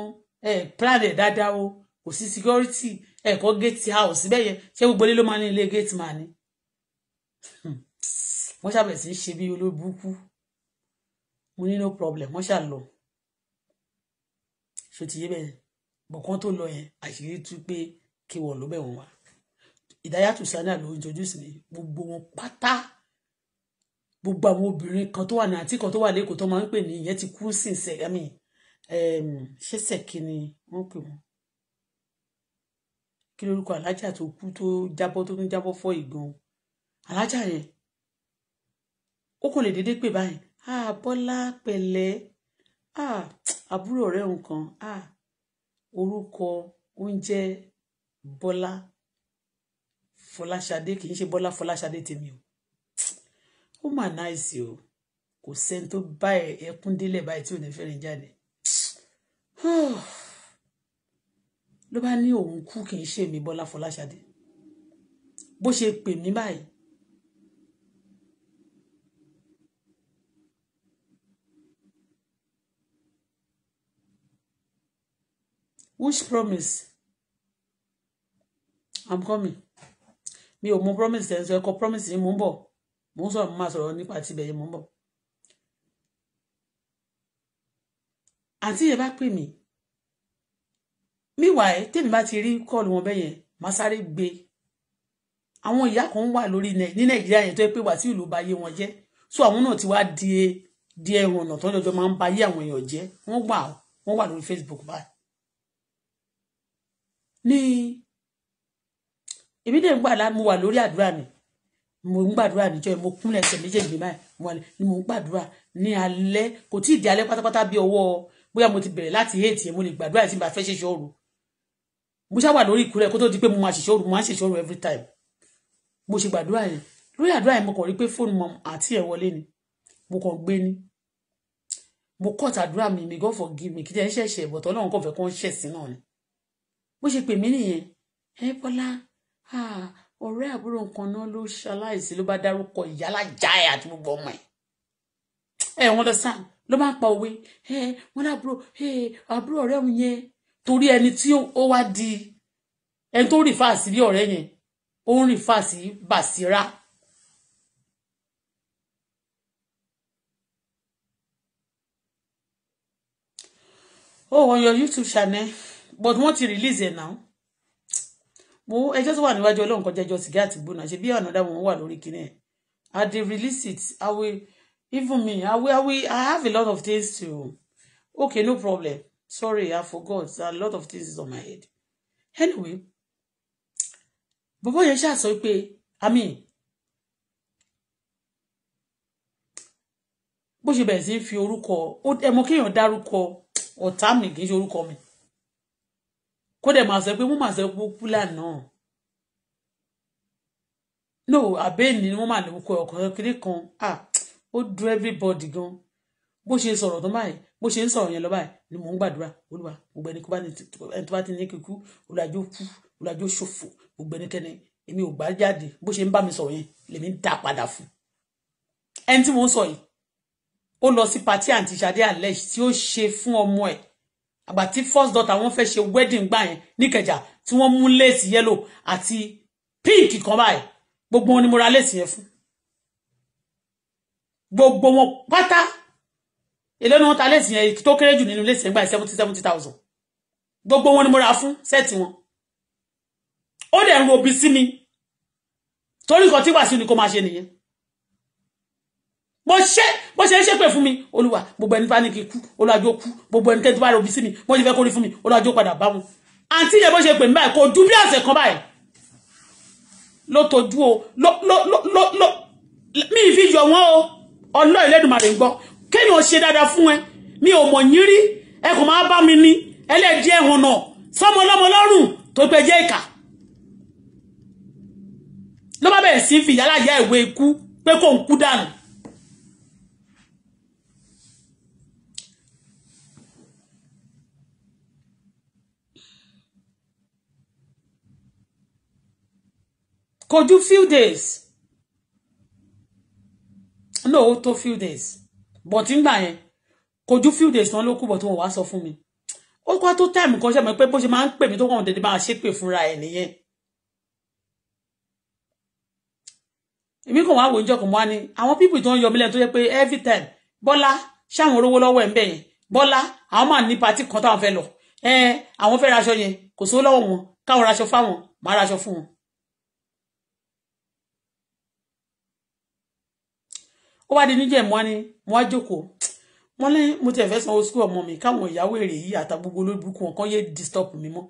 ẹ plan ẹ̀ dáadáa o kò sí security ẹ kọ́ gate house bẹ́ẹ̀ yẹn ṣé gbogbo ilé ló máa ní ilé gate man ni hmm. wọ́n ṣàbẹ̀rẹ̀ sí ṣe bí olóbùkú mo ní no problem wọ́n ṣà lọ ṣó ti yé bẹ́ẹ̀ bọ̀kan tó lọ yẹn àṣírí tú pé kí wọ́n ló bẹ̀ wọ́n wá ìdáyàtò sani àlọ́ introduce mi gbogbo wọn pátá gbogbo àwọn obìnrin kan tó wà ní àǹtí kan tó wà lẹ́kọ̀ọ́ tó máa ń pè ní ìyẹn ti kú sí ìsẹ̀ ẹ̀mí ehm, ṣé sẹ̀kí ni wọ́n pè wọ́n kí lórúkọ alájà tó kú tó jábọ́ tó tún jábọ́ fọ́ ìgbọ̀n alájà yẹn ó kò lè déédéé pè báyìí ah Bọ́lá pẹ̀lẹ́ ah àbúrò rẹ nǹkan ah orúkọ oúnjẹ Bọ́lá Fọláṣadé kì í ṣe Bọ́lá Fọláṣadé tèmi o ó mà náìsì o kò sẹ́ni tó bá ẹkún délẹ̀ báyìí tí ò ní fẹ́ràn jáde ló bá ní òun kú kì í ṣe mi Bọ́lá Fọláṣadé bó ṣe pè mí báyìí which promise i'm coming mi ò mọ promise tẹ̀ ń sọ promise yìí mò ń bọ̀ mò ń sọ̀rọ̀ mo máa sọ̀rọ̀ nípa tibẹ̀ yìí mò ń bọ̀ àǹtí yẹn bá pè mí meanwhile tèmi bá ti rí kọ́ọ̀lù wọn bẹ́yẹn màá sáré gbé àwọn ìyá kan wà lórí ní nàìjíríà yẹn tó yẹ pé wà tí ìlú bá yé wọn jẹ́ so àwọn náà ti wá di di ẹ̀rùn ọ̀nà tó ń jọjọ máa ń ba ayé àwọn èèyàn jẹ́ wọ́n wà wọ́n wà lórí Facebook báyìí ní èmi dè ń gbàdá mo wà lórí àdúrà mi mo ń gbàdúrà níjọ́ mo kúnlẹ̀ ẹsẹ̀ méjèèjì báyìí mo wà ní mo ń gbàdúrà ní alẹ́ kò tí ì di alẹ́ pátápátá bí ọwọ́ bóyá mo ti bẹ̀rẹ̀ láti eight yẹn mo lè gbàdúrà tí n bá fẹ́ ṣe ṣòro mo ṣá wà lórí ìkúrẹ́ kó tó di pé mo máa ṣe ṣòro mo máa ṣe ṣòro every time mo ṣe gbàdúrà yẹn lórí àdúrà yẹn mo kàn rí pé fóònù mọ àti ẹ̀ wọlé ni mo kàn gbé ni mo kọ́ tàdúrà mi mi God forgive me kí jẹ́ ń ṣẹ̀ṣẹ̀ bọ̀tọ̀ ọlọ́run kò fẹ́ kó ń ṣẹ̀sìn náà ni bó ṣe pè mí nìyẹn ẹ bọ́lá ọ̀rẹ́ àbúrò nǹkan náà ló ṣaláìsí ló bá dárúkọ ìyálàjà ẹ̀ àti gbogbo ọmọ ẹ̀ ẹ wọn lọ sàn ló máa ń pa òwe ẹ wọn lábúrò ẹ àbúrò ọ̀rẹ́ òun yẹn torí ẹni tí ó wá di ẹni tó rìn fáàsì bí ọ̀rẹ́ yẹn ó ń rìn fáàsì bàṣírà. Oh, on your YouTube channel but wọ́n ti release ẹ̀ náà mo ẹjọ́ tó wà níwájú ọlọ́run kọjá ẹjọ́ sìgá àti gbóná ṣe bí ọ̀nà dáwọn wà lórí kinní ẹ̀ i dey release it i will even me i will i will i have a lot of things to okay no problem sorry i forgot a lot of things is on my head anyway bọ́bọ́ yẹn ṣàṣọ pé i mean bó ṣe bẹ̀rẹ̀ sí fi orúkọ ẹ̀mọ́ kéèyàn dárúkọ ọ̀tá mi kì í ṣe orúkọ mi kó dẹ̀ máa sọ pé wọ́n máa sọ pé púlà náà no àbẹ́ẹ̀ni ni wọ́n máa lè kọ ọ̀kan kiri kan ah ó du everybody gan bó ṣe sọ̀rọ̀ tó báyìí bó ṣe ń sọ̀rọ̀ yẹn lọ báyìí ni mò ń gbàdúrà olúwa gbogbo ẹni tó bá ti ní kíkú olùdájọ́ kú olùdájọ́ ṣòfò gbogbo ẹnikẹ́ni èmi ò gbà jáde bó ṣe ń bá mi sọ̀rọ̀ yẹn lèmi ń dá padà fún ẹni tí mò ń sọ yìí ó lọ sí pati àǹtí Ṣadé alex tí ó ṣe fún ọmọ ẹ̀ àgbà tí first daughter wọn fẹ́ ṣe wedding gbà yẹn níkẹjà tí wọ́n mú lace yellow àti pink kan báyìí gbogbo wọn ni mo ra lace yẹn fún gbogbo wọn pátá èlé ni wọ́n ta lace yẹn tó kéré jù nínú lace yẹn gbà seventy seventy thousand gbogbo wọn ni mo ra fún sẹ́ẹ̀tì wọn ó dẹ̀ ń ro obi sí mi torí nǹkan tí wàásù ni kò máa ṣe nìyẹn mo ṣe bó ṣe ń ṣépè fún mi olúwa gbogbo ẹni bá ní kí kú olùwàjò kú gbogbo ẹni tẹ́tí bá rọbí sí mi bó ṣe fẹ́ kórí fún mi olùwàjò padà bá mu àǹtí yẹn bó ṣe pè mí báyìí kò ju bí àṣẹ kan báyìí ló tọ́jú o ló ló ló ló mi ì fi yọ wọn o ọlọ́ ìlẹ́dùnmarè ń gbọ́ kéèyàn ṣe dáadáa fún ẹ mi ò mọ̀ yín rí ẹ kò máa bá mi ní ẹlẹ́dìí ẹ̀hún náà ló bá bẹ̀rẹ̀ sí fìyà láyà ìwé ikú pé kò ń kú dànù kò ju few days no ó tó few days but ńgbà yẹn kò ju few days tán ló kù bọ̀ tí wọ́n wá sọ fún mi ó kọ́ tó táìmù kan ṣe mọ̀ pé bó ṣe máa ń pè mí tó kàn dédé bá a ṣe pè fúnra ẹ̀ nìyẹn èmi kàn wá wò níjọ́ kan wá ní àwọn pípì tó ń yọ mí lẹ́nu tó yẹ pé every time bọ́lá ṣáwọn olówó lọ́wọ́ ẹ̀ ń bẹ̀ yẹn bọ́lá àwọn máa ní patí kan táwọn fẹ́ lọ ẹ àwọn fẹ́ raṣọ yẹn kò sówó lọ́wọ́ wọn káwọn raṣọ fáwọn máa raṣọ fún wọn ó wá di níjẹ̀ mọ́ ni mo wá jókòó wọ́n ní mo tiẹ̀ fẹ́ sanwó school ọmọ mi káwọn ìyàwó èrè yìí àtàgbogbo olóbùkún ọ̀kan yé disturb mi mọ́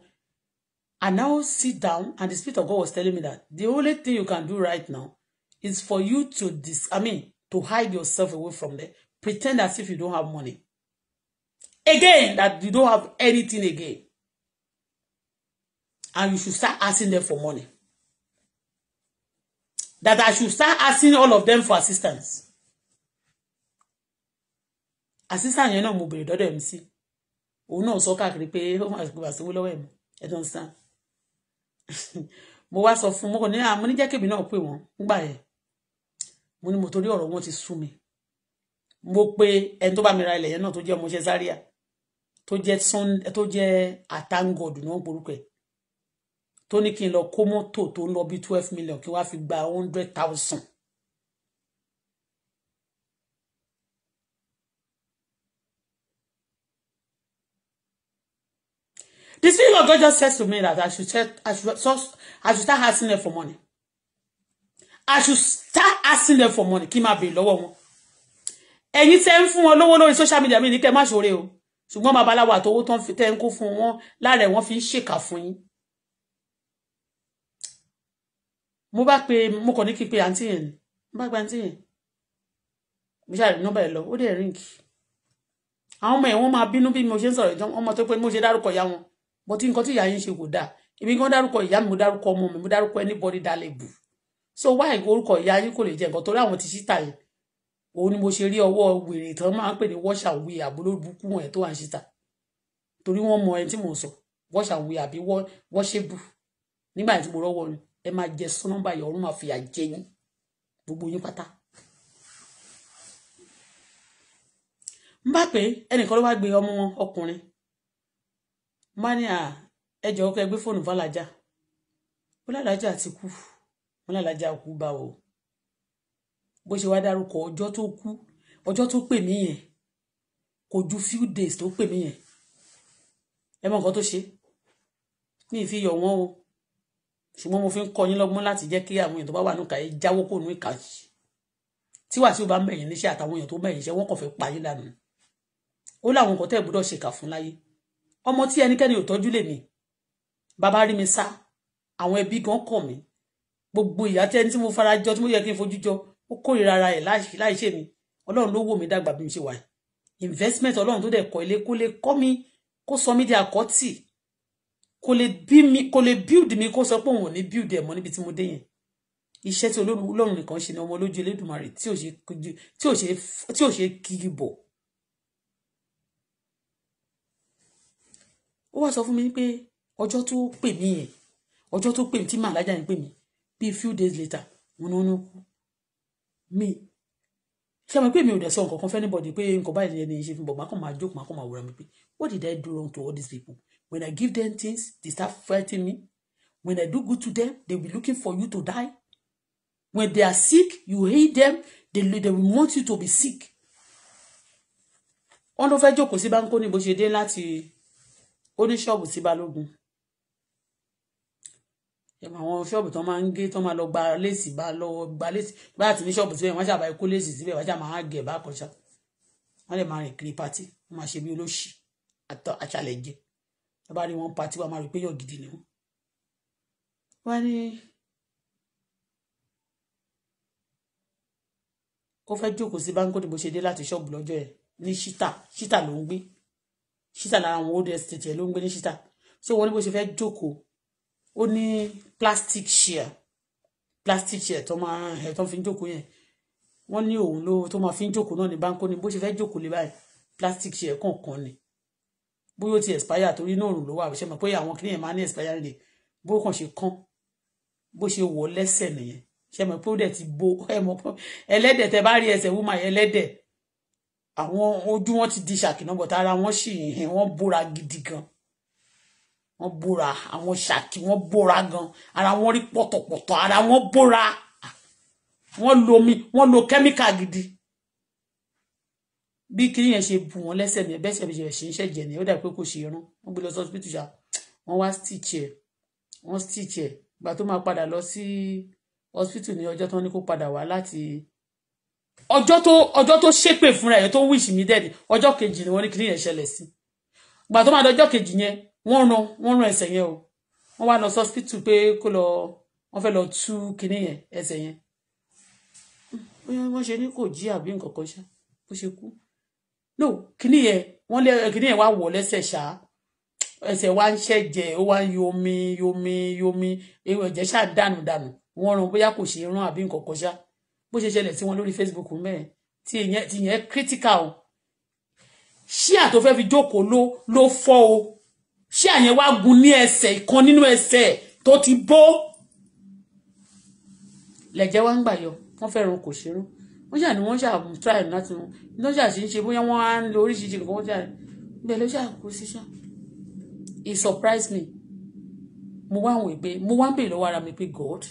I now sit down and the spirit of God was telling me that the only thing you can do right now is for you to dis I mean to hide yourself away from there pretend as if you don't have money again that you don't have anything again and you should start asking them for money that I should start asking all of them for assistance àṣìṣà yẹn náà mo bèrè dọ́dọ̀ mc òun náà sọ káàkiri pé ó máa gbé bàṣẹ́wó lọ́wọ́ ẹ̀ mọ́ ẹ̀ tó ń san mo wá sọ fún mo kàn ní àmọ́ níjẹ́ kébì náà pè wọ́n nígbà yẹn mo ní mo torí ọ̀rọ̀ wọn ti sú mi mo pe ẹni tó bá mi ra ilẹ̀ yẹn náà tó jẹ́ ọmọọṣẹ́ Zaria tó jẹ́ tó jẹ́ àtàngọ̀dù ní wọ́n porúkọ ẹ̀ tó ní kí n lọ kó mọ́tò tó ń lọ bí twelve million kí wọ́n fi gba hundred thousand The Spirit of God just says to me that I should, check, I should, I should start asking them for money. I should start asking them for money. Kí má bèèrè lọ́wọ́ wọn. Ẹ̀yin tẹ́ ń fún wọn lówó lórí social media mi ní kẹ́ má ṣoore o. Ṣùgbọ́n babaláwo àtowó tán fi tẹ́ ń kó fún wọn lára ẹ̀ fi ń ṣèkà fún yín. Mo bá pe mo kàn ní kí n pe àǹtí yẹn ni. Mo bá pe àǹtí yẹn. Mo ṣàrí nọ́mbà ẹ̀ lọ, ó dẹ̀ ríǹkì. Àwọn ọmọ ẹ̀ wọ́n máa bínú bí mo ṣe ń sọ̀rọ̀ ìjọ ọmọ tó pé mo ṣe dárúkọ ìyá wọn. But tí nǹkan tí ìyá yín ṣe kò dáa èmi kan dárúkọ ìyá mi mo dárúkọ ọmọ mi mo dárúkọ anybody dá lè bù so why orúkọ ìyá yín kò lè jẹ nǹkan torí àwọn ti ṣíta yẹn òun ni mo ṣe rí ọwọ́ wèrè tán máa ń pè ní wọ́ṣà wí àbólóbùkú wọn ẹ̀ tó à ń ṣíta torí wọ́n mọ ẹni tí mò ń sọ wọ́ṣà wí àbí wọ́ṣẹ́bù nígbà tí mo rọ́wọ́ ẹ máa jẹ sọ́nọ́mbà yẹn ọ̀run máa fìyà jẹ yín gbogbo yín pátá. ń bá pé ẹnìkan ló wá gbé ọmọ ọkùnrin má ní à ẹjọ́ ọkọ̀ ẹgbẹ́ fóònù fàlàjà ó lálàájà ti kú wọn lálàájà kú bá o bó ṣe wá dárúkọ ọjọ́ tó kú ọjọ́ tó pè mí yẹn kò ju few days tó pè mí yẹn ẹ mọ nǹkan tó ṣe ní ìfi wọn o ṣùgbọ́n mo fi ń kọ́ yín lọ́gbọ́n láti jẹ́ kí àwọn èèyàn tó bá wà nùkà yìí jáwọ́ kò nù ìkà yìí tí wàá tí ó bá mẹ̀yìn níṣẹ́ àtàwọn èèyàn tó mẹ̀yìn iṣẹ́ wọ́n kàn fẹ́ pa yín ó láwọn nǹkan tẹ́ ẹ̀ ṣèkà fún láyé ọmọ tí ẹnikẹ́ni ò tọ́jú lèmi bàbá rí mi sá àwọn ẹbí gan kọ̀ mí gbogbo ìyá tí ẹni tí mo fara jọ tí mo yẹ kí n fojú jọ ó kórìíra ara ẹ̀ láì ṣe mi ọlọ́run ló wò mí dàgbà bí mo ṣe wà yìí investment ọlọ́run tó dẹ̀ kọ́ ilé kó lè kọ́ mi kó sọ mí di àkọ́tì kò lè bí mi kò lè build mi kó sọ pé òun ò ní build ẹ̀ mọ́ níbi tí mo dé yẹn iṣẹ́ tí ọlọ́run nìkan ṣe ni ọmọ olójú elédùnmarè tí ò ṣe kiri bọ̀ ó wá sọ fún mi pé ọjọ́ tó pè mí yẹn ọjọ́ tó pè mí tí màá lájà yẹn pè mí bíi few days later wọn náà kú mi ṣé ọmọ pé mi ò dẹ̀ sọ nǹkan kan fẹ́ anybody pé nǹkan báyìí ni ẹni ṣe fún bọ̀ máa kàn máa jókòó máa kàn máa wúra mi pé what did I do wrong to all these people when I give them things they start fighting me when I do good to them they be looking for you to die when they are sick you hate them they, they will want you to be sick wọ́n ló fẹ́ jókòó sí báńkó ní bó ṣe dé láti ó ní ṣọ́ọ̀bù sí balógun àwọn ṣọ́ọ̀bù tó máa ń gé tó máa lọ gba léèsì bá lọ gba léèsì bá àti ní ṣọ́ọ̀bù síbẹ̀ wọ́n ṣàbà kó léèsì síbẹ̀ wọ́n ṣàbà máa gẹ̀ bá kọjá wọ́n lè máa rìn kiri pati wọ́n máa ṣe bí olóṣì àṣàlẹ̀jẹ́ wọ́n bá rí wọn pati wọ́n máa rí pé yàn gidi ni wọ́n. wọ́n ní ó fẹ́ jókòó sí báńkò tí mo ṣe dé láti ṣọ́ọ̀bù lọ́jọ́ yẹn ní ṣítà ṣítà ló ń gbé ṣítà lára àwọn old estate ẹ̀ ló ń gbé ní ṣítà so wọ́n ní bó ṣe fẹ́ jókòó ó ní plastic chair plastic chair tó máa ẹ̀ tó fi ń jókòó yẹn wọ́n ní òun ló tó máa fi ń jókòó náà ní báńkó ni bó ṣe fẹ́ jókòó lè báyìí plastic chair kọ̀ọ̀kan ni bóyá ó ti expire torí náà òrùn ló wà ṣe mọ̀ pé àwọn kìnìyàn máa ní expire date bó kàn ṣe kán bó ṣe wọ̀ lẹ́sẹ̀ nìyẹn ṣe mọ̀ pé ó dẹ̀ ti bo ẹ̀mọ́ ẹlẹ́dẹ̀ tẹ bá rí ẹsẹ̀ wúmọ̀ ẹlẹ́dẹ̀ àwọn ojú wọn ti di ṣàkínà bọ̀tà ara wọn sì hìn wọ́n bóra gidi gan wọ́n bóra àwọn ṣàkí wọ́n bóra gan ara wọn rí pọ̀tọ̀pọ̀tọ̀ ara wọn bóra wọ́n lo omi wọ́n lo kẹ́míkà gidi bí kiri yẹn ṣe bù wọ́n lẹ́sẹ̀ ní ẹ̀bẹ́sẹ̀ bí ṣe ń ṣẹ̀jẹ̀ ní ó dà pé kò ṣe irun wọ́n gbé lọ sí hospital ṣá wọ́n wá stitch ẹ̀ wọ́n stitch ẹ̀ gbà tó máa padà lọ sí hospital ní ọjọ́ tó ní kó padà wá láti ọjọ́ tó ọjọ́ tó ṣépè fúnra ẹ̀ tó wíṣì mí dẹ́ẹ̀dì ọjọ́ kejì ni wọ́n ní kí nìyẹn ṣẹlẹ̀ sí gbà tó máa dọjọ́ kejì yẹn wọ́n ran wọ́n ran ẹsẹ̀ yẹn o wọ́n wá lọ sọ́sítù pé kó lọ wọ́n fẹ́ lọ tú kinní yẹn ẹsẹ̀ yẹn bóyá wọ́n ṣe ní kò jí àbí nǹkan kan ṣá bó ṣe kú no kinní yẹn wọ́n lé kinní yẹn wá wọ̀ lẹ́sẹ̀ ṣá ẹsẹ̀ wá ń ṣẹ̀jẹ̀ ó wá ń yomi yomi yomi ẹ̀jẹ̀ ṣá dànù dànù wọ́n ran bóyá kò ṣe é rán àbí nǹkan kan ṣá bó ṣe ṣẹlẹ̀ sí wọn lórí Facebook mẹ́ẹ̀ tí ìyẹn tí ìyẹn critical o ṣíà tó fẹ́ fi jókòó ló ló fọ́ o ṣíà yẹn wá gun ní ẹsẹ̀ ìkan nínú ẹsẹ̀ tó ti bó lẹ̀jẹ̀ wá ń gbà yọ wọ́n fẹ́ ran kò ṣerú wọ́n ṣà wọ́n ṣà try láti wọn iná ṣà ṣe ń ṣe bóyá wọ́n á ń lo oríṣiríṣi nǹkan wọ́n ṣà bẹ́ẹ̀ ló ṣà kú sí ṣá it surprised me mo wá ń wèé pé mo wá ń bèèrè lọ́wọ́ ara mi pé God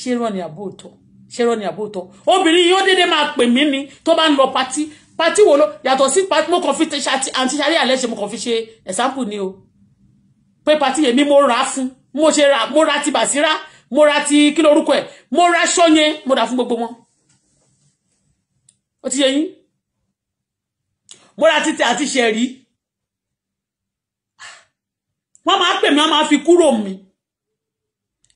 ṣé rán ni àbóòtọ́ ṣẹ́rọ ni àbótọ́ obìnrin yóò dédé máa pè mí ni tó bá ń lọ patí patí wo ló yàtọ̀ sí patí mo kàn fi ṣe àǹtí ṣáré àlẹ́ ṣe mo kàn fi ṣe ẹ̀sáǹpù ni o pé patí yẹn mi mo rà fún mo ṣe ra mo ra ti bàṣírá mo ra ti kí lorúkọ ẹ̀ mo ra aṣọ mo dà fún gbogbo wọn ó ti yẹ yín mo ra títẹ àti ṣẹ̀rí wọ́n máa pè mí wọ́n máa fi kúrò mi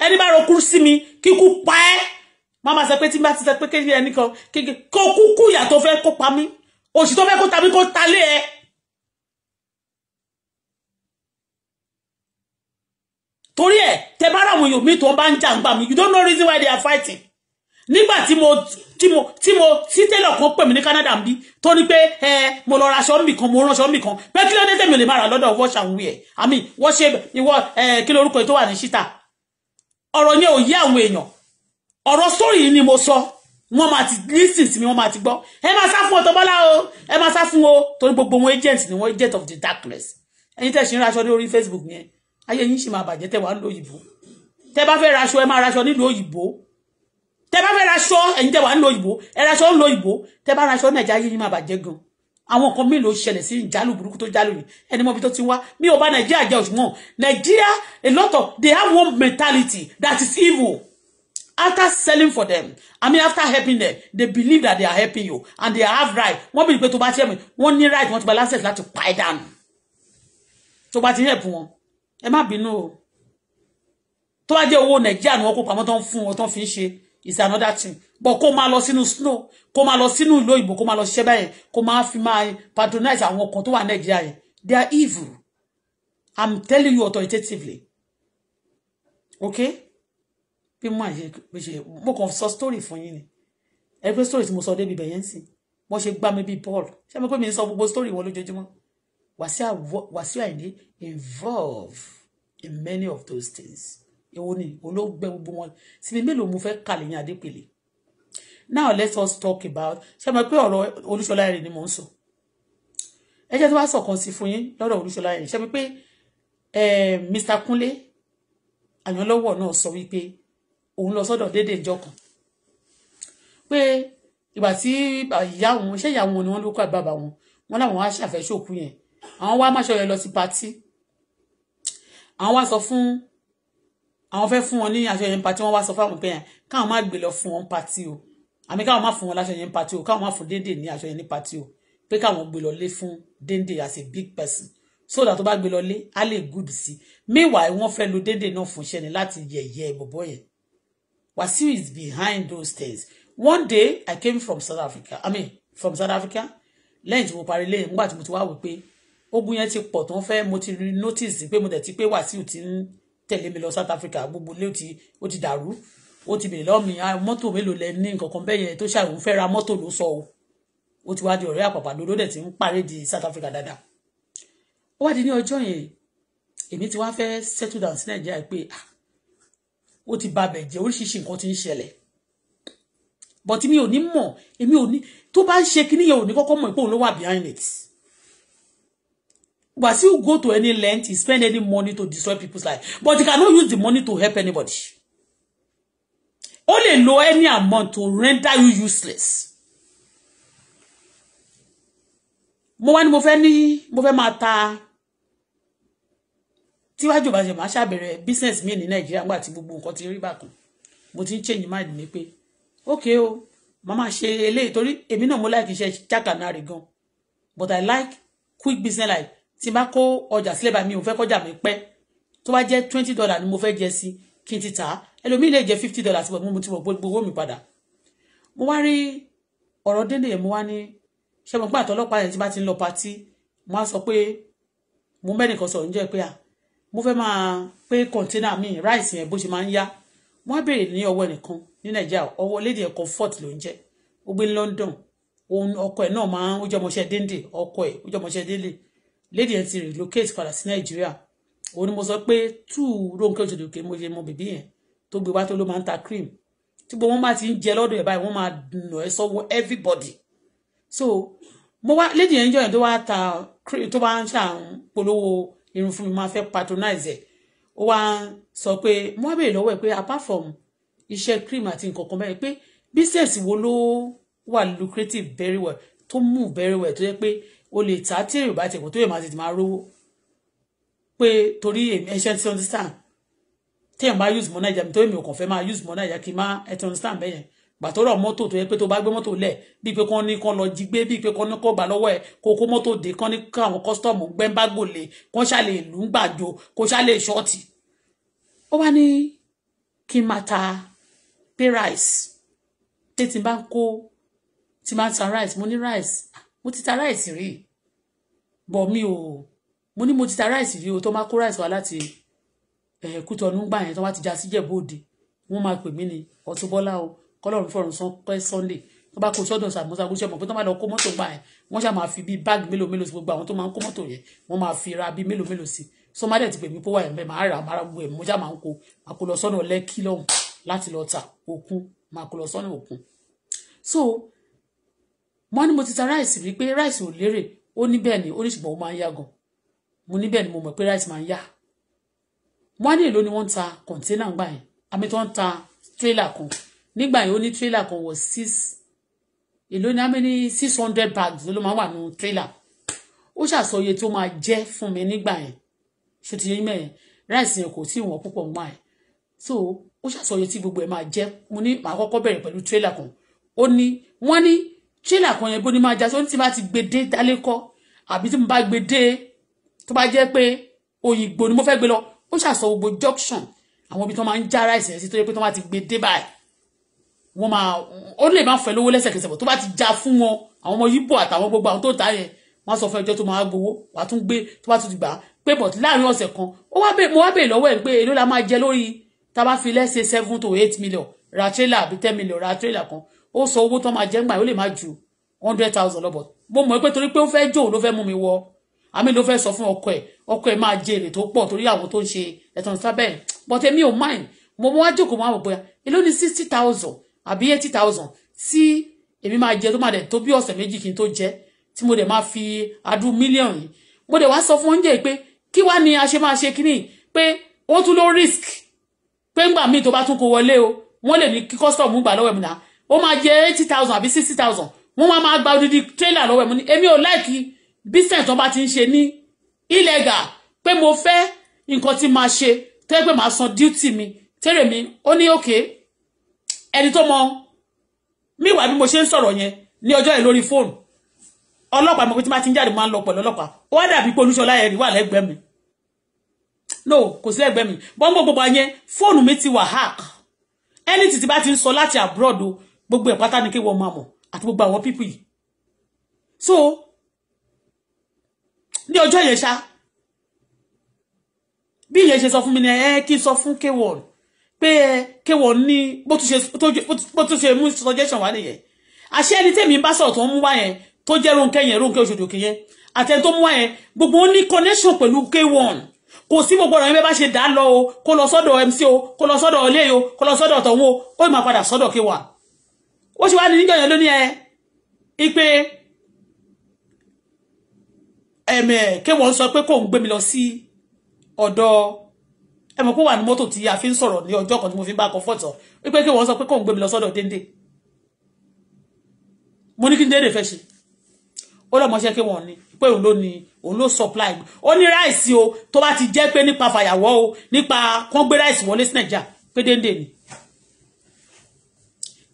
ẹni bá ro kúrú sí mi kíkú pa ẹ́. Mama, máa sọ pé tí n bá ti sọ pé kékeré ẹni kan kékeré kó kúkú ìyà tó fẹ́ kó pa mí òṣì tó fẹ́ kó ta mí kó ta lé ẹ. torí ẹ tẹ bá ràwọn èèyàn mi tó bá ń jà ń you don't know reason why they are fighting nígbà tí mo tí mo tí mo tí tẹ́lọ̀ kan Pe. mí ní Canada ń bí tó ní pé ẹ mo lọ ra aṣọ mi kan mo ránṣọ mi kan pé kí ló dé tèmi lè má ra lọ́dọ̀ wash and wear àmì wọ́n ṣe ìwọ ẹ kí lórúkọ tó wà ní ṣítà ọ̀rọ̀ yẹn ò yé àwọn èèyàn ọ̀rọ̀ story yìí ni mo sọ wọ́n máa ti lísìn sí mi wọ́n máa ti gbọ́ ẹ máa sá fún Auto Bola o ẹ máa sá fún o torí gbogbo wọn agent ni wọ́n agent of the darkness ẹ̀yin tẹ̀ sí ń raṣọ ní orí Facebook yẹn ayé yín sì máa bàjẹ́ tẹ̀ wá ń lo òyìnbó tẹ́ bá fẹ́ raṣọ ẹ máa raṣọ nílùú òyìnbó tẹ́ bá fẹ́ raṣọ ẹ̀yin tẹ̀ wá ń lo òyìnbó ẹ raṣọ ń lo òyìnbó tẹ́ bá raṣọ nàìjà ayé yín máa bàjẹ́ gan àwọn kan mélòó ṣẹlẹ̀ sí ìjálù burúkú tó jálù yìí ẹni mọ́bi tó ti wá mi ò bá nàìjíríà jẹ́ òṣùwọ̀n nàìjíríà a lot of they have one mentality that is evil after selling for them i mean after helping them they believe that they are helping you and they have right wọ́n bí pé tó bá ti help wọ́n ní right wọ́n ti gba license láti pa ẹ́ dànù tó bá ti help wọn ẹ má bínú o tó bá jẹ́ owó nàìjíríà ni wọ́n kó pamọ́ tó ń fún wọn tó ń fi ń ṣe is another thing but kó máa lọ sínú snow kó máa lọ sínú ìlú òyìnbó kó máa lọ ṣiṣẹ́ báyẹn kó máa fi máa patronize àwọn kan tó wà nàìjíríà yẹn they are evil i'm telling you authoritatively okay bí mo àṣẹ bí ṣe mo kàn sọ story fún yín ni ẹgbẹ́ story tí mo sọ débi bẹ̀yẹn sí wọ́n ṣe gbá mi bíi paul ṣé mo pé mi ń sọ gbogbo story wọn lójoojúmọ́ Wàsíù Àyìndé involve in many of those things èwo ni olóògbé gbogbo wọn sinmi mélòó mo fẹ́ kà lẹ́yìn adépèlé now let us talk about ṣé mo pé ọ̀rọ̀ Olúṣọlá Ẹ̀rìn ni mò ń sọ ẹ jẹ́ tó wá sọ̀kan sí fún yín lọ́rọ̀ Olúṣọlá Ẹ̀rìn ṣé mo pé eh, Mr. Kúnlé Àyànlọ́wọ́ náà sọ wípé òun lọ sọ́dọ̀ dédé ìjọ kan pé ìgbà tí ìyá òun ṣé ìyá òun ni wọ́n ló kọ́ àbábà wọn wọn làwọn á ṣàfẹ́ṣòkú yẹn àwọn wá máṣọ yẹn lọ sí patí àwọn wá sọ fún àwọn fẹ́ fún wọn ní aṣọ yẹn patí wọ́n wá sọ fún àwọn pé yẹn káwọn má gbé lọ fún wọn patí o àmì káwọn má fún wọn láṣọ yẹn patí o káwọn má fún dédé ní aṣọ yẹn ní patí o pé káwọn gbé lọ lé fún dédé as a big person so that tó bá gbé lọ lé á lè good sí meanwhile wọ́n fẹ́ lo dédé náà fún iṣẹ́ ni láti yẹ̀yẹ́ bọ̀bọ̀ yẹn Wasiu is behind those things. One day I came from South Africa. I mean from South Africa. Lẹ́yìn tí mo parí lẹ́yìn nígbà tí mo ti wá wò pé ogun yẹn ti pọ̀ tó ń fẹ́ mo ti notice pé mo dẹ̀ ti pé Wasiu ti ń tẹ̀lé mi lọ South Africa gbogbo ilé ó ti dàrú ó ti bèrè lọ́mì ah, mọ́tò mélòó lẹ ní nǹkan kan bẹ́yẹn tó ṣàrùn fẹ́ ra mọ́tò ló sọ o ó ti wá di ọ̀rẹ́ àpàpàdé olódẹ tí ń parí di South Africa dáadáa ó wá di ní ọjọ́ yẹn èmi ti wá fẹ́ settle down sí Nàìjíríà pé ah ó ti babẹ̀ jẹ́ oríṣiríṣi nǹkan ti ń ṣẹlẹ̀ but mi ò ní mọ̀ èmi ò ní tó bá ń ṣe kíní yẹn ò ní kọ́kọ́ mọ̀ pé òun ló wà behind it Wasiu go to any length he spend any money to destroy people's life but he cannot use the money to help anybody ó lè lo any amount to render you useless mo wá ní mo fẹ́ ní mo fẹ́ máa ta tíwájú bá ṣe máa ṣàbẹ̀rẹ̀ business mi ní nàìjíríà nígbà tí gbogbo nǹkan ti rí bákan mo ti ń change mind mi pé okay o màmá ṣe eléyìí torí èmi náà mo like iṣẹ́ jákànnárì gan but i like quick business life tí n bá kó ọjà sílẹ̀ bá mi ò fẹ́ kọjá mi pẹ́ tó bá jẹ́ twenty dollar ni mo fẹ́ jẹ sí kí n ti tà á ẹlòmíì lè jẹ́ fifty dollar tí mo ti mọ̀ gbogbo owó mi padà mo wá rí ọ̀rọ̀ dédé mo wá ní ṣé mo gbà àtọ́lọ́pàá yẹn tí bá ti ń lọ patí mo wá sọ pé mo mẹ́nìkan sọ̀rọ̀ ń jẹ́ pé à mo fẹ́ máa pé kọ̀ńténà mi ráìsì yẹn bó ṣe máa ń yá wọ́n á béèrè ní ọwọ́ ẹnìkan ní nàìjíríà ọwọ́ lédi ẹ̀kọ́ fort ló ń jẹ́ ó gbé London òun ọkọ ẹ̀ náà máa ń ó jẹ́ ọmọọṣẹ́ déndé ọkọ ẹ̀ ó jẹ́ ọmọọṣẹ́ déndé lédi ẹ̀ ti relocate padà sí nàìjíríà òun ni mo sọ pé tú Ronke Òṣòdìkẹ́ mo ṣe mọ bèbí yẹn tó gbé wá tó ló máa ń ta cream tí gbogbo wọn bá ti ń jẹ lọ́dọ̀ ẹ̀ báyìí wọ́n máa nà ẹ́ sọ́wọ́ everybody so mo wá lédi ẹ̀ ń jọ yẹn tó wá ta tó bá ń ṣàǹ irun fún mi máa fẹ́ patronize ẹ̀ ó wá sọ pé mo wá béèrè lọ́wọ́ ẹ̀ pé apart from iṣẹ́ cream àti nǹkan kan báyìí pé business wo ló wà lucrative very well tó move very well tó yẹ pé o lè ta tí èrò bá ti kò tó yẹ máa tètè máa rówó pé torí èmi ẹṣẹ ti understand téèyàn bá use mọ náírà mi tó èmi ò kàn fẹ́ máa use mọ náírà kí n má ẹ ti understand bẹ́yẹn gbàtọ́rọ̀ mọ́tò tó yẹ pé tó bá gbé mọ́tò lẹ̀ bíi pé kán ní kán lọ jí gbé bíi pé kán ní kó gbà lọ́wọ́ ẹ̀ kó kó mọ́tò dé kán ní káwọn kọ́sítọ́ọ̀mù gbẹ́ńbágò lè kán ṣàlè ìlú ń gbàjò kó ṣàlè ṣọ́ọ̀tì. ó wá ní kí n máa ta pay rice pé tí n bá kó tí n bá ta rice mo ní rice ah, mo ti ta rice rí bọ̀ mi ò mo ní mo ti ta rice rí o tó máa kó rice wá láti eh, Kútọ̀nù gbà yẹn tó wá ti já síjẹ̀bú òde wọ́n máa pè mí ní Auto Bola o kọ́lọ́run fọ̀rùn sán pẹ́ sunday tó bá kó sọ́dọ̀ sàmúsà kó ṣe mọ̀ pé tó máa lọ kó mọ́tò gbà ẹ̀ wọ́n ṣáà máa fi bíi báàgì mélòó mélòó sí gbogbo àwọn tó máa ń kó mọ́tò yẹn wọ́n máa fi ra bíi mélòó mélòó sí so má dẹ̀ ti pè mí pé wà ẹ̀ máa rà máa gbogbo ẹ̀ mo ṣáà ń kó máa kó lọ sọ́nà lẹ́kí lọ́hùn láti lọ ta òkun máa kó lọ sọ́nà òkun. so mo ní mo ti ta ráìsì rí pé ráìsì ò lérè ó ní bẹ́ẹ̀ ni ó ní ṣùgbọ́n ó máa ń yá gan nígbà yẹn ó ní trailer kan wọ six èló ní amẹ́ni six hundred bags ló máa wà nù trailer ó ṣàsọyẹ tó máa jẹ́ fún mi nígbà yẹn ṣe ti yín mẹ́yẹn ráìsì yẹn kò tí ì wọ́n púpọ̀ mọ́ ẹ̀ so ó ṣàsọyẹ tí gbogbo ẹ̀ máa jẹ́ mo ní màá kọ́kọ́ bẹ̀rẹ̀ pẹ̀lú trailer kan ó ní wọ́n ní trailer kan yẹn bó ni máa já sóní tí bá ti gbé dé dálékọ́ àbí tí mo bá gbé dé tó bá jẹ́ pé òyìnbó ni mo fẹ́ gbé lọ ó ṣàsọ gbogbo junction àwọn ibi tó máa ń já ráìsì yẹn sí tó yẹ pé tó máa ti gbé dé báyìí wọ́n máa ó lè má fẹ́ lówó lẹ́sẹ̀kẹsẹ̀ bọ̀ tó bá ti já fún wọn àwọn ọmọ yíbò àtàwọn gbogbo àwọn tó ta yẹn wọ́n sọ fún ẹjọ́ tó máa gbowó wàá tún gbé tó bá tún ti gbà á pé bọ̀ láàrin ọ̀sẹ̀ kan mo wá bèè lọ́wọ́ ẹ̀ pé èló la máa jẹ lórí tá a bá fi lẹ́sẹ̀ seven to eight million ra trailer àbí ten million ra trailer kan ó sọ owó tó máa jẹ́ ńgbà ó lè má ju one hundred thousand lọ́bọ̀ mo mọ̀ pé torí pé ó fẹ́ jó ló fẹ́ mú mi wọ àmì ló fẹ́ sọ fún ọkọ ẹ̀ ọkọ ẹ̀ máa jẹ èrè tó pọ̀ torí àwọn tó ń ṣe ẹ̀tàn sábẹ́ but èmi ò mind mo mọ́ wá jókòó mọ́ àwọn bóyá èló ni sixty thousand àbí eighty thousand tí èmi máa jẹ tó máa dẹ̀ tó bí ọ̀sẹ̀ méjì kí n tó jẹ tí mo dẹ̀ máa fi adú mílíọ̀nù yìí mo dẹ̀ wá sọ fún oúnjẹ pé kí wá ni a ṣe máa ṣe kíní pé wọ́n tún ló risk pé ńgbà míì tó bá tún kó wọlé o wọ́n lè ní kí custom gbà lọ́wọ́ mi náà ó máa jẹ eighty thousand àbí sixty thousand wọ́n máa máa gba odidi trailer lọ́wọ́ mi ní èmi ò láìkí business tó bá ti ń ṣe ní illegal pé mo fẹ́ nǹkan tí máa ṣe tẹ́ pé máa san duty mi tẹ́rẹ̀ mi ó ní òkè ẹni tó mọ míwà bí mo ṣe ń sọ̀rọ̀ yẹn ní ọjọ́ yẹn lórí fóònù ọlọ́pàá mọ̀ pé tí bá ti ń jáde máa ń lọ pẹ̀lú ọlọ́pàá ó dàbí pé olúṣọlá ẹ̀rí wà lẹ́gbẹ̀ẹ́ mi no kò sí lẹ́gbẹ̀ẹ́ mi bọ́ńbọ̀ gbogbo yẹn fóònù mi ti wà hack ẹni tìtì bá ti ń sọ láti abroad o gbogbo ẹ̀ pátá ni kí wọ́n máa mọ̀ àti gbogbo àwọn pípì yìí so ní ọjọ́ yẹn ṣá bí ìyẹn ṣe sọ fún mi ni ẹ kí n sọ fún k1 pé ẹ kéwọ ní bó tún ṣe mú suggestion wá nìyẹn àṣẹ ẹni tèmi bá sọ̀rọ̀ tó ń mú wá yẹn tó jẹ́ Rónkẹ́ yẹn Rónkẹ́ Òṣòdìkì yẹn àtẹni tó mú wá yẹn gbogbo ó ní connection pẹ̀lú K1 kò sí gbogbo ọ̀rọ̀ yẹn bẹ́ẹ̀ bá ṣe dá lọ o kó lọ sọ́dọ̀ MC o kó lọ sọ́dọ̀ ilé o kó lọ sọ́dọ̀ ọ̀tọ̀ wọn o ó máa padà sọ́dọ̀ K1 ó ṣe wá ní níjọ́ yẹn lónìí ẹ ipe ẹ̀mẹ̀ K1 sọ pé kò ń gbé mi lọ sí ọ̀dọ̀ ẹ mọ̀ kó wà ní mọ́tò tí a fi ń sọ̀rọ̀ ní ọjọ́ kan tí mo fi ń bá comfort sọ wípé kí wọ́n sọ pé kóun gbé mi lọ sọ́dọ̀ déndé mo ní kí n dédè fẹ́ ṣe ó lọ́mọṣẹ́ kí wọ́n ní pé òun ló ní òun ló supply ó ní ráìsì o tó bá ti jẹ́ pé nípa fàyàwọ́ o nípa kán gbé ráìsì wọlé sí nàìjíríà pé déndé ni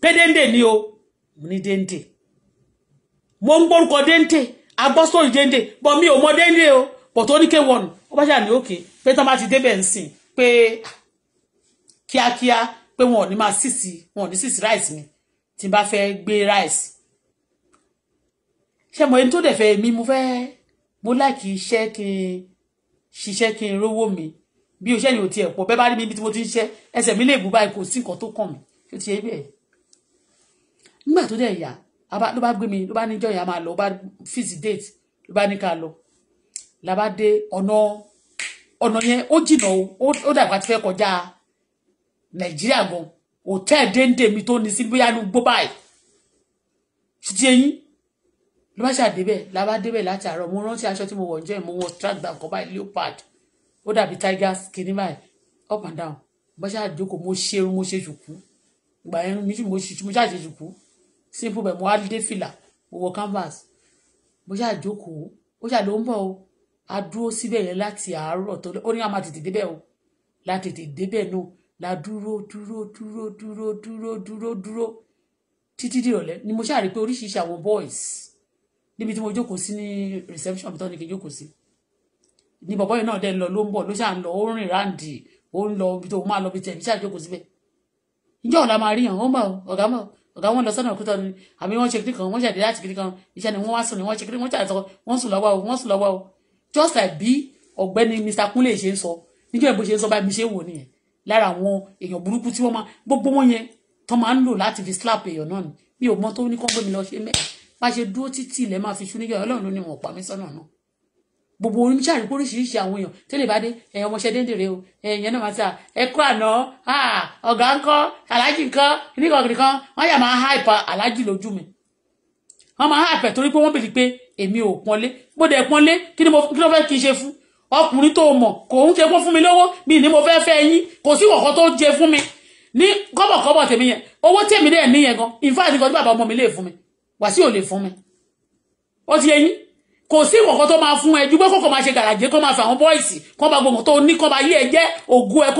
pé déndé ni o mo ní déndé mo ń gbórúkọ déndé agbọ́sọ̀rì déndé bọ̀ mi ò mọ déndé o pọ̀ tó ní kéwọ́n ó bá ti débẹ̀ ń pé kíákíá pé wọn ò ní máa sísì wọn ò ní sísì ráìsì mi tí n bá fẹ́ gbé ráìsì ṣé mo ẹni tó dẹ̀ fẹ́ mi mo fẹ́ mo láìkí iṣẹ́ kí n ṣiṣẹ́ kí n rówó mi bí o ṣe yìí ò tiẹ̀ pọ̀ bẹ́ẹ̀ bá rí mi ibi tí mo ti ń ṣe ẹsẹ̀ mi lè bú báyìí kò sí nǹkan tó kàn mí ṣé ti ṣe bẹ́ẹ̀ nígbà tó dẹ̀ yà ló bá gbé mi ló bá níjọ́ yẹn a máa lọ ló bá fix date ló bá ní ká lọ la dé ọ̀nà ọ̀nà yẹn ó jìnà o ó dàgbà ti fẹ́ kọjá nàìjíríà gan hòtẹ́ẹ̀ déńdé mi tó ní sí bóyá inú gbó báyìí títí eyín ló bá ṣàdébẹ̀ lábá débẹ̀ láti àárọ̀ mo rántí aṣọ tí mo wọ̀ jẹ́ mo wọ track down kan báyìí leopard ó dàbí tigers kìíní báyìí up and down bá ṣàjókòó mo ṣe irun mo ṣe ṣùkú ìgbà yẹn mi mo ṣàṣe ṣùkú simple bẹ̀ mo á dé fìlà mo wọ canvas mo ṣàjókòó ó ṣàlóńbọ̀ o a dúró síbẹ̀ yẹn láti àárọ̀ tó ó ní a máa tètè débẹ̀ o la tètè débẹ̀ náà la dúró dúró dúró dúró dúró dúró dúró títí dìrọ̀lẹ́ ni mo ṣáà rí pé oríṣiríṣi àwọn boys níbi tí mo jókòó sí ní reception mi tó ní kí n jókòó sí ni bọ̀bọ́ yìí náà dẹ́ ń lọ ló ń bọ̀ ló ṣáà ń lọ ó ń rìn ráǹdì ó ń lọ ibi tó máa lọ ibi tẹ̀ ṣáà jókòó síbẹ̀ ìjọ ọ̀la máa rí hàn ó mọ̀ ọ̀gá mọ̀ ọ̀gá wọn lọ sọ́nà òkúta ni àmì wọn ṣe kiri kan wọ́n ṣàdé láti kiri kan iṣẹ́ ni wọ́n wá sùn ni wọ́n ṣe kiri wọ́n ṣàtọ́ wọ́n sùn lọ́wọ́ o sùn lọ́wọ́ just like bí ọ̀gbẹ́ni Mr Kunle ṣe ń sọ níjọ́ ìbò ṣe ń sọ báyìí mi ṣe ń wò nìyẹn lára àwọn èèyàn burúkú tí wọ́n máa gbogbo wọn yẹn tán máa ń lò láti fi slap èèyàn náà ni mi ò mọ tó ní kọ́ńgbé mi lọ ṣe mẹ́ẹ̀ bá ṣe dúró títí ilẹ̀ máa fi ṣú níjọ́ ọlọ́run ló ní wọn pa mí sọ́nà náà gbogbo orin ṣáà rí oríṣiríṣi àwọn èèyàn tẹ́lẹ̀ bá dé ẹ̀yàn ọmọọṣẹ́ déńdèrè o ẹ̀yàn náà máa sà ẹ̀kọ́ àná ọ̀gá ńkọ́ aláàjì ńkọ́ oníkọ̀ọ̀kì kan wọ́n yà máa háìpà aláàjì lójú mi wọ́n máa háìpà torí pé wọ́n bèèrè pé èmi ò pọ́nlé bó dẹ̀ pọ́nlé kí ni mo fẹ́ kí n ṣe fún ọkùnrin tó mọ̀ kò ń ṣe kó fún mi lówó mi ni mo fẹ́ fẹ́ yín kò sí kọ̀kọ́ tó jẹ fún mi ní kọ́bọ̀kọ́bọ̀ tèmi yẹn owó tèmi dẹ̀ níyẹn gan in fact nǹkan tí bàbá ọmọ mi lè fún mi wàsí ò lè fún mi ó ti yé yín kò sí kọ̀kọ́ tó máa fún ẹ ju pé kọ̀kọ́ máa ṣe gàràjé kọ́ máa fi àwọn bọ́ìsì kọ́ máa gbogbo tó ní kọ́ máa yé ẹ jẹ́ ògùn ẹ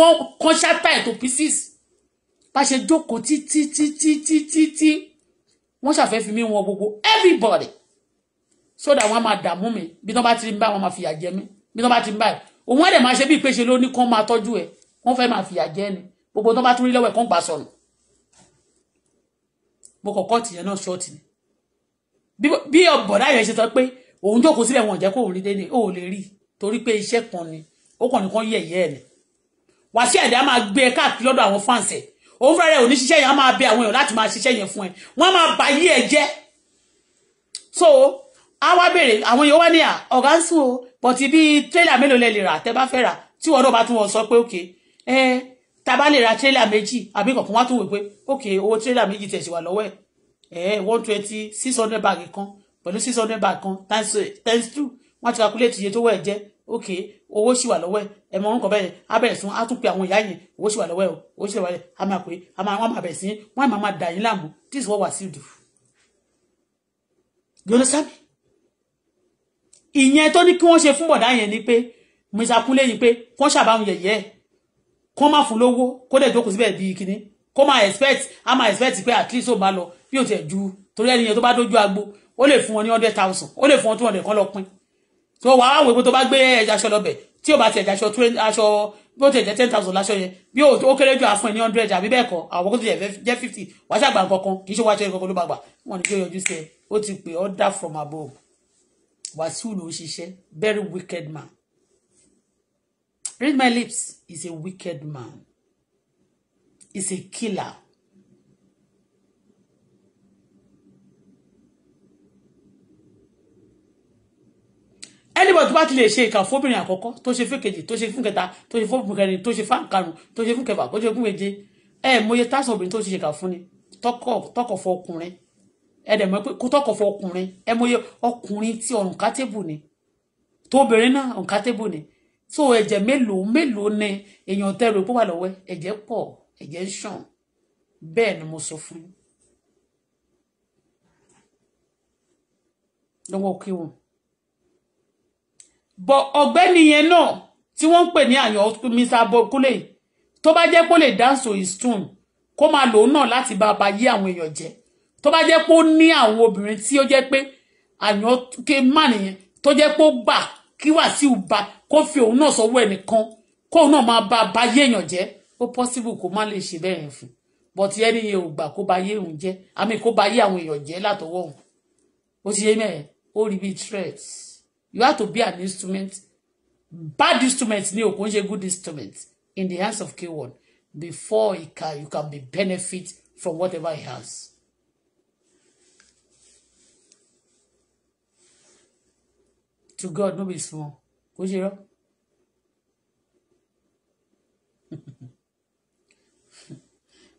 kọ́ ṣáta ẹ̀ tó pieces bá ṣe jókòó títí títí títí wọ́n ṣàfẹ́ fi mí wọn gbogbo everybody so that wọ́n máa dààmú mi bí wọ́n bá ti ń bá wọn máa fìyà jẹ mí bí wọ́n bá ti ń báyìí òun ẹ̀dẹ̀ máa ṣe bí ìpèsè lóní kan máa tọ́jú ẹ̀ wọ́n fẹ́ máa fìyà jẹ ni gbogbo tó bá tún rí lọ́wọ́ ẹ̀ kàn gbà sọ̀rọ̀ mo kọ̀kọ́ tìyẹn náà ṣọ́ọ̀tì ni bí ọ̀bọ̀dá yẹn ṣe sọ pé òun jókòó sílẹ̀ wọn ò jẹ́ kó òun rí déni ó lè rí torí pé iṣẹ́ kan ni ó kàn ní kán yẹ̀yẹ́ ẹ̀ ni Wàsíù Àyìndé máa gbé ẹ káàkiri lọ́dọ̀ àwọn fáǹsẹ̀ òun fẹ́rẹ̀ òní ṣiṣẹ́ yẹn á máa bẹ àwọn èèyàn láti máa ṣiṣẹ́ yẹn fún ẹ wọ́n máa bá yí ẹ jẹ́ so á wá béèrè àwọn yóò wá ní à ọ̀gá ń sùn o bọ̀tí bíi tírélà mélòó lẹ lè rà tẹ́ bá fẹ́ rà tí wọ́n náà bá tún wọn sọ pé òkè ẹ tá a bá lè ra tírélà méjì àbí kọ̀ọ̀kan wá tún wò pé òkè owó tírélà méjì tẹ̀ sí wà lọ́wọ́ ẹ̀ ẹ one twenty six hundred bag kan pẹ̀lú six hundred bag kan times two wọ́n ti calculate iye tó wọ̀ ẹ̀ jẹ́ ok owó sì wà lọ́wọ́ ẹ̀ ẹ̀ mọ orúkọ bẹ́ẹ̀ á bẹ̀rẹ̀ sí á tún pe àwọn ìyá yẹn owó sì wà lọ́wọ́ ẹ̀ o owó sì wà lọ́wọ́ ẹ̀ á máa pè é á máa wọ́n máa bẹ̀rẹ̀ sí wọ́n á máa dà yín láàmú this is what Wasiu do you understand me ìyẹn tó ní kí wọ́n ṣe fún bọ̀dá yẹn ni pé Mr. Kúnlé ni pé kọ́n ṣàbáwọn yẹ̀yẹ́ kọ́n má fún lówó kó dẹ̀ jókòó síbẹ̀ bíi kíní kó máa expect á máa expect pé at least ó máa lọ bí ó tiẹ̀ ju torí ẹni yẹn tó bá dójú agbo ó lè fún wọn ní hundred thousand ó lè fún wọn two hundred kan lọ pín tí wọ́n wá àwọn èpo tó bá gbé ẹja aṣọ lọ́bẹ̀ tí ó bá ti ẹja aṣọ aṣọ bí ó ti ẹ̀jẹ̀ ten thousand láṣọ yẹn bí ó kéré jù àfún ẹ ní hundred àbí bẹ́ẹ̀ kọ́ àwọn kó ti jẹ́ fifty wàá ṣàgbà kankan kì í ṣe wàá kankan ló bá gbà wọ́n ní kí ó yọjú sí ẹ ó ti pè order from above Wàsíù ló ń very wicked man read my lips he's a wicked man he's a killer. anybody tó bá ti lè ṣe ìkà fóbìnrin àkọ́kọ́ tó ṣe fún kejì tó ṣe fún kẹta tó ṣe fún kẹrin tó ṣe fún àǹkarùn tó ṣe fún kẹfà tó ṣe fún keje ẹ mọye táṣà obìnrin tó ṣe ìkà fún ni tọkọ tọkọ fọ ọkùnrin ẹ dẹ̀ mọ̀ pé kó tọkọ̀ fọ ọkùnrin ẹ mọye ọkùnrin tí ọ̀rùn kátébù ni tó obìnrin náà ọ̀rùn kátébù ni so ẹ̀jẹ̀ mélòó mélòó ni èèyàn tẹ́rù pọ̀ wà lọ́wọ́ ẹ̀jẹ̀ pọ̀ ẹ̀jẹ̀ ń ṣàn bẹ́ẹ̀ ni mo sọ fún yín lọ́wọ́ kí wọn. bọ ọ̀gbẹ́ni yẹn náà tí wọ́n ń pè ní àyàn Mr. Bob tó bá jẹ́ kó lè dance to his tune kó máa lòun náà láti bá a bá yí àwọn èèyàn jẹ́ tó bá jẹ́ pé ó ní àwọn obìnrin tí ó jẹ́ pé àyàn ké má nìyẹn tó jẹ́ pé ó gbà kí Wàsíù bá kó fi òun náà sọ́wọ́ ẹnìkan kó òun náà máa bá a bá yéèyàn jẹ́ ó possible kó má lè ṣe bẹ́ẹ̀ yẹn fún but ẹni yẹn ò gbà kó bá yé òun jẹ́ àmì kó bá yé àwọn èèyàn jẹ́ látọwọ́ òun ó ti yé mẹ́ẹ̀ ó rí bí threat you have to be an instrument bad instrument ni òkun ṣe good instrument in the hands of K1 before he can, you can be benefit from whatever he has. to God no be small kò ṣe rọ.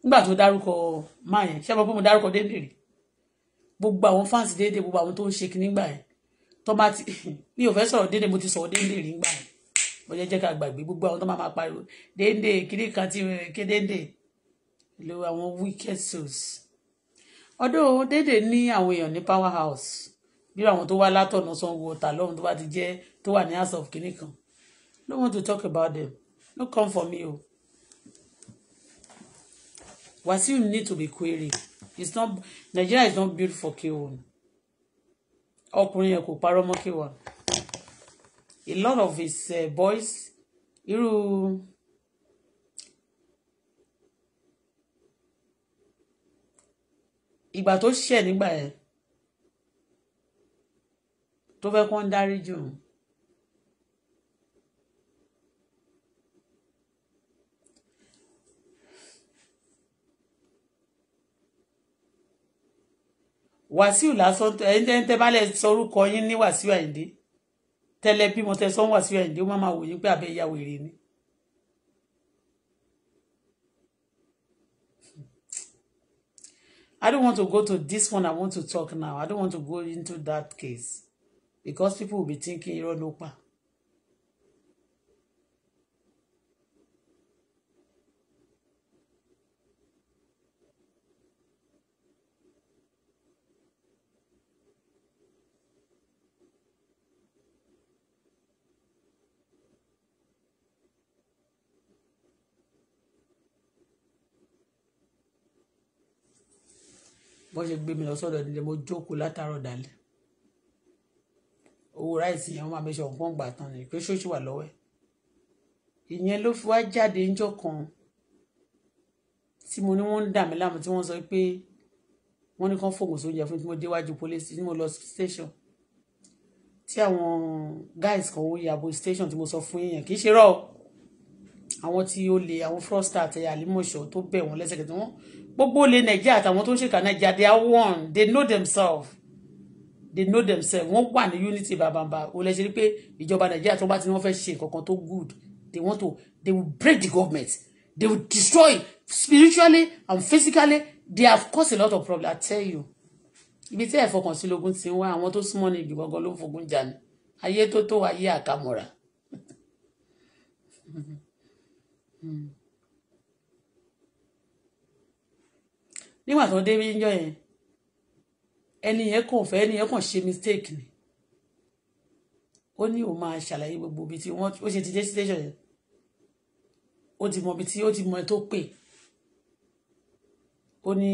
nígbà tó dárúkọ máa yẹn ṣé mo pé mo dárúkọ débìrì gbogbo àwọn fans déédéé gbogbo àwọn tó ń ṣe kíní gbà yẹn tó bá ti mi ò fẹ́ sọ̀rọ̀ déédéé mo ti sọ̀rọ̀ déédéé rí gbà yẹn mo jẹ́ jẹ́ ká gbàgbé gbogbo àwọn tó máa máa pariwo déédéé kíní kan ti rìn ké déédéé lo àwọn wicked souls ọdún déédéé ní àwọn èèyàn ní power house nírú àwọn tó wá látọ̀nà sanwó ọ̀tà lọ́run tó bá ti jẹ́ tó wà ní house of kinní kan no want to talk about them no come for me o Wasiu need to be queried it's not Nigeria is not built for K1 ọkùnrin yẹn kò parọ́ mọ́ K1 a lot of his uh, boys irú. ìgbà tó ṣẹ̀ nígbà yẹn tó fẹ́ kó ń dáríjì òun. wàsíù lásán ẹni tẹ bá lẹ sọ yín ní wàsíù àyíndé tẹlẹ bí mo tẹ sọ wàsíù àyíndé ó má máa wò yín pé abẹ ìyá wèrè ni. I don't want to go to this one. I want to talk now. I don't want to go into that case because people will be thinking irọ́ ló pa. bọ́n ṣe gbé mi lọ sọ́dọ̀ nílé mo jókòó látàárọ̀ dalẹ́ owó ráìsì yẹn wọ́n máa mẹ́sọ̀ nǹkan gbà tán ni pé ṣóṣì wà lọ́wọ́ ẹ̀ ìyẹn ló fi wá jáde ńjọ́ kan tí mo ní wọ́n ń dà mí láàmú tí wọ́n sọ pé wọ́n ní kán fògùn sóúnjẹ fún tí mo déwájú police tí mo lọ station tí àwọn guys kan wọ́n yàbò station tí mo sọ fún yẹn kì í ṣe rọ́ọ̀ àwọn tí ó lè àwọn frosta àti àlímọ̀ṣọ́ tó bẹ̀ wọ́n lẹ́sẹ̀kẹ̀ tí wọ́n gbogbo olè nàìjíríà àtàwọn tó ń ṣèkà nàìjíríà they are one they know themselves they know themselves wọ́n wà ní unity babamba. o lè ṣe rí pé ìjọba nàìjíríà tó bá ti ní wọ́n ṣe nǹkan kan tó good they want to they will break the government they will destroy spiritually and physically they have caused a lot of problems. i tell you ibi tí ẹ̀fọkàn sí lógún ti ń wá àwọn tó súnmọ́ ní ìgbìmọ̀ gan ló ń fogun jà ní ayé tó tó ayé àkàmọ̀ra. Hmm. Hmm. nígbà tó dé bí ń jọ yẹn ẹni yẹn kàn fẹ́ ẹni yẹn kàn ṣe mistake ni ó ní òun máa ṣàlàyé gbogbo ibi tí wọ́n ó ṣe ti dé station yẹn ó ti mọ ibi tí ó ti mọ ẹ tó pè ó ní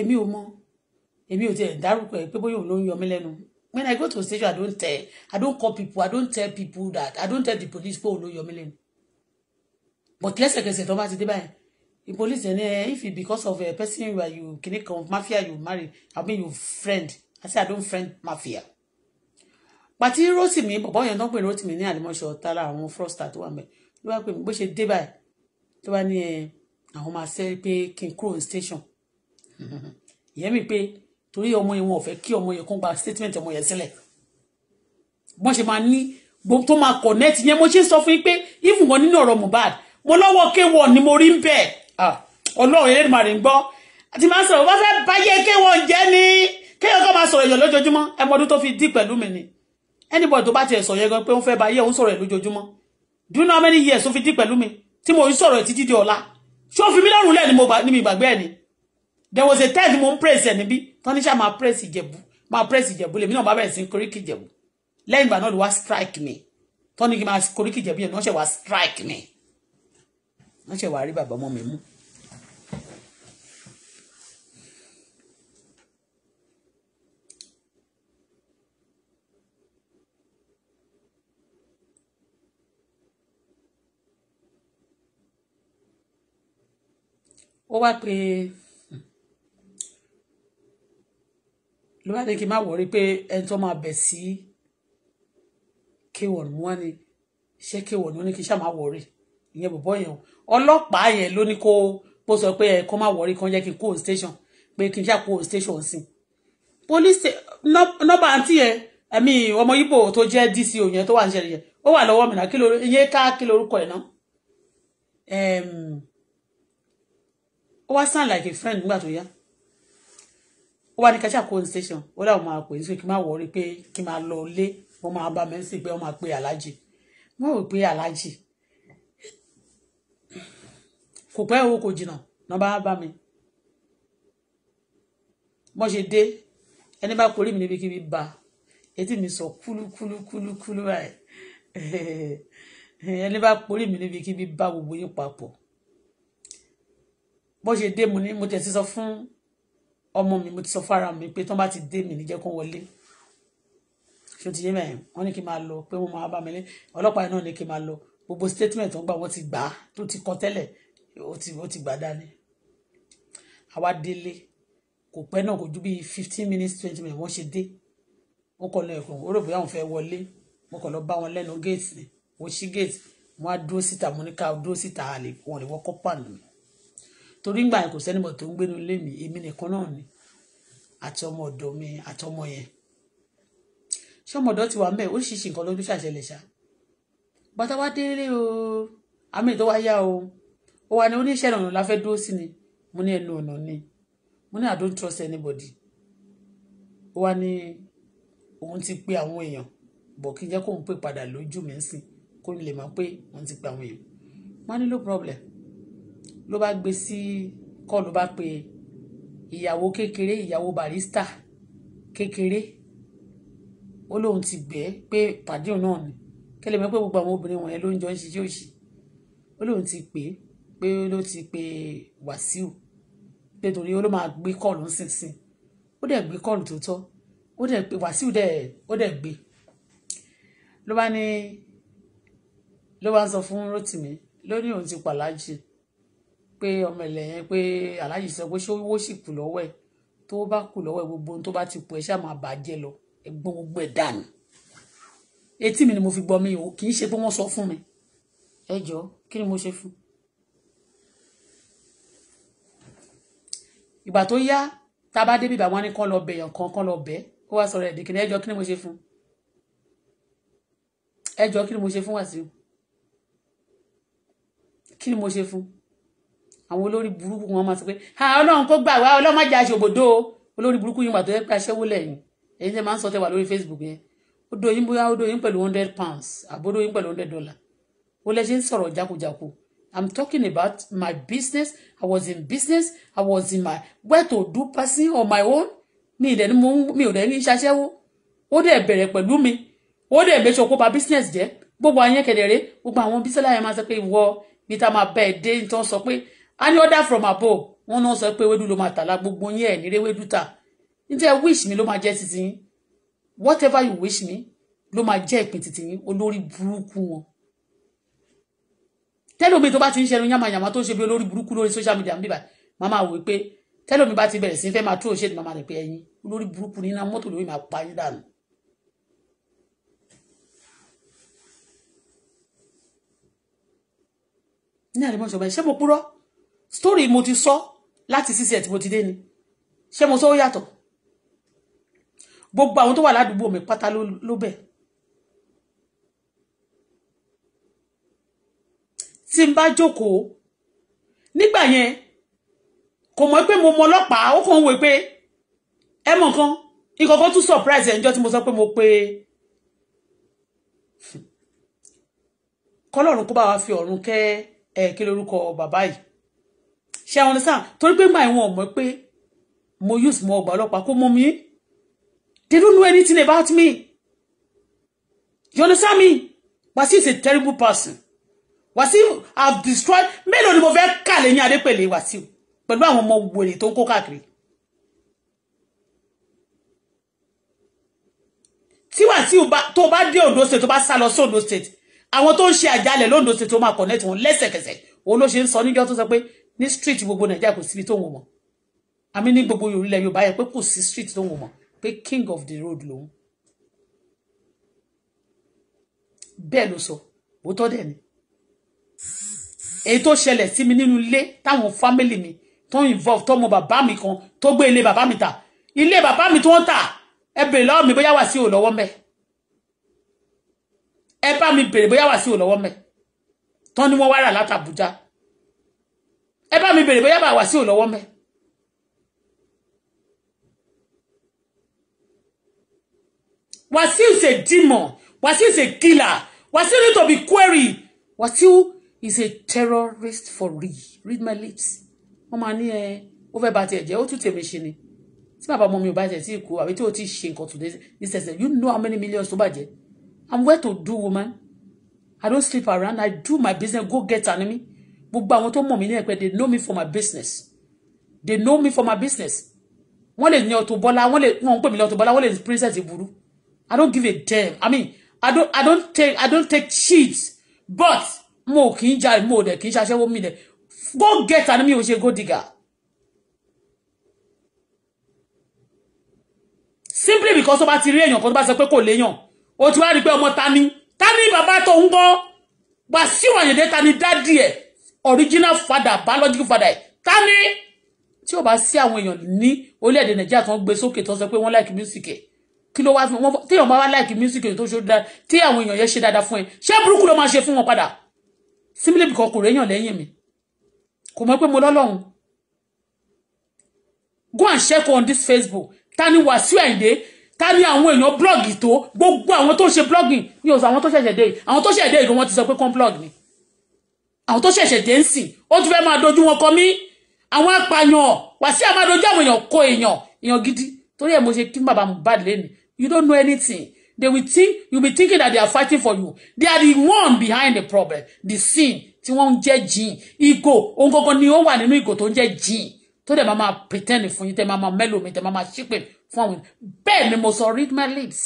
èmi ò mọ èmi ò tiẹ̀ dárúkọ ẹ pé bóyá òun ló ń yọ mí lẹ́nu when i go to station i don tell i don call people i don tell people that i don tell the police pé òun ló yọ mí lẹ́nu but lẹ́sẹ̀kẹsẹ̀ tó bá ti dé báyìí In police and uh, eh, if it because of a eh, person where you kini kan mafia you marry i mean you friend i say i don't friend mafia pàtí Rótìmí bọ̀bọ̀ me. tán you don't ní àlìmọ́ṣọ́ tara àwọn froster tó wà mẹ́ ló wá pè mí bó ṣe dé báyìí tó bá ní ẹ eh, àwọn máa ṣe pé kí n kúrò ní station Yeah, me pay to ọmọ yẹn wọn ò fẹ́ kí ọmọ yẹn kún statement ọmọ yẹn select. bọ́n ṣe máa ní tó máa connect yẹn mo ṣe sọ fún yín pé even gan nínú ọ̀rọ̀ Mohbad mo lọ́wọ́ kéwọ̀n ni mo rí ń bẹ́ẹ̀ Ah, ọlọ́run eré màrí ń gbọ́ àti máa ń sọ̀rọ̀ wọ́n fẹ́ báyé kéwọ́n jẹ́ ni kéwọ́n kọ́ máa sọ̀rọ̀ èèyàn lójoojúmọ́ ẹmọ ọdún tó fi dí pẹ̀lú mi ni anybody tó bá tiẹ̀ sọ yẹn gan pé ó fẹ́ báyé òun sọ̀rọ̀ ẹ̀ lójoojúmọ́ do you know how many years ó fi dí pẹ̀lú mi tí mo sọ̀rọ̀ ẹ̀ títí di ọ̀la ṣé ó fi mí lọ́rùn lẹ̀ ni mi ìgbàgbé ẹ̀ ni there was a time mo ń praise ẹ̀ níbí tọ́níṣà máa praise ìjẹ̀bú máa praise ìjẹ̀bú lèmi náà bá bẹ̀rẹ̀ sí koríkì ìjẹ̀bú lẹ́yìn ìgbà náà ló wá strike me tọ́ni kí máa koríkì ìjẹ̀bú yẹn náà ṣe wá strike me wọ́n ṣe wàá rí bàbá ọmọ mi mú. ó wá pé ló bá ní kí n má wọrí pé ẹni tó máa bẹ̀ sí kéwọ̀n wọn ni ṣé kéwọ̀n wọn ni kí wọrí ìyẹn bọ̀bọ̀ yẹn ọlọ́pàá yẹn ló ní kó kó sọ pé ẹ kó má kan jẹ́ kí n kó station pé kí n ṣá kó station sí police nọ́mbà àǹtí yẹn ẹ̀mí ọmọ Ìgbò tó jẹ́ DCO yẹn tó wà ń ṣẹlẹ̀ yẹn ó wà lọ́wọ́ mi kí ló iye ká kí lorúkọ ẹ̀ náà ó wá sound like a friend nígbà tó yá ó wá ní kẹ́sà kó station ó dáhùn máa pè é sí pé kí n má wọrí pé kí n máa lọ lé wọ́n máa bá mi pé wọ́n máa pe aláàjì wọ́n rò pé aláàjì kò pẹ́ o kò jìnnà náà bá bá mi bó ṣe dé ẹni bá korí mi níbikíbi ba etí mi sọ kúlúkúlúkúlú báyìí ẹni bá korí mi níbikíbi ba gbogbo yín papọ̀ bó ṣe dé mo ní mo tẹ̀ sí sọ fún ọmọ mi mo ti sọ fara mi pé tí wọ́n bá ti dé mi níjẹ́ kó wọlé ṣó ti yé mẹ́rin wọ́n ní kí n máa lọ pé wọ́n máa bá mi lé ọlọ́pàá náà ní kí n máa lọ gbogbo statement tó ń gbà wọ́n ti gbà á tó ti kọ tẹ́lẹ̀ ó ti ó ti gbà dání àwa délé kò pẹ́ náà kò ju bíi fifteen minutes twenty minutes wọ́n ṣe dé ó kọ́ lọ ẹ̀kọ́ ó rò bóyá òun fẹ́ wọlé mo kàn lọ bá wọn lẹ́nu géètì ni mo ṣí géètì wọn á dúró síta mo ní ká dúró síta àlè wọn lè wọ compound mi torí ngbà yẹn kò sẹ́ni mọ̀ tó ń gbénu ilé mi èmi nìkan náà ni àti ọmọ ọ̀dọ̀ mi àti ọmọ yẹn ṣé ọmọ ọ̀dọ̀ ti wà mẹ́ẹ̀ oríṣiríṣi nǹkan ló ń ṣàṣẹlẹ̀ ṣá bàtà wá délé o àmì tó wá yá o ó wà ní oníṣẹ́ ọ̀nà la fẹ́ dúró sí ni mo ní ẹnu ọ̀nà ni mo ní I don't trust anybody ó wà ní òun ti pe àwọn èèyàn bọ̀ kí n jẹ́ kóun pè padà lójú mi sìn kó lè mọ̀ pé òun ti pe àwọn èèyàn wọ́n ní no problem ló bá gbé sí kọ́ ló bá pe ìyàwó kékeré ìyàwó barista kékeré ó lóun ti bẹ̀ ẹ́ pé pàdé òun náà ni kẹlẹ́mẹ́ pé gbogbo àwọn obìnrin wọ̀nyẹn ló ń jọ ń ṣiṣẹ́ òṣì ó lóun ti pè é pé ló ti pe Wàsíù pé torí ó ló máa gbé kọ́ọ̀lù nísinsìn ó dẹ̀ gbé kọ́ọ̀lù tó tọ́ ó dẹ̀ pé Wàsíù dẹ̀ ó dẹ̀ gbé ló bá ní ló bá sọ fún Rótìmí ló ní òun ti pàlájì pé ọmọ ilẹ̀ yẹn pé aláàjì sọ pé ṣé owó sì kù lọ́wọ́ ẹ̀ tó bá kù lọ́wọ́ ẹ̀ gbogbo tó bá ti kù ẹ̀ ṣáà máa bàjẹ́ lọ ẹ̀ gbogbo ẹ̀ dànù etí mi ni mo fi gbọ́ mi o kì í ṣe pé wọ́n sọ fún mi ẹ jọ kí ni mo ṣe fún ìgbà tó yá tá a bá débi ìbàwọn ni kán lọ bẹ̀ yàn kan kán lọ bẹ̀ kó wá sọ̀rọ̀ ẹ̀dínkì ní ẹjọ́ kí ni mo ṣe fún ẹjọ́ kí ni mo ṣe fún Wàsíù kí ni mo ṣe fún àwọn olórí burúkú wọn máa sọ pé ọlọ́run kó gbà wá ọlọ́run má jẹ́ àṣòbòdó olórí burúkú yìí wà tó yẹ pé aṣẹ́wó lẹ́yìn èyí tẹ́ máa sọ tẹ́ lórí Facebook yẹn ó dóyin bóyá ó dóyin pẹ̀lú hundred pounds àbó dóyin pẹ̀lú hundred dollar ó lẹ́sẹ̀ ń sọ̀rọ̀ jákujàku I'm talking about my business. I was in business. I was in my where to do person on my own. Mi ìdẹ́ni mo mi ò dẹ́ni ṣaṣẹ́wó. Ó dẹ̀ bẹ̀rẹ̀ pẹ̀lú mi. Ó dẹ̀ mẹ́sọ̀ kó ba business jẹ́. Gbogbo àyẹn kẹ̀dẹ̀rẹ́ gbogbo àwọn bísílẹ̀ yẹn máa sọ pé ìwọ ní ta máa bẹ̀ dé ní tán sọ pé any order from abo. wọ́n náà sọ pé ewédú ló máa la. gbogbo yín ẹ̀ nírè ewédú tà. Níta wish mi ló máa jẹ́ titi yín. Whatever you wish me ló máa jẹ́ ìpín titi yín olórí burúkú wọn tẹ́lómi tó bá ti ń ṣẹnu yàmàyàmà tó ń ṣe bí olórí burúkú lórí social media ń bíbà màmá wò pé tẹ́lómi bá ti bẹ̀rẹ̀ sí fẹ́ máa tó òṣèlú màmá rẹ̀ pé ẹyin olórí burúkú nínú mọ́tò lórí máa pa yín dànù. ní àdìmọ́ ìṣọ̀bẹ ṣé mo purọ́ story mo ti sọ láti sísẹ tí mo ti dé ni ṣé mo sọ ó yàtọ̀ gbogbo àwọn tó wà ládùúgbò mi pátá ló bẹ̀ tí n bá jókòó nígbà yẹn kò mọ̀ pé mo mọ ọlọ́pàá ó kàn ń wò pé ẹ mọ̀ nǹkan ìkọ̀kọ́ tún surprise ẹ̀ńjọ́ tí mo sọ pé mo pe kọlọ́run kó bá wa fi ọ̀run kẹ́ ẹ kí lórúkọ bàbá yìí ṣé àwọn ọ̀nà torí pé gbà ìwọ̀n mọ̀ pé mo use mọ ọgbà ọlọ́pàá kó mọ mi they don't know anything about me you understand me Wasiu is a terrible person Wàsíù have destroyed mélòó ni mo fẹ́ kà lẹ́yìn adépèlé Wàsíù pẹ̀lú àwọn ọmọ wèrè tó ń kó káàkiri. tí Wàsíù tó bá dé Ondo state tó bá sá lọ sí Ondo state àwọn tó ń ṣe àjálẹ̀ lóndo state tó máa connect wọn lẹ́sẹ̀kẹsẹ̀ òun ló ṣe ń sọ níjọ́ tó sọ pé ní street gbogbo Nàìjíríà kò síbi tó ń wò mọ́ àmì ní gbogbo orílẹ̀ Yorùbá yẹ pé kò sí street tó ń wò mọ́ pé king of the road lòun bẹ́ẹ̀ ló sọ òótọ́ dẹ̀ ni èyí tó ṣẹlẹ̀ sí mi nínú ilé táwọn fámìlì mi tó involve tọmọ bàbá mi kan tó gbé ilé bàbá mi ta ilé bàbá mi tó ń tà ẹ bèrè lọ́wọ́ mi bóyá wà sí òlọ́wọ́ mẹ́ ẹ bá mi bèrè bóyá wà sí òlọ́wọ́ mẹ́ tán ni wọ́n wá rà látàbújá ẹ bá mi bèrè bóyá bà wà sí òlọ́wọ́ mẹ́. Wasiu is a demon. Wasiu is a killer. Wasiu need to be queried. Wasiu is a terrorist for real read my lips wọ́n máa ní ẹ ó fẹ́ ba tiẹ̀ jẹ́ ó tún tèmi ṣe ni tí bàbá ọmọ mi ò bá tiẹ̀ tí ì kú àbí tí ò tí ì ṣe nǹkan tó dé this person you know how many millions tó bàjẹ́ i'm well to do woman i don't sleep around i do my business go get an enemy gbogbo àwọn tó mọ̀ mí ní ẹ̀pẹ́ they know me for my business they know me for my business wọ́n lè ní Auto Bola wọ́n lè wọ́n ń pè mí ní Auto Bola wọ́n lè princess ìburú i don't give a damn i mean i don't i don't take i don't take cheats but mo kì í jalè mo dẹ̀ kì í ṣaṣẹ́wó mi dẹ̀ go get and mi ò ṣe go digger. simply because tó bá ti rí èèyàn kan tó bá sọ pé kò léèyàn o ti wá rí pé ọmọ ta ni ta ni bàbá tó ń gbọ́ Wàsíù Àyìndé ta ni dádì ẹ̀ original father biological father ẹ̀ ta ni tí o bá sí àwọn èèyàn ní orílẹ̀-èdè Nàìjíríà tó ń gbé sókè tó sọ pé wọ́n like music ẹ̀ kí ló wá fún wọn téèyàn bá wá like music ẹ̀ tó ṣe dáadáa tí àwọn èèyàn yẹn ṣe dáadáa fún ẹ ṣé burúkú ló máa ṣe fún wọn padà simply because kò réyàn lẹ́yìn mi kò mọ̀ pé mo lọ́lọ́run go and check on this Facebook ta ni Wàsíù Àyìndé ta ni àwọn èèyàn blọ́ọ̀gì tó gbogbo àwọn tó ń ṣe blọ́ọ̀gì ní ọ̀sán àwọn tó ṣẹ̀ṣẹ̀ dé àwọn tó ṣẹ̀ṣẹ̀ dé ìlú wọn ti sọ pé kán blọ́ọ̀gì ni àwọn tó ṣẹ̀ṣẹ̀ dé ń sìn ó tún fẹ́ máa dojú wọn kọ mí àwọn apààyàn Wàsíù àmàdojú àwọn èèyàn kó èèyàn èèyàn gidi torí ẹ̀ mo ṣe kí bàbá Mohbad lẹ́nu you don't know anything they will think you be thinking that they are fighting for you they are the one behind the problem the sin tí wọ́n ń jẹ́ jìn ìgò ohun ni ó wà nínú ìgò tó ń jẹ́ jìn tó dẹ̀ pretend fún yín tẹ́ mama máa mẹ́lò mi tẹ́ máa máa ṣípè fún àwọn ni mo sọ read my lips.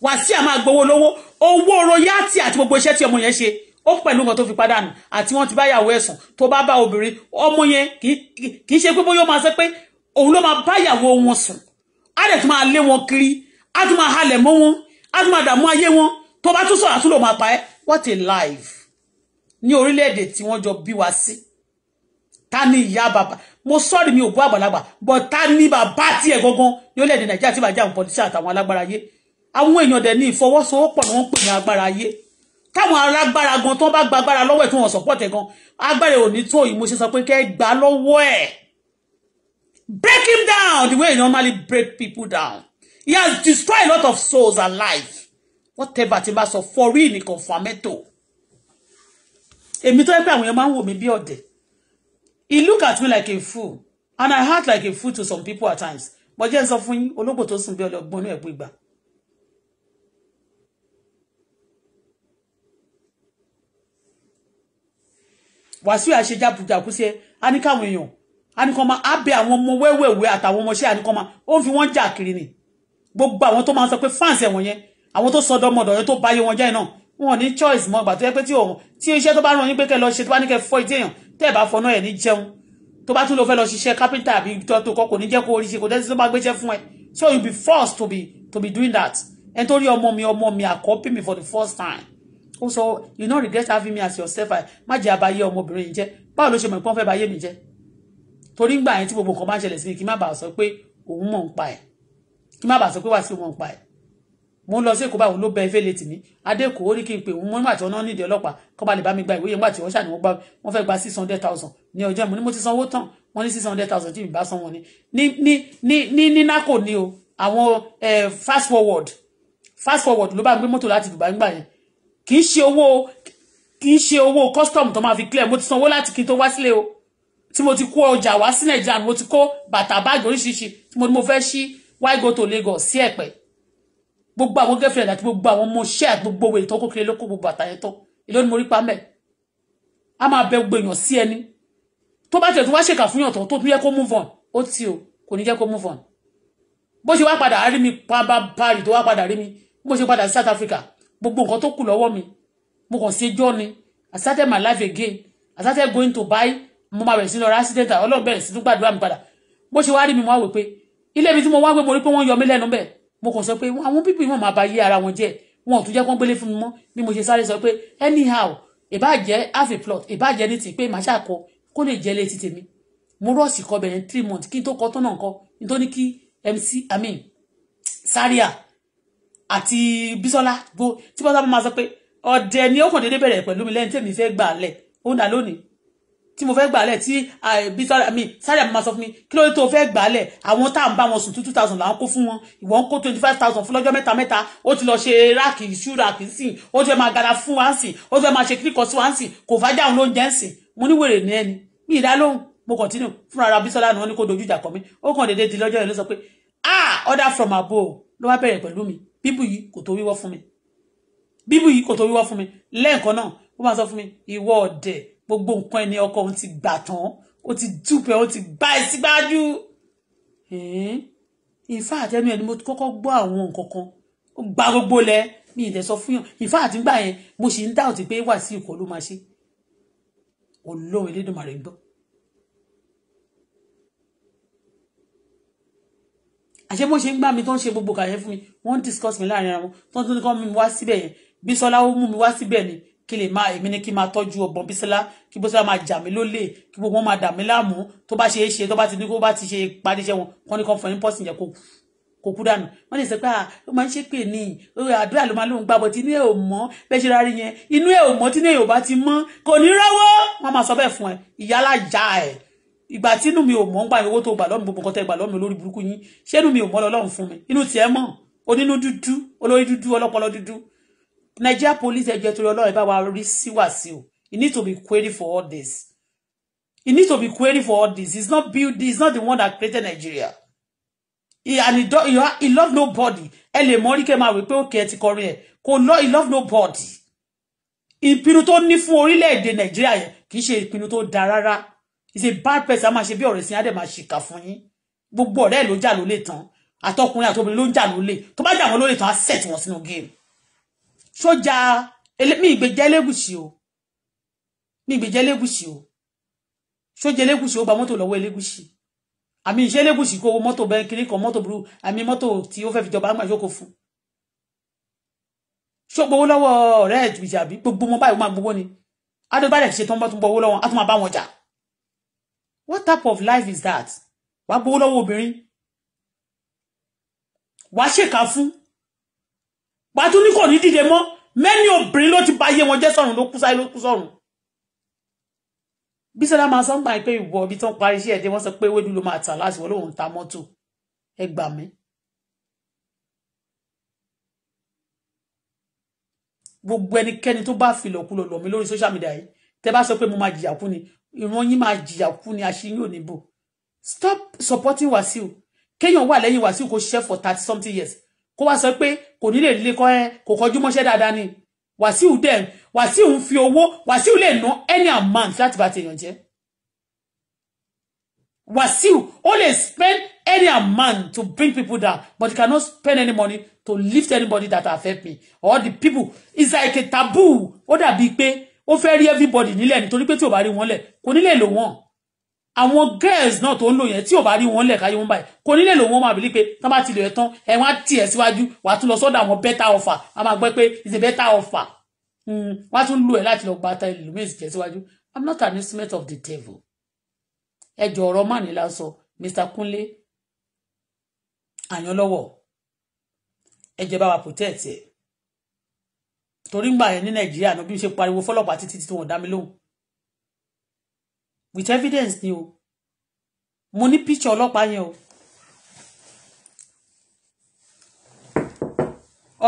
wàsí àmọ́ agbowó lówó owó royalty ati gbogbo iṣẹ́ tí ọmọ yẹn ṣe ó pẹ̀lú nǹkan tó fi pàdánù àti wọ́n ti bá yàwó ẹ̀sùn tó bá bá obìnrin ọmọ yẹn kì í ṣe pé bóyá ó máa sọ pé òun ló máa bá yàwó wọn á dẹ̀ tún máa lé wọn kiri á tún máa halẹ̀ mọ́ wọn á tún máa dààmú ayé wọn tó bá tún sọ̀rọ̀ àtúnlò máa pa ẹ́ what a life ní orílẹ̀-èdè tí wọ́n jọ bí wa sí ta ni ìyá bàbá mo sọ́ọ̀rì mi ò bú àgbàlagbà but ta ni bàbá tiẹ̀ gangan ní orílẹ̀-èdè nàìjíríà tí bàjẹ́ àwọn pọ̀lísì àtàwọn alágbára ayé àwọn èèyàn dẹ̀ ní ìfọwọ́sowọ́pọ̀ ni wọ́n pè ní agbára ayé táwọn alágbára gan tó bá gba agbára lọ́wọ́ ẹ̀ tí wọ́n sọ̀pọ̀ tẹ̀ gan agbára ò ní tó ìmúṣe sọ pé kẹ́ gbà lọ́wọ́ ẹ̀ Break him down the way he normally break people down. He has destroyed a lot of souls and life. Whatever ti ma sọ for real ni confirmato. Èmi tó yẹ pé àwọn èèyàn máa ń wò He look at me like a fool and I act like a fool to some people at times. Mo jẹ́ sọ fún yín to tó sùn bí ọlọ́gbọ́n ní ẹ̀gbọ́n ìgbà. Wàsíù àṣejábùjàkú sí ẹ, a ní káwọn èèyàn àníkàn máa abẹ àwọn ọmọ wẹ́wẹ̀wẹ́ àtàwọn ọmọọṣẹ́ àníkàn máa ó ń fi wọ́n jà kiri ni gbogbo àwọn tó máa sọ pé fans ẹ̀wọ̀n yẹn àwọn tó sọdọ ọmọdọ̀ yẹn tó báyé wọn jẹ́ náà wọn ní choice mọ́ ìgbà tó yẹ pé tí òun tí iṣẹ́ tó bá ràn yín pé kẹ́ lọ ṣe tó bá ní kẹ́ fọ́ ìdí èèyàn tẹ́ ẹ̀ bá fọnà ẹ̀ ní jẹun tó bá tún lọ fẹ́ lọ ṣiṣẹ́ kápẹ́ńtà àbí tó kọ́ kò ní jẹ́ kó orí ṣe kò dẹ́sí tó bá gbéṣẹ́ fún ẹ so you be forced to be to be doing that ẹni tó rí ọmọ mi ọmọ mi àkọ́bí mi for the first time ó sọ you no regret having me as your stepfather má jẹ́ abayé ọmọbìnrin yìí jẹ́ báwo ló ṣe mọ̀ pé wọ́n fẹ́ bayé mi jẹ́ torí ngbà yẹn tí gbogbo nǹkan bá ṣẹlẹ̀ sí mi kí n má bàa sọ pé òun mọ̀ ń pa ẹ̀ kí n má bàa sọ pé wà sí òun mọ̀ ń pa ẹ̀ mo ń lọ sí èkó báwo ló bẹ ife létí mi adéko ó ní kí n pè wọn nígbà tí wọn náà nídìí ọlọ́pàá kó ba lè bá mi gba ìwé yẹn nígbà tí wọn ṣàní wọn gbà wọn fẹ́ gba six hundred thousand ní ọjọ́ ìmú ni mo ti san owó tán wọn ní six hundred thousand tí mi bá san wọn ni ní ní ní ní nako ni o àwọn fast forward fast forward ló bá gbé mọ́tò láti Dubai gbà yẹn kì í ṣe owó kì í ṣe owó custom tó máa fi clear mo ti san owó láti kí n tó wá sílé o tí mo ti kó ọjà wá sí nàìjíríà mo ti kó bàtà báàgì oríṣiríṣi tí mo fẹ́ ṣí why go to Lagos sí ẹ̀pẹ́ gbogbo àwọn girlfriend àti gbogbo àwọn ọmọ ṣẹ́ gbogbo owó ìtọ́kọ́ kiri lóko gbogbo bàtà yẹn tán mo rí pa mẹ́ a máa bẹ gbogbo èèyàn sí ẹni tó bá tẹ̀ tó wá ṣèkà fún yàn tó tó tún yẹ kó move on ó ti o kò ní jẹ́ kó move on bó ṣe wá padà rí mi pàbàbàrì tó wá padà rí mi bó ṣe padà sí South Africa gbogbo nǹkan tó kù lọ́wọ́ mi mo kàn ṣe jọ́ ni I started my life again I started going to buy mo máa bẹ̀rẹ̀ sí lọ rásídẹ́ntà ọlọ́run bẹ̀rẹ̀ sí tún gbàdúrà mi padà bó ṣe wá rí mi mo wá wò pé ilé mi tí mo wá pé mo rí pé wọ́n yọ mí lẹ́nu bẹ́ẹ̀ mo kàn sọ pé àwọn bíbí wọn máa ba yé ara wọn jẹ́ wọn ò tún jẹ́ kó gbélé fún mi mọ́ bí mo ṣe sáré sọ pé anyhow ìbàjẹ́ half a plot ìbàjẹ́ ní ti pé màá ṣàkọ kó lè jẹ́ létí tèmi mo rọ̀ọ̀sì kọ bẹ̀rẹ̀ three months kí n tó kọ tọ́nà nǹkan nítorí kí MC I mean Zaria àti Bisola gbó tí bọ́sá máa sọ pé ọ̀dẹ̀ ni ó kàn déédéé bẹ̀rẹ̀ pẹ̀lú mi lẹ́yìn tèmi fẹ́ gbà lẹ̀ ó dà lónìí tí mo fẹ́ gbàálẹ̀ tí bí sáré àmì máa sọ fún mi kí ló dé tó fẹ́ gbàálẹ̀ àwọn tá à ń bá wọn sùn two thousand là ń kó fún wọn ìwọ ń kó twenty five thousand fún lọ́jọ́ mẹ́ta mẹ́ta ó ti lọ ṣe ráàkì ìṣú ráàkì sìn ó ti fẹ́ máa gara fún wa sìn ó ti fẹ́ máa ṣe kíríkọ sí wa sìn kò fájà òun ló ń jẹ́ sìn mo ní wèrè ní ẹni mi ìdá lóhùn mo continue fún ara Bísọ́lá ni wọ́n ní kó dojú ìjà kọ mi ó kàn déédéé ah order from above ló wá bẹ̀rẹ̀ pẹ̀lú mi bíbù yìí kò tó wíwọ́ mi bíbù yìí kò tó wíwọ́ mi lẹ́ẹ̀kan náà ó máa sọ fún gbogbo nǹkan ẹni ọkọ òun ti gbà tán ó ti dúpẹ́ ó ti gbá ẹ sígbájú. ìfá àtẹnu ẹni mo kọ́kọ́ gbọ́ àwọn nǹkan kan ó gba gbogbo lẹ mi ì lè sọ fún yàn ìfá àtìgbà yẹn mo sì ń dá òtí pé wà sí ìkọ ló máa ṣe olóhùn elédùnmarè gbọ́. àṣé bó ṣe ń gbá mi tó ń ṣe gbogbo kàyé fún mi wọ́n ń discuss mi láàrin ara wọn tó ń tún kọ́ mi wá síbẹ̀ yẹn Bísọ́lá ó mú mi wá síbẹ̀ ni kí lè máa èmi ní kí máa tọ́jú ọbọ̀ bísílá kí bó sá máa jà mí lólè kí gbogbo wọn máa dà mí láàmú tó bá ṣe é ṣe tó bá ti ní kó bá ti ṣe parí iṣẹ́ wọn kọ́ni kan fọyín pọ́sì yẹn kò kú dànù wọ́n lè sọ pé ó máa ń ṣe pè ní àdúrà ló máa lóun gbàbọ̀ tí inú ẹ̀ ò mọ́ bẹ́ẹ̀ ṣe rárí yẹn inú ẹ̀ ò mọ́ tí inú ẹ̀ ò bá ti mọ́ kò ní rọ́wọ́ wọ́n máa sọ bẹ́ẹ̀ fún ẹ ìyálà já ẹ̀ ìgbà tí inú mi ò mọ́ ń gbà owó tó gbà lọ́mù gbogbo nǹkan tẹ́ gbà lọ́mù lórí burúkú yín ṣé inú mi ò mọ́ lọ́lọ́run fún mi inú Nigeria police ẹjọ́ torí Ọlọ́run bá wa rí sí Wàsíù you need to be query for all this you need to be query for all this he's not build he's not the one that created Nigeria he, and he, do, he, he love nobody ẹ lè mọ oríkẹ́ máa wí pé òkè ẹ ti kọrin ẹ kò lọ he love nobody ìpinnu tó ní fún orílẹ̀-èdè Nàìjíríà yẹn kì í ṣe ìpinnu tó da rárá it's a bad person a máa ṣe bí ọ̀rẹ́ sí adé máa ṣìkà fún yín gbogbo ọ̀rẹ́ ló jà lólè tán àtọkùnrin àtobìnrin ló ń jà lólè tó bá jà wọn lólè tán á set wọn sínú game sójà mi ìgbèjà elégùsì o mi ìgbèjà elégùsì o sójà elégùsì ó gba mọ́tò lọ́wọ́ elégùsì àmì ìṣe elégùsì kó mọ́tò bẹ́ẹ̀ kiri kan mọ́tò burú àmì mọ́tò tí ó fẹ́ fi jọba àgbà jókòó fún ṣó gbowó lọ́wọ́ ọ̀rẹ́ ìjàbí gbogbo wọn báyìí ó máa gbowó ni adébálẹ̀ ṣe tán bá tún gbowó lọ́wọ́ á tún máa bá wọn jà what type of life is that wàá gbowó lọ́wọ́ obìnrin wàá ṣèkà fún pàtó ní kò ní dìde mọ́ mẹ́ni obìnrin ló ti ba ayé wọn jẹ́ sọ̀rùn ló kú sáyé ló kú sọ̀rùn. bí sọlá máa sọ́n báyìí pé ìwọ ibi tó ń parí iṣẹ́ ẹ̀dẹ́ wọ́n sọ pé ewédú ló máa tà láti wọ́n lóun ta mọ́tò ẹ gbà mí. gbogbo ẹnikẹ́ni tó bá fi lọ̀kulọ̀ lọ̀ mí lórí social media yìí tẹ́ bá sọ pé mo máa jìyà kú ni ìran yín máa jìyà kú ni àṣeyín ò stop supporting Wasiu kéèyàn wa lẹ́yìn Wasiu kò share for thirty something years kó wá sọ pé kò nílè lílé kọ́ ẹ kò kọjú mọ́ṣẹ́ dáadáa ni Wàsíù dẹ̀ Wàsíù ń fi owó Wàsíù lè ná any amount láti bá tèèyàn jẹ́ Wàsíù ó lè spend any amount to bring people down but you cannot spend any money to lift anybody that affect me or the people is like a taboo ó dàbí pé ó fẹ́ rí everybody nílẹ̀ nítorí pé tí ò bá rí wọn lẹ̀ kò nílè lò wọ́n àwọn girls náà tó ń lò yẹn tí ò bá rí wọn lẹ̀ káyé wọn báyìí kò nílẹ̀ lò wọ́n máa bìlí pé tán bá ti lò tán ẹ̀ wọ́n tiẹ̀ síwájú wà á tún lọ sọ́dọ̀ àwọn better offer a máa gbọ́ pé it's a better offer hmm, tún lò ẹ̀ láti lọ gba ata ẹlòmíì jẹ́ síwájú i'm not an instrument of the devil ẹ jọ má nílá sọ Mr. Kunle àyànlọ́wọ́ ẹ bá wa protect ẹ̀ torí ń gbà yẹn ní Nàìjíríà náà bí mo ṣe pariwo fọ́lọ́pàá títí tí wọ́n dá mi lóhùn with evidence ni o mo ní picture ọlọ́pàá yẹn o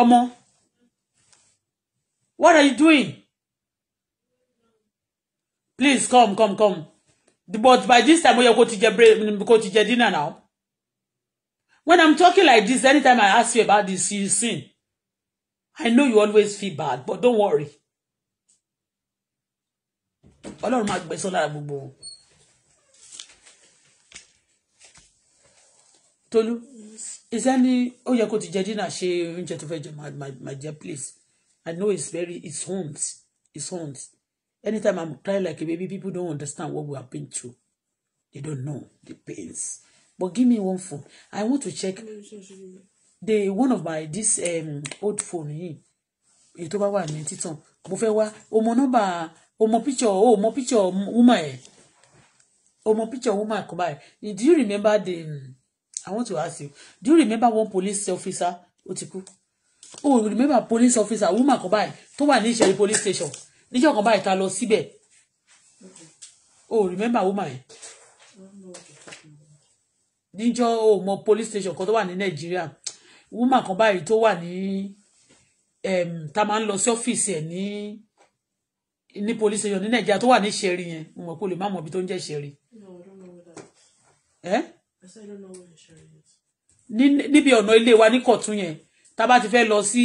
ọmọ what are you doing please come come come but by this time ó yẹ kó ti jẹ break ti jẹ dinner now when i'm talking like this anytime i ask you about this you sin i know you always feel bad but don't worry ọlọ́run máa gbẹ̀san lára gbogbo wọn. tolu is any ó yẹ kó ti jẹ dínà ṣe oúnjẹ tó fẹ́ jẹ máa dear, please i know it's very it's homes it's homes anytime i'm crying like a baby people don't understand what we have been through they don't know the pains but give me one phone i want to check the one of my this um, old phone yìí èyí tó bá wà ní títàn mo fẹ́ wá o mọ nọ́mbà o mọ picture Oh mọ picture woman eh! o mọ picture woman come by. do you remember the hmm, i want to ask you do you remember one police officer ó ti kú o remember police officer woman come by. tó wà ní ìṣẹ̀lẹ̀ police station níjọ́ kan báyìí ta lọ sibe. Oh, remember woman eh? yẹn níjọ́ oh mọ police station kan tó wà ní nàìjíríà woman kan báyìí tó wà ní ta máa ń lọ sí ọ́fíìsì ẹ̀ ní ní police station ní nàìjíríà tó wà ní ṣẹ̀rí yẹn mo mọ̀ pé o lè má mọ̀ ibi tó ń jẹ́ ṣẹ̀rí. níbi ọ̀nà ilé wa ní kọ̀tún yẹn tá a bá ti fẹ́ lọ sí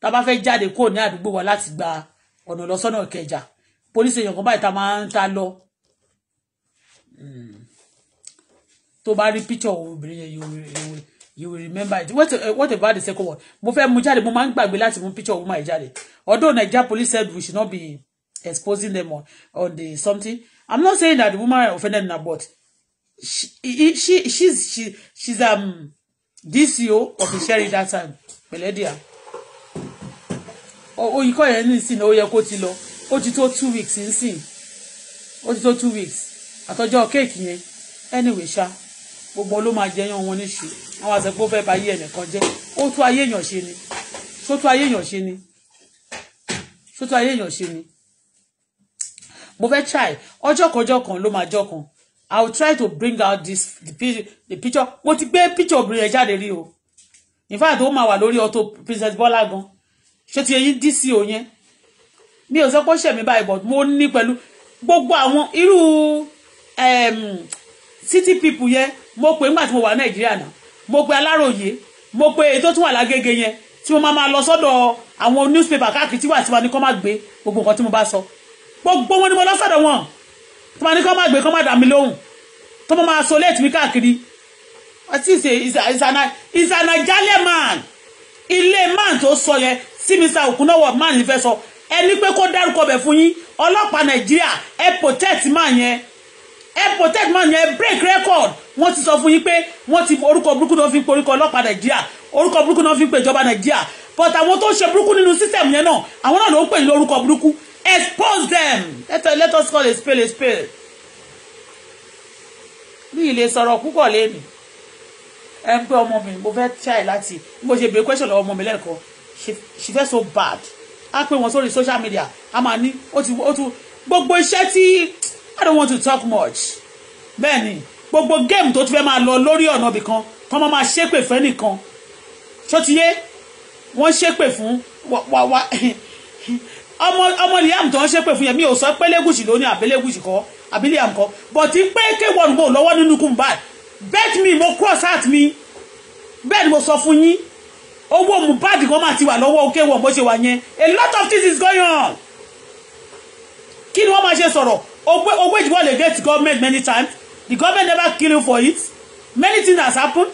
tá a bá fẹ́ jáde kúrò ní àdúgbò wa láti gba ọ̀nà lọ́sọ́nà kẹjà police station kan báyìí tá a máa ń ta lọ. Hmm. tó bá rí picture obìnrin yẹn you will remember it what uh, what about the second one mo fẹ́ mú jáde mo máa ń gbàgbé láti mú picture woman jáde although naija police said we should not be exposing them on, on the something. I'm not saying that the woman offended her, but she, she, she's, she, she's, um, DCO of the sherry that time. Meledia. Oh, oh, you call her anything, oh, you're quoting law. Oh you told two weeks nísìn. Oh you told two weeks. Àtọ́jọ́ kéèkì yẹn. Anyway, ṣá. Gbogbo ló máa jẹyàn wọn níṣu. Àwọn àṣẹ pé ó fẹ́ ba ayé ẹnìkan jẹ́. Ó tún ayé èèyàn ṣe ni. Ṣó tún ayé èèyàn ṣe ni. Ṣó tún ayé èèyàn ṣe mo fẹ́ try ọjọ́ kan ọjọ́ kan ló máa jọ kan i will try to bring out this the, the picture mo ti gbé picture obìnrin yẹn jáde rí o in fact ó máa wà lórí Auto Princess Bọ́lá gan ṣé ti eyín dí sí o yẹn mi ò sọ pé ó ṣẹ̀mí báyìí but mo ní pẹ̀lú gbogbo àwọn irú city people yẹn mo pè nígbà tí mo wà Nàìjíríà náà mo pè Aláròyé mo pè èyí tó tún wà lágége yẹn tí mo máa máa lọ sọ́dọ̀ àwọn newspaper káàkiri tí wà tí wà ní kọ́ máa gbé gbogbo nǹkan tí mo bá sọ gbogbo wọn ni mo lọ sọ́dọ̀ wọn tó máa ní kọ́ máa gbé kọ́ máa dà mí lóhùn tó máa máa solate mi káàkiri àti ìṣe ìsànàjálẹ̀ man ilé man tó sọ yẹn sí mr okunowo man ní fẹ́ sọ ẹni pé kó dárúkọ bẹ̀ fún yín ọlọ́pàá nàìjíríà ẹ protect man yẹn ẹ protect man yẹn break record wọ́n ti sọ fún yín pé wọ́n ti orúkọ burúkú náà fi ń pe orúkọ ọlọ́pàá nàìjíríà orúkọ burúkú náà fi ń pe ìjọba nàìjíríà but àwọn tó ń ṣe burúkú nínú system yẹn náà àwọn náà ló ń pè ní orúkọ burúkú expose them let us let us call a spade a spade mi ì lè sọ̀rọ̀ púpọ̀ lẹ́nu ẹ ń pẹ́ ọmọ mi mo fẹ́ try láti mo ṣe bèrè question lọ́wọ́ ọmọ mi lẹ́ẹ̀kan she fẹ́ so bad á pè wọ́n sórí social media a máa ní ó ti ó tún gbogbo iṣẹ́ tí I don't want to talk much bẹ́ẹ̀ ni gbogbo game tó ti fẹ́ máa lọ lórí ọ̀nà ibìkan kọ́ máa máa ṣépè fẹ́ nìkan ṣó ti yé wọ́n ṣépè fún wà wà ọmọ ọmọ liam tó ń ṣépè fún yẹn mi ò sọ pé lẹ́gùsì ló ní àbẹ́lẹ́gùsì kọ́ àbílíàm kọ́ but pé kéwọ́n gbò lọ́wọ́ nínú kùn bet me, mo cross heart mi bẹ́ẹ̀ ni mo sọ fún yín owó bad. kan máa ti wà lọ́wọ́ kéwọ́n bó ṣe wà yẹn a lot of things is going on kí ni wọ́n máa ṣe sọ̀rọ̀ ogbe ogbe ìdìbò lè get government many times the government never kill you for it many things has happened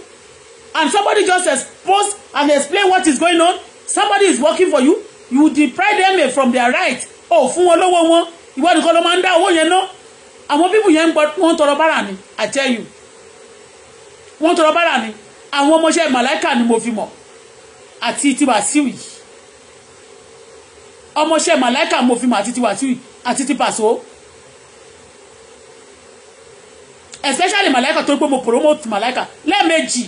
and somebody just expose and explain what is going on somebody is working for you you deprive them from their right Oh, fún wọn lọ́wọ́ wọn ìwọ nìkan ló máa ń dá owó yẹn ná àwọn bíbù yẹn ń gbọ́ wọ́n ń tọrọ bára ni I tell you wọ́n ń tọrọ bára ni àwọn ọmọọṣẹ́ màláìkà ni mo fi mọ̀ àti ti Wàsíù yìí ọmọọṣẹ́ màláìkà mo fi mọ̀ àti ti Wàsíù yìí àti ti pàṣọ especially màláìkà tó ń pé mo promote màláìkà lẹ́ẹ̀mejì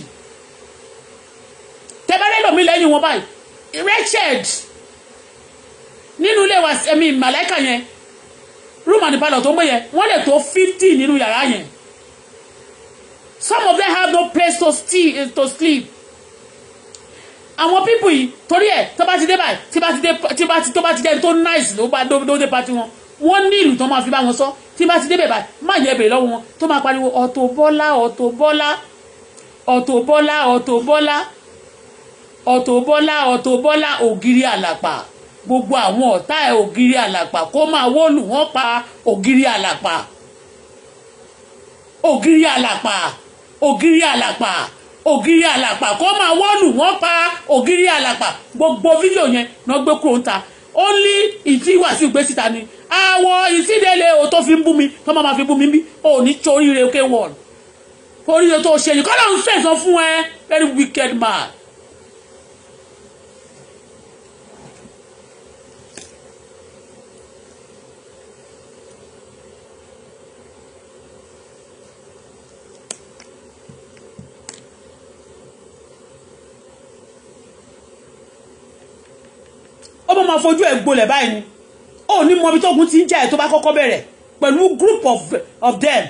tẹ́bẹ́rẹ́ lòmí lẹ́yìn wọn báyìí Richard nínú ilé wa ẹ̀mí màláìkà yẹn room and parlour tó ń gbé yẹn wọ́n lè tó fifty nínú yàrá yẹn some of them have no place to, steal, eh, to sleep àwọn pípù yìí torí ẹ̀ tó bá ti dé báyìí tí bá ti dé tó bá ti dé tó nice ló bá dó dé pati wọn wọ́n ní ìlú tó máa fi bá wọn sọ tí bá ti dé bẹ̀ báyìí má yẹ bèrè lọ́wọ́ wọn tó máa pariwo Auto Bola Auto Bola Auto Bola Auto Bola Auto Bola Auto Bola ògiri àlàpà gbogbo àwọn ọ̀tá ẹ̀ ògiri àlàpà kó máa wọ́ọ̀lù wọ́n pa ògiri àlàpà ògiri àlàpà ògiri àlàpà ògiri àlàpà kó máa wọ́ọ̀lù wọ́n pa ògiri àlàpà gbogbo fídíò yẹn náà gbé kúrò ń ta ó ní ìdí Wàsíù gbé síta ni àwọ̀ ìsídẹ̀lẹ̀ o tó fi ń bú mi tó máa fi bú mi bí o ní torí rẹ̀ one? oríire tó ṣe yìí kọ́ ló ń ṣèṣọ fún ẹ very wicked man. ó máa máa fojú ẹ̀ gbolẹ̀ báyìí ni ó ní mọbi tógun ti ń jà ẹ̀ tó bá kọ́kọ́ bẹ̀rẹ̀ pẹ̀lú group of, of them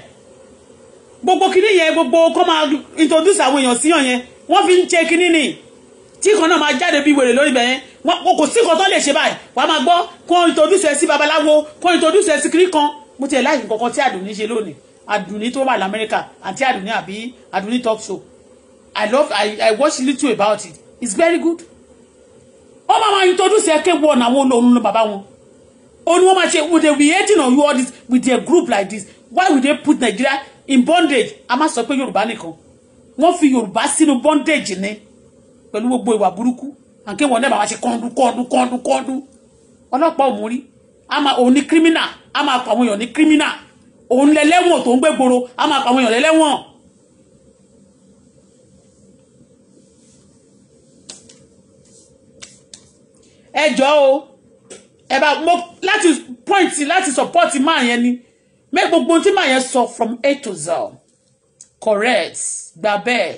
gbogbo kìíní yẹn gbogbo kọ́ máa introduce àwọn èèyàn síyàn yẹn wọ́n fi ń ṣe kìíní nìyí tí kan náà máa jáde bí wèrè lórí bẹ̀yẹn wọn kò sí nǹkan tó lè ṣe báyìí wà á máa gbọ́ kó introduce ẹ sí babaláwo kó introduce ẹ sí kiri kan mo tiẹ̀ láì nǹkan tí àdùnní ṣe lónìí àdùnní tó wà lamẹ́ríkà àti àdùnní àbí àdùnní talk show i love i i watch little about it it's very good wọ́n máa máa introduce ẹ kéwọ́ ọ̀nà àwọn olóhùn ní bàbá wọn òun wọ́n máa ṣe we dey be hating on you all this with their group like this why we dey put Nigeria in bondage a máa sọ pé Yorùbá nìkan wọ́n fi Yorùbá sínú bondage ni pẹ̀lú gbogbo ìwà burúkú àkéwọ̀n náà máa ṣe kọ́ńdú kọ́ńdú kọ́ńdú kọ́ńdú ọlọ́pàá òmùrí a máa òun ní criminal a máa pa àwọn èèyàn ní criminal òun lẹ́lẹ́wọ̀n tó ń gbégboro a máa pa àwọn èèyàn lẹ́lẹ́wọ̀n ẹ jọ o ẹ bá mo láti point láti support máa yẹn ni make gbogbo ohun tí máa yẹn sọ from A to Z correct gbà bẹ́ẹ̀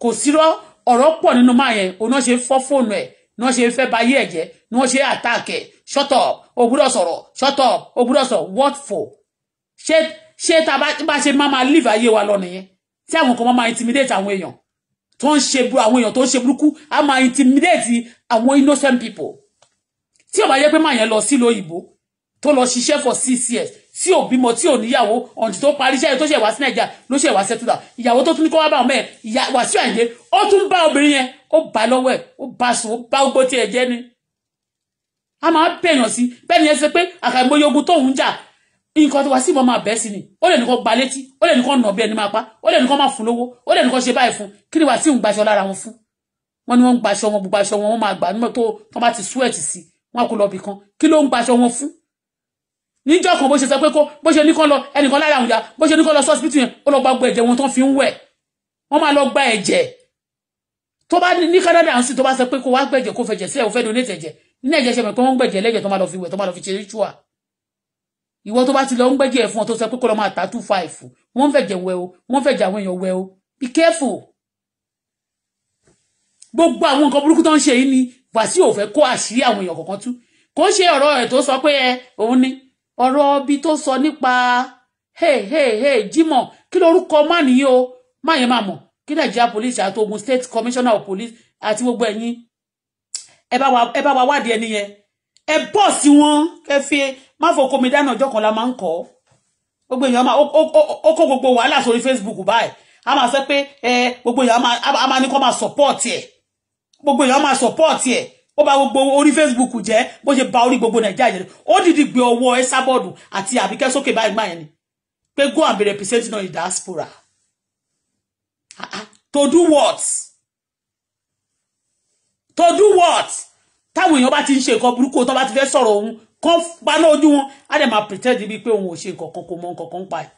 kò sírọ́ ọ̀rọ̀ pọ̀ nínú máa yẹn òun náà ṣe fọ́ fóònù ẹ̀ ni wọ́n ṣe fẹ́ ba ayé ẹ̀jẹ̀ ni wọ́n ṣe attack ẹ̀ shut up o gbúdọ̀ shut up o gbúdọ̀ what for ṣé ṣé tá a bá ṣe máa máa live ayé wa lọ nìyẹn tí àwọn kan máa máa intimidate àwọn èèyàn tó ń ṣe burú àwọn èèyàn tó ń ṣe burúkú á máa intimidate àwọn innocent people tí o bá yẹ pé máa yẹn lọ sí lóyìnbó tó lọ ṣiṣẹ́ for six years tí o bímọ tí ò níyàwó ọ̀nì tó parí iṣẹ́ tó ṣe wá sí nàìjíríà ló ṣe wá sẹ́túdà ìyàwó tó tún ní kó wá bá ọmọ ẹ̀ ìyá Wàsíù Àyìndé ó tún bá obìnrin yẹn ó bá lọ́wọ́ ẹ̀ ó bá sùn ó bá gbó tiẹ̀ jẹ́ ni a máa bẹ̀yàn sí bẹ́ẹ̀ ni ẹ ṣe pé àkàìmọye ogun tóun jà nǹkan tí wá sí ìmọ̀ máa bẹ́ẹ̀ sí ni ó lè nìkan gba létí ó lè nìkan nà bí ẹni máa pa ó lè nìkan máa fún lówó ó lè nìkan ṣe báyìí fún kí ni wá sí ìgbàṣọ lára wọn fún wọn ni wọn ń gbaṣọ wọn gbogbaṣọ wọn wọn máa gbà nígbà tó tó bá ti sweat sí wọn kò lọ bì kan kí ló ń gbaṣọ wọn fún níjọ́ kan bó ṣe sọ pé kó bó ṣe ní kán lọ ẹnìkan lára àwọn ìyá bó ṣe ní kán lọ sọ́sibítù yẹn ó lọ gba gbogbo ẹ̀jẹ̀ wọn tán fi ń wẹ̀ wọ́n máa lọ gba ẹ̀jẹ̀ tó bá ìwọ tó bá ti lọ ń gbẹ́jẹ̀ fún ọ tó sọ pé kó lọ máa ta two five wọ́n fẹ̀jẹ̀ wẹ o wọ́n fẹ̀jẹ̀ àwọn èèyàn wẹ o be careful gbogbo àwọn nǹkan burúkú tó ń ṣe yìí ni wàsí ò fẹ́ kó àṣírí àwọn èèyàn kọ̀ọ̀kan tú kò ṣe ọ̀rọ̀ ẹ̀ tó sọ pé ẹ òun ni ọ̀rọ̀ bí tó sọ nípa hey hey hey Jimoh kí lorúkọ má nìyí o má yẹn máa mọ̀ kí Nàìjíríà police àti Ogun state commissioner of police àti gbogbo ẹ̀yin ẹ bá wa wádìí ẹni yẹn ẹ bọ́ sí wọn kẹfí má fòkó mi dáná ọjọ́ kan la máa ń kọ́ gbogbo èèyàn máa ó kó gbogbo wàhálà sórí Facebook báyìí a máa sọ pé gbogbo èèyàn a máa ní kó máa support ẹ̀ gbogbo èèyàn máa support ẹ̀ ó bà gbogbo orí Facebook jẹ́ bó ṣe bà orí gbogbo Nàìjíríà jẹ́ ó dìdí gbé ọwọ́ ẹ sábọ̀dù àti Àbíkẹ́ sókè báyìí máa yẹn ni pé go and be representing on the diaspora ah, ah, to do what to do what táwọn èèyàn bá ti ń ṣe nǹkan burúkú tó bá ti fẹ́ sọ̀rọ̀ ohun kán paná ojú wọn á dẹ̀ máa pretend bíi pé òun ò ṣe nǹkan kan kò mọ nǹkan kan pa ẹ̀.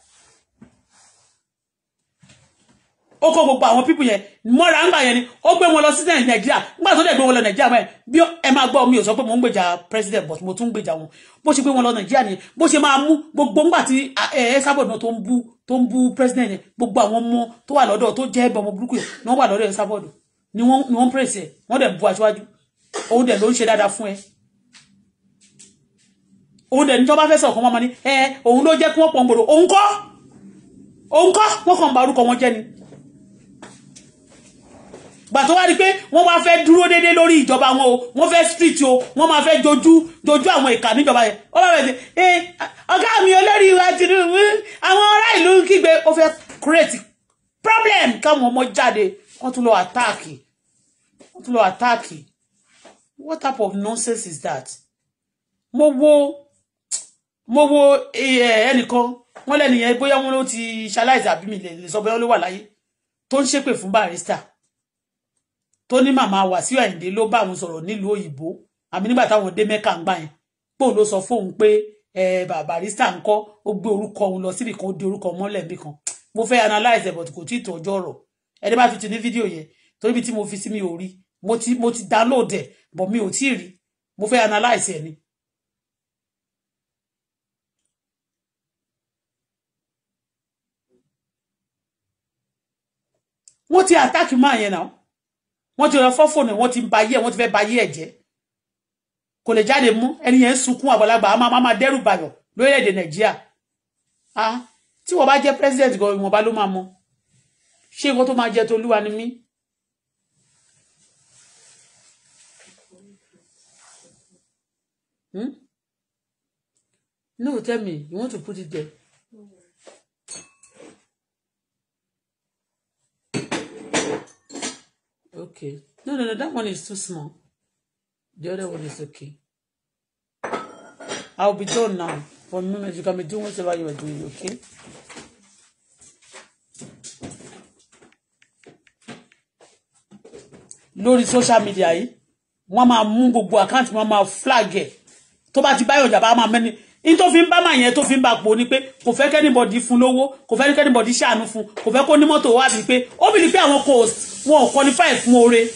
ó kó gbogbo àwọn pípù yẹn mọ́ra ń gbà yẹn ni ó gbé wọn lọ sí nàìjíríà nígbà tó dẹ̀ gbé wọn lọ nàìjíríà mọ́ ẹ̀ bí ẹ máa gbọ́ mi ò sọ pé mo ń gbèjà president but mo tún ń gbèjà wọn bó ṣe gbé wọn lọ nàìjíríà nìyẹn bó ṣe máa mú gbogbo ńgbà tí ẹ sábọ̀ náà tó ń bú tó ń bú president yẹn gbogbo àwọn ọmọ tó wà lọ́dọ̀ tó jẹ́ ẹbẹ̀ ọmọ burúkú yẹn ni wọ́n wà lọ́dọ̀ ẹ sábọ̀ ni wọ́n ń pèsè wọ́n dẹ̀ bu aṣáájú òun dẹ̀ ló ń ṣe dáadáa fún ẹ òun dẹ̀ níjọba fẹ́ sọ̀kan mọ́mọ́ ni ẹ òun ló jẹ́ kí wọ́n pọ̀ òun kọ́ òun kọ́ wọ́n kàn bà orúkọ wọn jẹ́ ni gbà wá rí pé wọ́n wá fẹ́ dúró dédé lórí ìjọba wọn o wọ́n fẹ́ street o wọ́n máa fẹ́ jojú jojú àwọn ìka níjọba yẹn ó bá bẹ̀rẹ̀ sí ẹ ọ̀gá mi olórí wa Tinubu àwọn ará ìlú ń kígbe ó fẹ́ create problem káwọn ọmọ jáde wọ́n tún lọ àtáàkì wọ́n tún lọ àtáàkì what type of nonsense is that mo wo mo wo eh, eh, ẹnìkan wọ́n lẹ́nu yẹn bóyá wọ́n ló ti ṣaláìsí àbí mi lè sọ bóyá ó ló wà láyé tó ń ṣépè fún barista tó ní màmá Wàsíù Àyìndé ló bá àwọn sọ̀rọ̀ nílùú òyìnbó àmì nígbà táwọn dé mẹ́ka ń gbà yẹn pò ló sọ fóun pé eh, barista ń kọ́ ó gbé orúkọ òun lọ síbi kan ó di orúkọ mọ́lẹ̀ bí kan mo fẹ́ analyze ẹ̀ but kò tí ì tọ́jú ọ̀rọ̀ ẹni bá tún ti ní fídíò yẹn torí bí tí mo fi sí mi ò rí mo ti download ẹ̀ but mi ò tí ì rí mo fẹ́ analyze ẹ̀ ni wọ́n ti àtàkì máa yẹn náà wọ́n ti lọ fọ́ fóònù wọ́n ti ba yé wọ́n ti fẹ́ ba yé ẹ̀jẹ̀ kò lè jáde mú ẹni yẹn ń sunkún àgbàlagbà a máa máa dẹ́rù bàyọ̀ lórílẹ̀‐èdè nàìjíríà a tí wọ́n bá jẹ́ president gan ìwọ̀nba ló máa mọ ṣé nǹkan tó máa jẹ tolúwa ni mí. Hmm? No, tell me, you want to put it there? Okay. No, no, no. That one is too small. The other one is okay. I'll be done now. For a minute, you can be doing whatever you are doing, okay? lórí social media yìí wọ́n máa mú gbogbo àkáǹtì wọ́n máa flag ẹ̀ tó bá ti báyọ̀ jà bá máa mẹ́ni in tó fi ń bá màá yẹn tó fi ń bá pò ní pé kò fẹ́ kẹ́nìbọ̀dì fún lówó kò fẹ́ kẹ́nìbọ̀dì ṣàánú fún kò fẹ́ kó ní mọ́tò wá bí pé ó bìí pé àwọn kò wọn ò qualify fún oore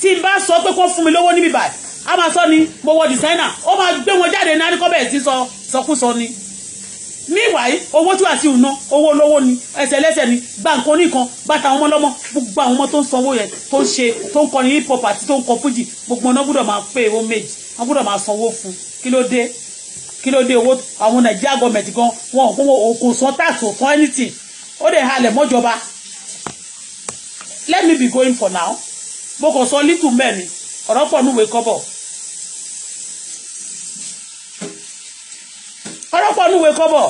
tí n bá sọ pé kó fún mi lówó níbi báyìí a máa sọ ni mo wọ dìsáínà ó máa gbé wọn jáde ní anikọ́bẹ̀ sí sọ sọkúsọ ni níwàyí owó tí wà sí ìná owó lówó ni ẹsẹ̀lẹ́sẹ̀ ni gba nǹkan oníkan bàtà àwọn ọmọlọ́mọ gbogbo àwọn ọmọ tó ń sanwó yẹn tó ń ṣe tó ń kọrin hip hop àti tó ń kọ fújì gbogbo ọ̀nà gbọ́dọ̀ máa pé owó méjì wọ́n gbọ́dọ̀ máa sanwó fún kí ló dé kí ló dé owó àwọn nàìjíríà gọọmẹ̀ntì gan wọn kò san tax kò san anything ó dẹ̀ halẹ̀ mọ́jọba let me be going for now mo kàn sọ little men ọ̀rọ̀ pọ̀ núwèé kọ́bọ̀ ọ̀rọ̀ pọ̀ núwèé kọ́bọ̀.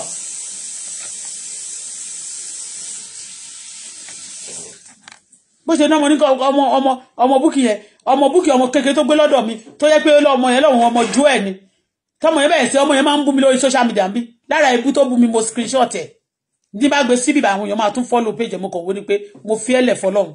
bó ṣe náà mo ní kọ ọmọ ọmọ ọmọ búkì yẹn ọmọ búkì ọmọ kékeré tó gbé lọ́dọ̀ mi tó yẹ pé ọmọ yẹn lọ́wọ́ ọmọ ju ẹ̀ ni tọmọ yẹn bẹ̀rẹ̀ sí ọmọ yẹn máa ń bú mi lórí social media bí lára ikú tó bú mi mo screenshot ẹ̀ ní bá gbé síbi àwọn èèyàn máa tún follow page mo kàn wó ni pé mo fi ẹ̀lẹ̀ fọlọ́run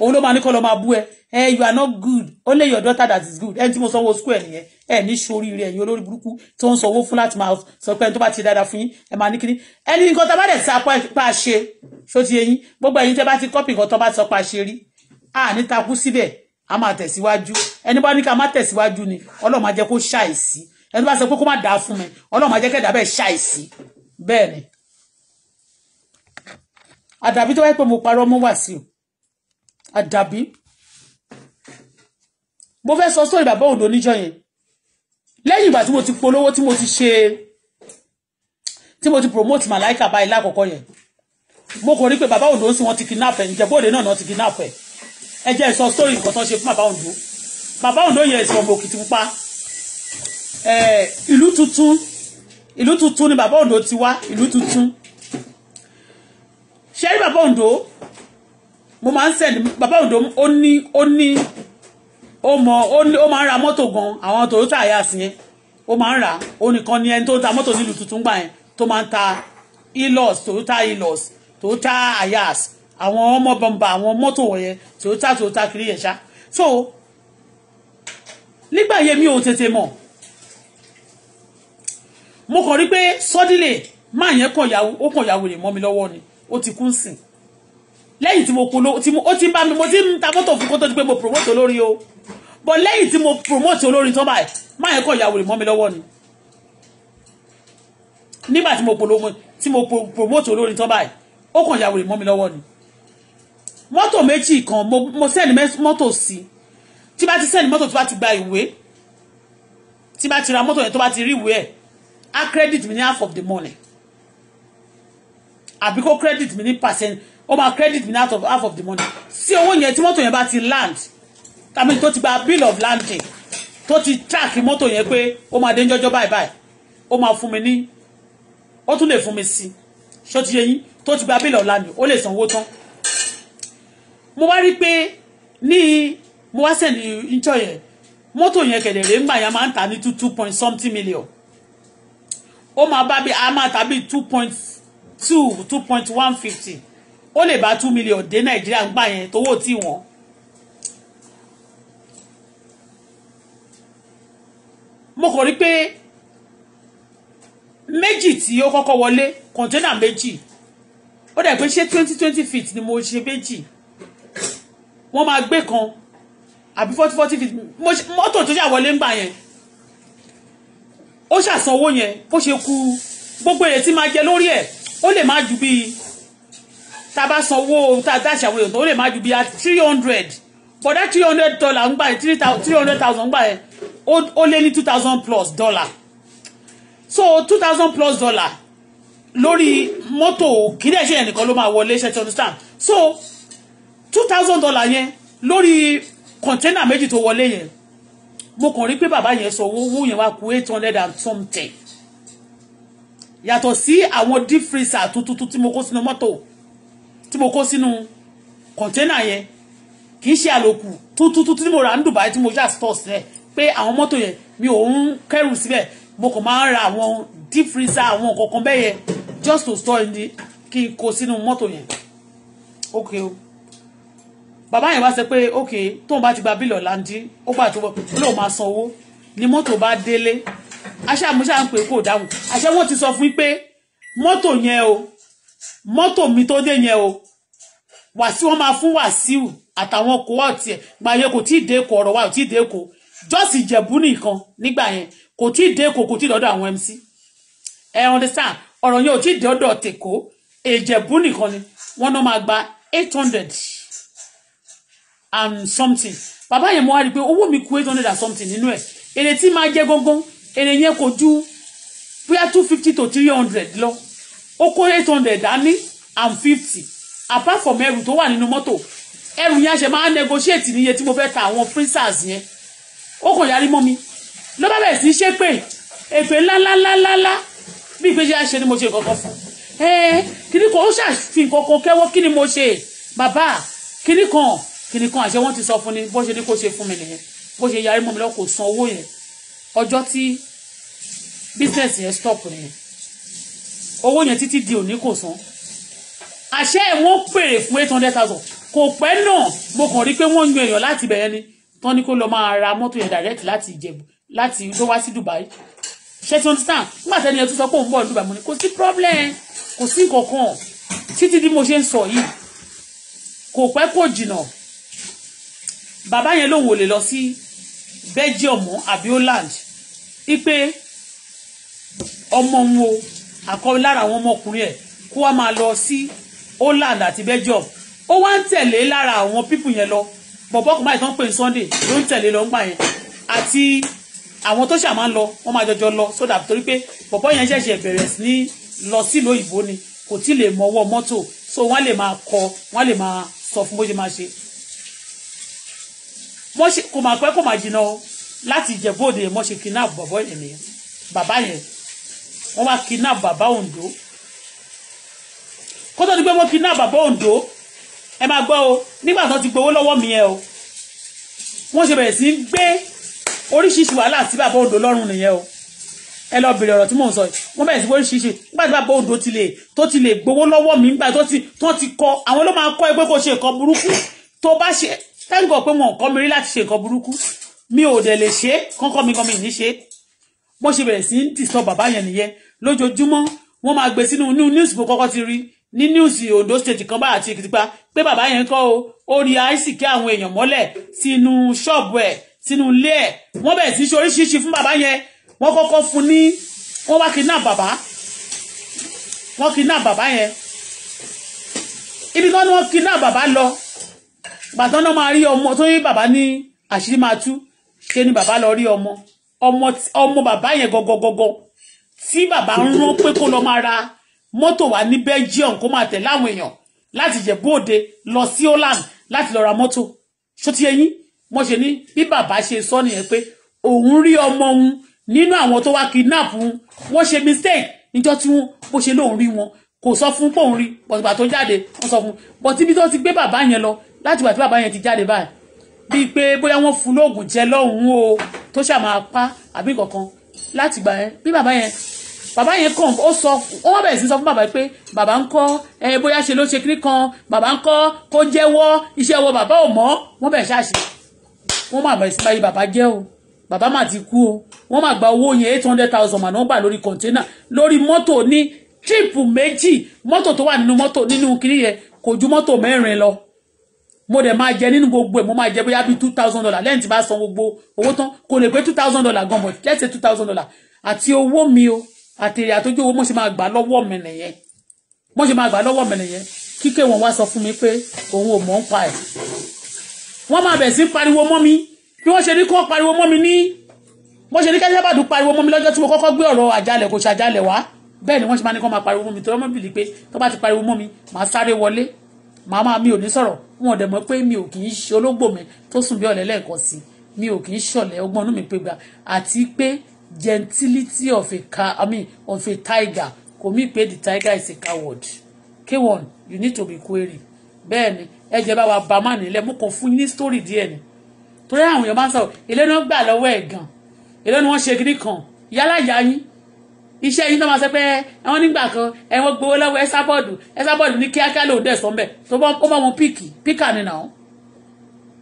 òun ló máa ní kọ́ lọ máa bú ẹ ẹ you are not good only your daughter that is good ẹni tí mo sanwó school ẹ nìyẹn ẹ ní ṣoríire ẹ̀yin olórí burúkú tó ń sanwó fún láti máa sọ pé ẹni tó bá ti dáadáa fún yín ẹ máa ní kíní ẹni nǹkan tá a bá dẹ̀ sí apá pa ṣe ṣó ti yẹyin gbogbo ẹ̀yin tẹ́ bá ti kọ́pì nǹkan tó bá sọ pa ṣe rí a ní takú síbẹ̀ a máa tẹ̀síwájú ẹni bá ní ká má tẹ̀síwájú ni Ọlọ́run máa jẹ́ kó ṣàìsí ẹni bá sọ pé kó má dáa fún mi ọlọ́run máa jẹ́ kẹ́dà bẹ́ẹ̀ ṣàìsí bẹ́ẹ̀ ni àdàbí tó wáyé pé mo parọ́ mọ́ wà sí o àdàbí mo fẹ́ sọ sórí bàbá òdo níjọ́ yẹn lẹ́yìn ìgbà tí mo ti polówó tí mo ti ṣe tí mo ti promote màláìkà báyìí lákọ̀ọ́kọ́ yẹn mo kò rí pé bàbá òdo ń sìn wọ́n ti kidnap ẹ̀ ǹjẹ́ bóde náà náà ti kidnap ẹ̀ ẹ jẹ́ ìsọ sórí nǹkan tó ṣe fún bàbá òdo bàbá òdo yẹn ìsọ̀mọ̀ òkìtì pupa ìlú tuntun ìlú tuntun ni bàbá Ondo ti wá ìlú tuntun ṣe rí bàbá Ondo mo máa ń send bàbá Ondo ó ní ó ní ó mọ ó máa ń ra mọ́tò gan àwọn Toyota Ayas yẹn ó máa ń rà ó nìkan ni ẹni tó ta mọ́tò nílùú tuntun gbà yẹn tó máa ń ta ilos Toyota ilos Toyota Ayas àwọn ọmọ bọmbà àwọn mọ́tò wọ̀nyẹn Toyota Toyota kiri yẹn ṣá so nígbà yẹn mi ò tètè mọ̀ mo kàn rí pé sọ́dílẹ̀ máa yẹn kàn yàwó ó kàn yàwó rè mọ́ mi lọ́wọ́ ni ó ti kún sìn lẹ́yìn tí mo polo tí mo ó ti bá mi mo ti ń ta mọ́tò fún kó pé mo promote olórin o but lẹ́yìn tí mo promote olórin tán báyìí máa yẹn kàn yàwó rè mọ́ mi lọ́wọ́ ni nígbà tí mo polo tí mo promote olórin tán báyìí ó kàn yàwó rè mọ́ mi lọ́wọ́ ni mọ́tò méjì kan mo mo send mọ́tò sí tí bá ti send mọ́tò tó bá ti gba ìwé tí bá ti ra mọ́tò yẹn tó bá ti rí ìwé ẹ̀ á credit mi ní half of the money àbí kó credit mi ní percent ó máa credit mi ní half of, half of the money sí owó yẹn tí mọ́tò yẹn bá ti land tàbí tó ti gba bill of landing tó ti track mọ́tò yẹn pé ó máa dé jọjọ́ báyìí báyìí ó máa fún mi ní ó tún lè fún mi sí ṣó ti yẹ yín tó ti gba bill of landing ó lè sanwó tán mo wá rí pé ní mo wá sẹ́ni ìjọ yẹn mọ́tò yẹn kẹ̀dẹ̀ rèé ń gbà yẹn máa ń tà ní two two point something million ó máa bá mi a tàbí two point two two point one fifty ó lè bá two million dé nàìjíríà gbà yẹn tówó tí wọ́n. mo kàn rí pé méjì tí ó kọ́kọ́ wọlé kọ̀ńténà méjì ó dẹ̀ pé ṣé twenty twenty feet ni mo ṣe méjì wọ́n máa gbé kan àbí forty forty feet mọ́tò tó ṣàwọlé ń gbà yẹn ó ṣàsan owó yẹn bó ṣe kú gbogbo èrè tí máa jẹ lórí ẹ̀ ó lè má ju bíi tá a bá san owó tá a dáṣà àwọn èèyàn tó lè má ju bíi three hundred For that three hundred dollar ń gbà yẹn three hundred thousand ń gbà yẹn ó lé ní two thousand plus dollar so two thousand plus dollar lórí mọ́tò kílẹ̀ ṣe yẹn nìkan ló máa wọlé ṣe ti understand so two thousand dollar yẹn lórí container méjì tó wọlé yẹn mo kàn rí pé bàbá yẹn sọ owó owó yẹn wá kù eight hundred and something yàtọ̀ sí àwọn deep freezer tuntun tí mo kó sínú mọ́tò tí mo kó sínú kọ̀ńténà yẹn kì í ṣe àlòkù tuntun tí mo rà ní Dubai tí mo ṣáà store sílẹ̀ pé àwọn mọ́tò yẹn mi ò ń kẹ́rù síbẹ̀ mo kàn máa ń ra àwọn deep freezer àwọn kankan bẹ́ẹ̀ yẹn just to store in the kí n kó sínú mọ́tò yẹn okay o. Okay bàbá yẹn wá sọ pé ok tóun bá ti gba bílọ̀ láńdí ó gbà tó wọ lóun máa san owó ni mọ́tò bá délé aṣẹ́ àmúṣà ń pè kó dáhùn àṣẹ wọn ti sọ fún pé mọ́tò yẹn o mọ́tò mi tó dé yẹn o wàsíù wọn máa fún wàsíù àtàwọn kò wá tiẹ̀ gbàyẹ kò tí ì dé kò ọ̀rọ̀ wa ò tí ì dé kò jọ́sì ìjẹ̀bú nìkan nígbà yẹn kò tí ì dé kò kò tí ì lọ́dọ̀ àwọn MC ẹ understand ọ̀rọ̀ yẹn ò tí ì dé ọ̀dọ̀ tèkó ìjẹ̀bú nìkan ni wọ́n náà máa gba eight hundred and something bàbá yẹn mo wá rí i pé owó mi kù eight hundred and something nínú ẹ̀ èrè tí máa jẹ gángan èrè yẹn kò ju bóyá two fifty to three hundred lọ ó kó eight hundred dání and fifty apart from ẹrù tó wà nínú mọ́tò ẹrù yẹn ṣe máa negotiate níye tí mo fẹ́ ta àwọn freezers yẹn ó kàn yarí mọ́ mi ló bá bẹ̀rẹ̀ sí í ṣépè èpè ńláńláńláńlá bí ìpèsè àṣẹ ni mo ṣe nǹkan kan fún ẹ kíní kan ó ṣàfihàn kankan kẹ́wọ́ kí ni mo ṣe bàbá kíní kan kìnì kan àṣẹ wọ́n ti sọ fún ni bó ṣe ní kó ṣe fún mi nìyẹn bó ṣe yarí mọ́ mi lọ́wọ́ kò san owó yẹn ọjọ́ tí business yẹn stop nìyẹn owó yẹn títí di òní kò san àṣẹ wọ́n pèrè fún eight hundred thousand kò pẹ́ náà mo kàn rí pé wọ́n yan èèyàn láti bẹ̀rẹ̀ ni tán ni kó lọ máa ra mọ́tò yẹn direct láti Ìjẹ̀bú láti tó wá sí Dubai ṣe ti understand nígbà tẹ́ni ẹ tún sọ pé òun bọ̀ ní Dubai mo ní kò sí problem kò sí nǹkan kan títí bí mo ṣe ń sọ yìí kò pẹ́ kò jìnnà bàbá yẹn lòun ò lè lọ sí Belgium àbí Holland wípé ọmọ wọn o àkọ́ lára àwọn ọmọkùnrin ẹ̀ kó wá máa lọ sí Holland àti Belgium ó wá ń tẹ̀lé lára àwọn pípù yẹn lọ bọ̀bọ́ kùnbáyì tó ń pè ní Sunday ló ń tẹ̀lé lọ ń gbà yẹn àti àwọn tó ṣà máa ń lọ wọ́n máa jọjọ lọ sódà torí pé bọ̀bọ́ yẹn ṣẹ̀ṣẹ̀ bẹ̀rẹ̀ ní lọ sílùú òyìnbó ni kò tí lè mọ ọwọ́ mọ́tò so wọ́n lè máa kọ wọ́n lè máa sọ fún bó ṣe máa ṣe mo ṣe kò mà pẹ́ kò mà jìnnà o láti ìjẹ̀bóde mo ṣe kidnap bàbá yẹn nìyẹn bàbá yẹn wọ́n wá kidnap bàbá Ondo kó tó di pé wọ́n kidnap bàbá Ondo ẹ máa gbọ́ o nígbà tó ti gbowó lọ́wọ́ mi yẹn o wọ́n ṣe bẹ̀rẹ̀ sí ń gbé oríṣiríṣi wàhálà sí bàbá Ondo lọ́rùn nìyẹn o ẹ lọ bèrè ọ̀rọ̀ tí mò ń sọ yìí wọ́n bẹ̀rẹ̀ sí oríṣiríṣi nígbà tí bàbá Ondo ti lè tó ti lè gbowó lọ́wọ́ mi nígbà tó ti kọ àwọn ló máa kọ́ ẹgbẹ́ kó ṣe nǹkan burúkú tó bá ṣe thank God pé wọn ò kọ́ mi rí láti ṣe nǹkan burúkú mi ò dẹ̀ lè ṣe kọ́kọ́ mi kan mi ní ṣe bó ṣe bẹ̀rẹ̀ sí ń disturb bàbá yẹn nìyẹn lójoojúmọ́ wọ́n máa gbé sínú new news bó kọ́kọ́ ti rí ní news Ondo state kan báyà àti Èkìtìpa pé bàbá yẹn kọ́ o ó rí àìsí kí àwọn èèyàn mọ́lẹ̀ sínú ṣọ́ọ̀bù ẹ̀ sínú ilé ẹ̀ wọ́n bẹ̀rẹ̀ sí í ṣe oríṣiríṣi fún bàbá yẹn wọ́n kọ́kọ́ fún ní wọ́n wá kidnap bàbá wọ́n kidnap bàbá yẹn ibi kan ni wọ́n kidnap bàbá lọ bàtán náà máa rí ọmọ tó ní bàbá ní àṣírí máa tú ṣe ni bàbá lọ rí ọmọ ọmọ bàbá yẹn gọgọgọgọ tí bàbá ń rán pé kó lọ máa ra mọ́tò wá ní Belgium kó máa tẹ̀lé àwọn èèyàn láti jẹ̀bú òde lọ sí Holland láti lọ ra mọ́tò ṣó ti ẹyin mo ṣe ní bí bàbá ṣe sọ nìyẹn pé òun rí ọmọ òun nínú àwọn tó wá kidnap òun wọ́n ṣe mistake níjọ́ tí wọ́n bó ṣe lóun rí wọn kò sọ fún pòun rí pọ̀tùpà tó jáde wọ́n sọ fún bọ̀tíbi tó ti gbé bàbá yẹn lọ láti gbà tí bàbá yẹn ti jáde báyìí bíi pé bóyá wọ́n fún lóògùn jẹ lọ́hùn-ún o tó ṣáà máa pa àbí kankan láti gbà yẹn bí bàbá yẹn bàbá yẹn kàn ó sọ ó wọ́n bẹ̀rẹ̀ sí sọ fún bàbá pé bàbá ń kọ́ ẹ bóyá ṣe ló ṣe kiri kan bàbá ń kọ́ kó jẹ́wọ́ iṣẹ́ wọ bàbá ò mọ́ wọ́n bẹ̀rẹ̀ ṣáàṣì wọ́n máa bẹ̀rẹ̀ sí báyìí bàbá jẹ́ o bàbá máa ti kú o wọ́n máa gba owó yẹn eight hundred thousand màná gbà lórí kọ̀ńténà lórí mọ́tò ní tíìpù méjì mọ́tò tó wà nínú mọ́tò nínú kiri yẹn kò ju mọ́tò mẹ́rin lọ mo dẹ̀ máa jẹ nínú gbogbo ẹ̀ mo máa jẹ bóyá bíi two thousand dollar lẹ́yìn tí bá san gbogbo owó tán kò lè pé two thousand dollar gan but let's say two thousand dollar àti owó mi o àtèrè àtọ́jú owó mo ṣe máa gbà lọ́wọ́ mi nìyẹn mo ṣe máa gbà lọ́wọ́ mi nìyẹn kíkẹ́ wọn wá sọ fún mi pé òun ò mọ̀ ń pa ẹ̀ wọ́n máa bẹ̀ sí pariwo mọ́ mi bí wọ́n ṣe ní kí wọ́n pariwo mọ́ mi ní bó ṣe ní kẹ́sí sábàdù pariwo mọ́ mi lọ́jọ́ tí mo kọ́kọ́ gbé ọ̀rọ̀ àjálẹ̀ kò ṣàjálẹ̀ wá bẹ́ẹ̀ ni wọ́n ṣe máa ní kí wọ́n máa pariwo mọ́ mi torí wọ́n bìlì pé tó bá ti pariwo mọ́ mi màá sáré wọlé màá máa mi ò ní sọ̀rọ̀ wọn ò dẹ̀ mọ̀ pé mi ò kì í ṣe ológbò mi tó sùn bí ọ̀lẹ́ lẹ́ẹ̀kan sí mi ò kì í ṣọ̀lẹ́ ọgbọ́n inú mi pé gbà àti pé gentility of a car i mean of a tiger kò mí pé the tiger is a coward k1 you need to be query bẹ́ẹ̀ ni ẹ jẹ́ bá wa bá má nílẹ̀ mú kàn fún ní story díẹ̀ ni torí àwọn èèyàn máa ń sọ̀rọ̀ ìlẹ́nu gbà lọ́wọ́ ẹ̀ gan ìlẹ́nu wọn ṣe kíní kan yálà yá yín iṣẹ́ yìí náà máa sọ pé àwọn nígbà kan ẹ̀wọ̀n gbowó lọ́wọ́ ẹ sábọ́ọ̀dù ẹ sábọ́ọ̀dù ní kíákíá lòun dẹ̀ sọ́nbẹ̀ tó bọ́ ó mọ̀ wọn píìkì píkà nìna òun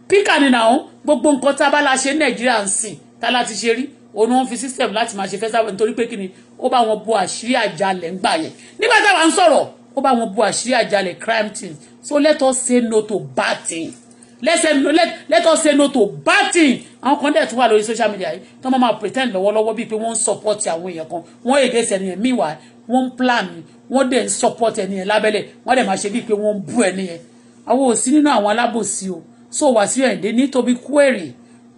píkà nìna òun gbogbo nǹkan tá a bá la ṣe ní nàìjíríà ń sìn tá a láti ṣe rí òun wọn fi system láti máa ṣe fẹ́ sábọ́ọ̀dù nítorí pé kí ni ó bá wọn bu àṣírí àjálẹ̀ ńgbà yẹn nígbà táwa ń sọ̀rọ̀ ó bá wọn bu àṣírí àjálẹ̀ crime things so let us say no to bad things let's say no let let us say no to bad thing àwọn kan dẹ̀ tún wà lórí social media yìí tí wọ́n máa pretend lọ́wọ́lọ́wọ́ bíi pé wọ́n ń support àwọn èèyàn kan wọ́n èdè sẹ́ni ẹ̀ meanwhile wọ́n ń plan wọ́n dẹ̀ ń support ẹni yẹn lábẹ́lẹ̀ wọ́n dẹ̀ máa ṣe bíi pé wọ́n ń bú ẹni yẹn àwọn ò sí nínú àwọn alábòsí o so wà sí ẹ̀ǹdẹ́ nítorí query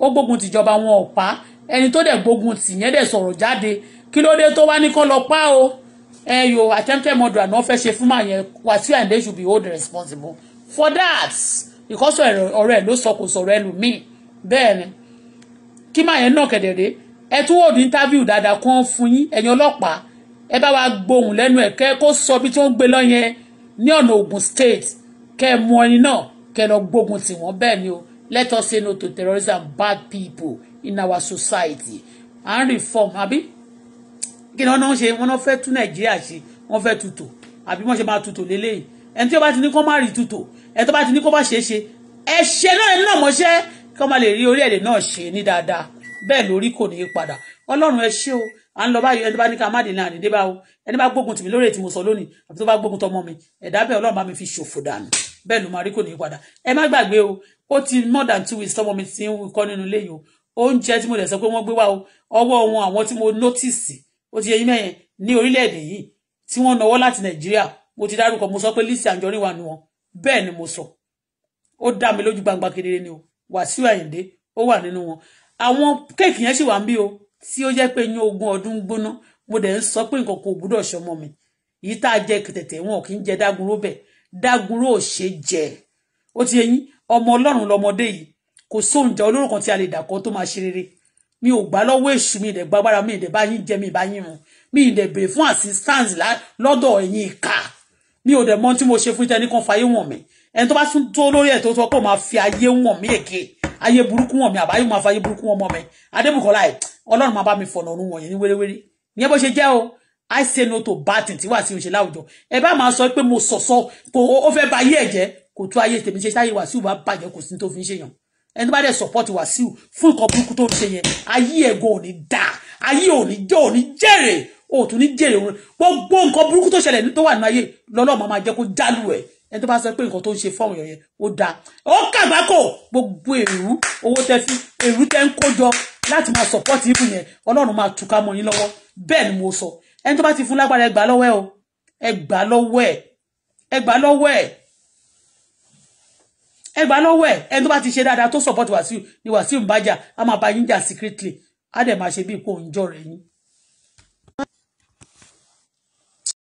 ó gbógun tìjọba wọn ò pa ẹni tó dẹ̀ gbógun tì yẹn dẹ̀ sọ̀rọ̀ jáde kí ló dé tó wá ní kọ́ lọ pa o ẹ yo attempted murder àná fẹ́ ṣe fún màá yẹn wà sí ẹ̀ǹdẹ́ should be hold responsible for that ìkọ́sọ̀ ọ̀rọ̀ ẹ̀ ló sọ kò sọ̀rọ̀ ẹlòmíì bẹ́ẹ̀ ni kí máa yẹn náà kẹ̀dẹ̀dẹ̀ ẹ tún wò ní interview dáadáa kan fún yín ẹ̀yin ọlọ́pàá ẹ bá wa gbohùn lẹ́nu ẹ̀ kẹ́ kó sọ bí tí wọ́n gbé lọ́yẹn ní ọ̀nà Ògùn state kẹ́ ẹ mú ẹni náà kẹ́ ẹ lọ gbógun tì wọ́n bẹ́ẹ̀ ni o let us say no to terrorism bad people in our society and reform àbí kí ni wọ́n náà ṣe wọ́n náà fẹ́ tún Nàìjíríà ṣe wọ́n fẹ́ tutù àbí wọ́n ṣe máa tutù lélẹ́yìn ẹni tí wọ́n bá ti ní kó má rí tutù ẹ tó bá ti ní kó bá ṣe é ṣe ẹ ṣe náà ẹni náà mọṣẹ́ kí wọ́n máa lè rí orílẹ̀-èdè náà ṣe ní dáadáa bẹ́ẹ̀ lórí kò ní í padà ọlọ́run ẹ ṣé o à ń lọ báyìí ẹni bá ní ká má dènà àdédé bá o ẹni bá gbógun tì lórí ètí sọ lónìí àbí tó bá gbógun tọmọ mi ẹ̀dá bẹ́ẹ̀ ọlọ́run bá mi fi ṣòfò dànù bẹ́ẹ̀ ló máa rí kò ní í padà ẹ má gbàgbé o ó ti more than two weeks tọmọ mi ti ń kọ́ nínú ilé yìí o oúnjẹ tí mo dẹ̀ sọ pé wọ́n gbé wá o ọwọ́ wọn àwọn tí mo notice, ó ti yẹ yín mẹ́yẹn ní orílẹ̀-èdè yìí tí wọ́n nawọ́ láti nàìjíríà mo ti dárúkọ mo sọ pé Lizzy Anjorin wà nù wọn bẹ́ẹ̀ ni mo sọ ó dá mi lójú gbangba kedere ni o Wàsíù Àyìndé ó wà nínú wọn àwọn kéèkì yẹn sì wà ń bí o tí ó jẹ́ pé yín ogún ọdún gbóná mo dẹ̀ ń sọ pé nǹkan kò gbúdọ̀ ṣọmọ mi yìí tá a jẹ tẹ̀tẹ̀ wọn kì í jẹ dágunró bẹ̀ dágunró ò ṣe jẹ ó ti yẹn ọmọ ọlọ́run lọmọdé yìí kò sóúnjẹ olóró kan tí a lè dàkọ́ tó máa ṣe rere mi ò gbà lọ́wọ́ èṣù mi ìdẹ̀ mi ìdẹ̀ jẹ mi ìbá yín mi ìdẹ̀ fún assistance lọ́dọ̀ ẹ̀yin ìka mi ò dẹ̀ mọ̀ tí mo ṣe fún tẹni kan fàyè wọ̀n mi ẹni tó bá tún tó lórí ẹ̀ tó sọ pé ó máa fi ayé wọ̀n mí èké ayé burúkú wọ̀n mi àbáyé máa fa ayé burúkú wọ̀n mọ́ mi adébùkọ́lá ẹ̀ ọlọ́run máa bá mi fọ̀nà ọ̀run wọ̀nyí ní wéréwéré ìyẹn bó ṣe jẹ́ o i say no to bad thing tí wà sí òṣè láwùjọ ẹ bá máa sọ pé mo sọ̀sọ́ kò ó fẹ́ ba ayé ẹ̀ jẹ́ kò tó ayé tèmi ṣe sáyé wàsíù bá bàjẹ́ kò sí tó fi ń ṣèyàn ẹni tó bá dẹ̀ support wàsíù fún nǹkan burúkú tó ń ṣe yẹn ayé ẹ̀gọ́ ò ní dáa ayé ò ní jẹ́ ò jẹ́rè o tún ní jèrè òun gbogbo nǹkan burúkú tó ṣẹlẹ̀ tó wà nínú ayé lọ́lọ́mọ máa jẹ́ kó jálù ẹ̀ ẹni tó bá sọ pé nǹkan tó ń ṣe fọ́ọ̀mù yẹn ó dáa ó kàgbákò gbogbo èrú owó tẹ fi èrú tẹ ń kó jọ láti máa sọ̀pọ́tì ibù yẹn ọlọ́run máa túká mọ́ yín lọ́wọ́ bẹ́ẹ̀ ni mo sọ ẹni tó bá ti fún lágbára ẹ gbà lọ́wọ́ ẹ o ẹ gbà lọ́wọ́ ẹ ẹ lọ́wọ́ ẹ ẹ lọ́wọ́ ẹ ẹni tó bá ti ṣe dáadáa tó sọ̀pọ́tì wàsíù ni wàsíù ń bájà á máa bá yín jà secretly á dẹ̀ máa ṣe bí ipò òǹjọ́ rẹ̀ yín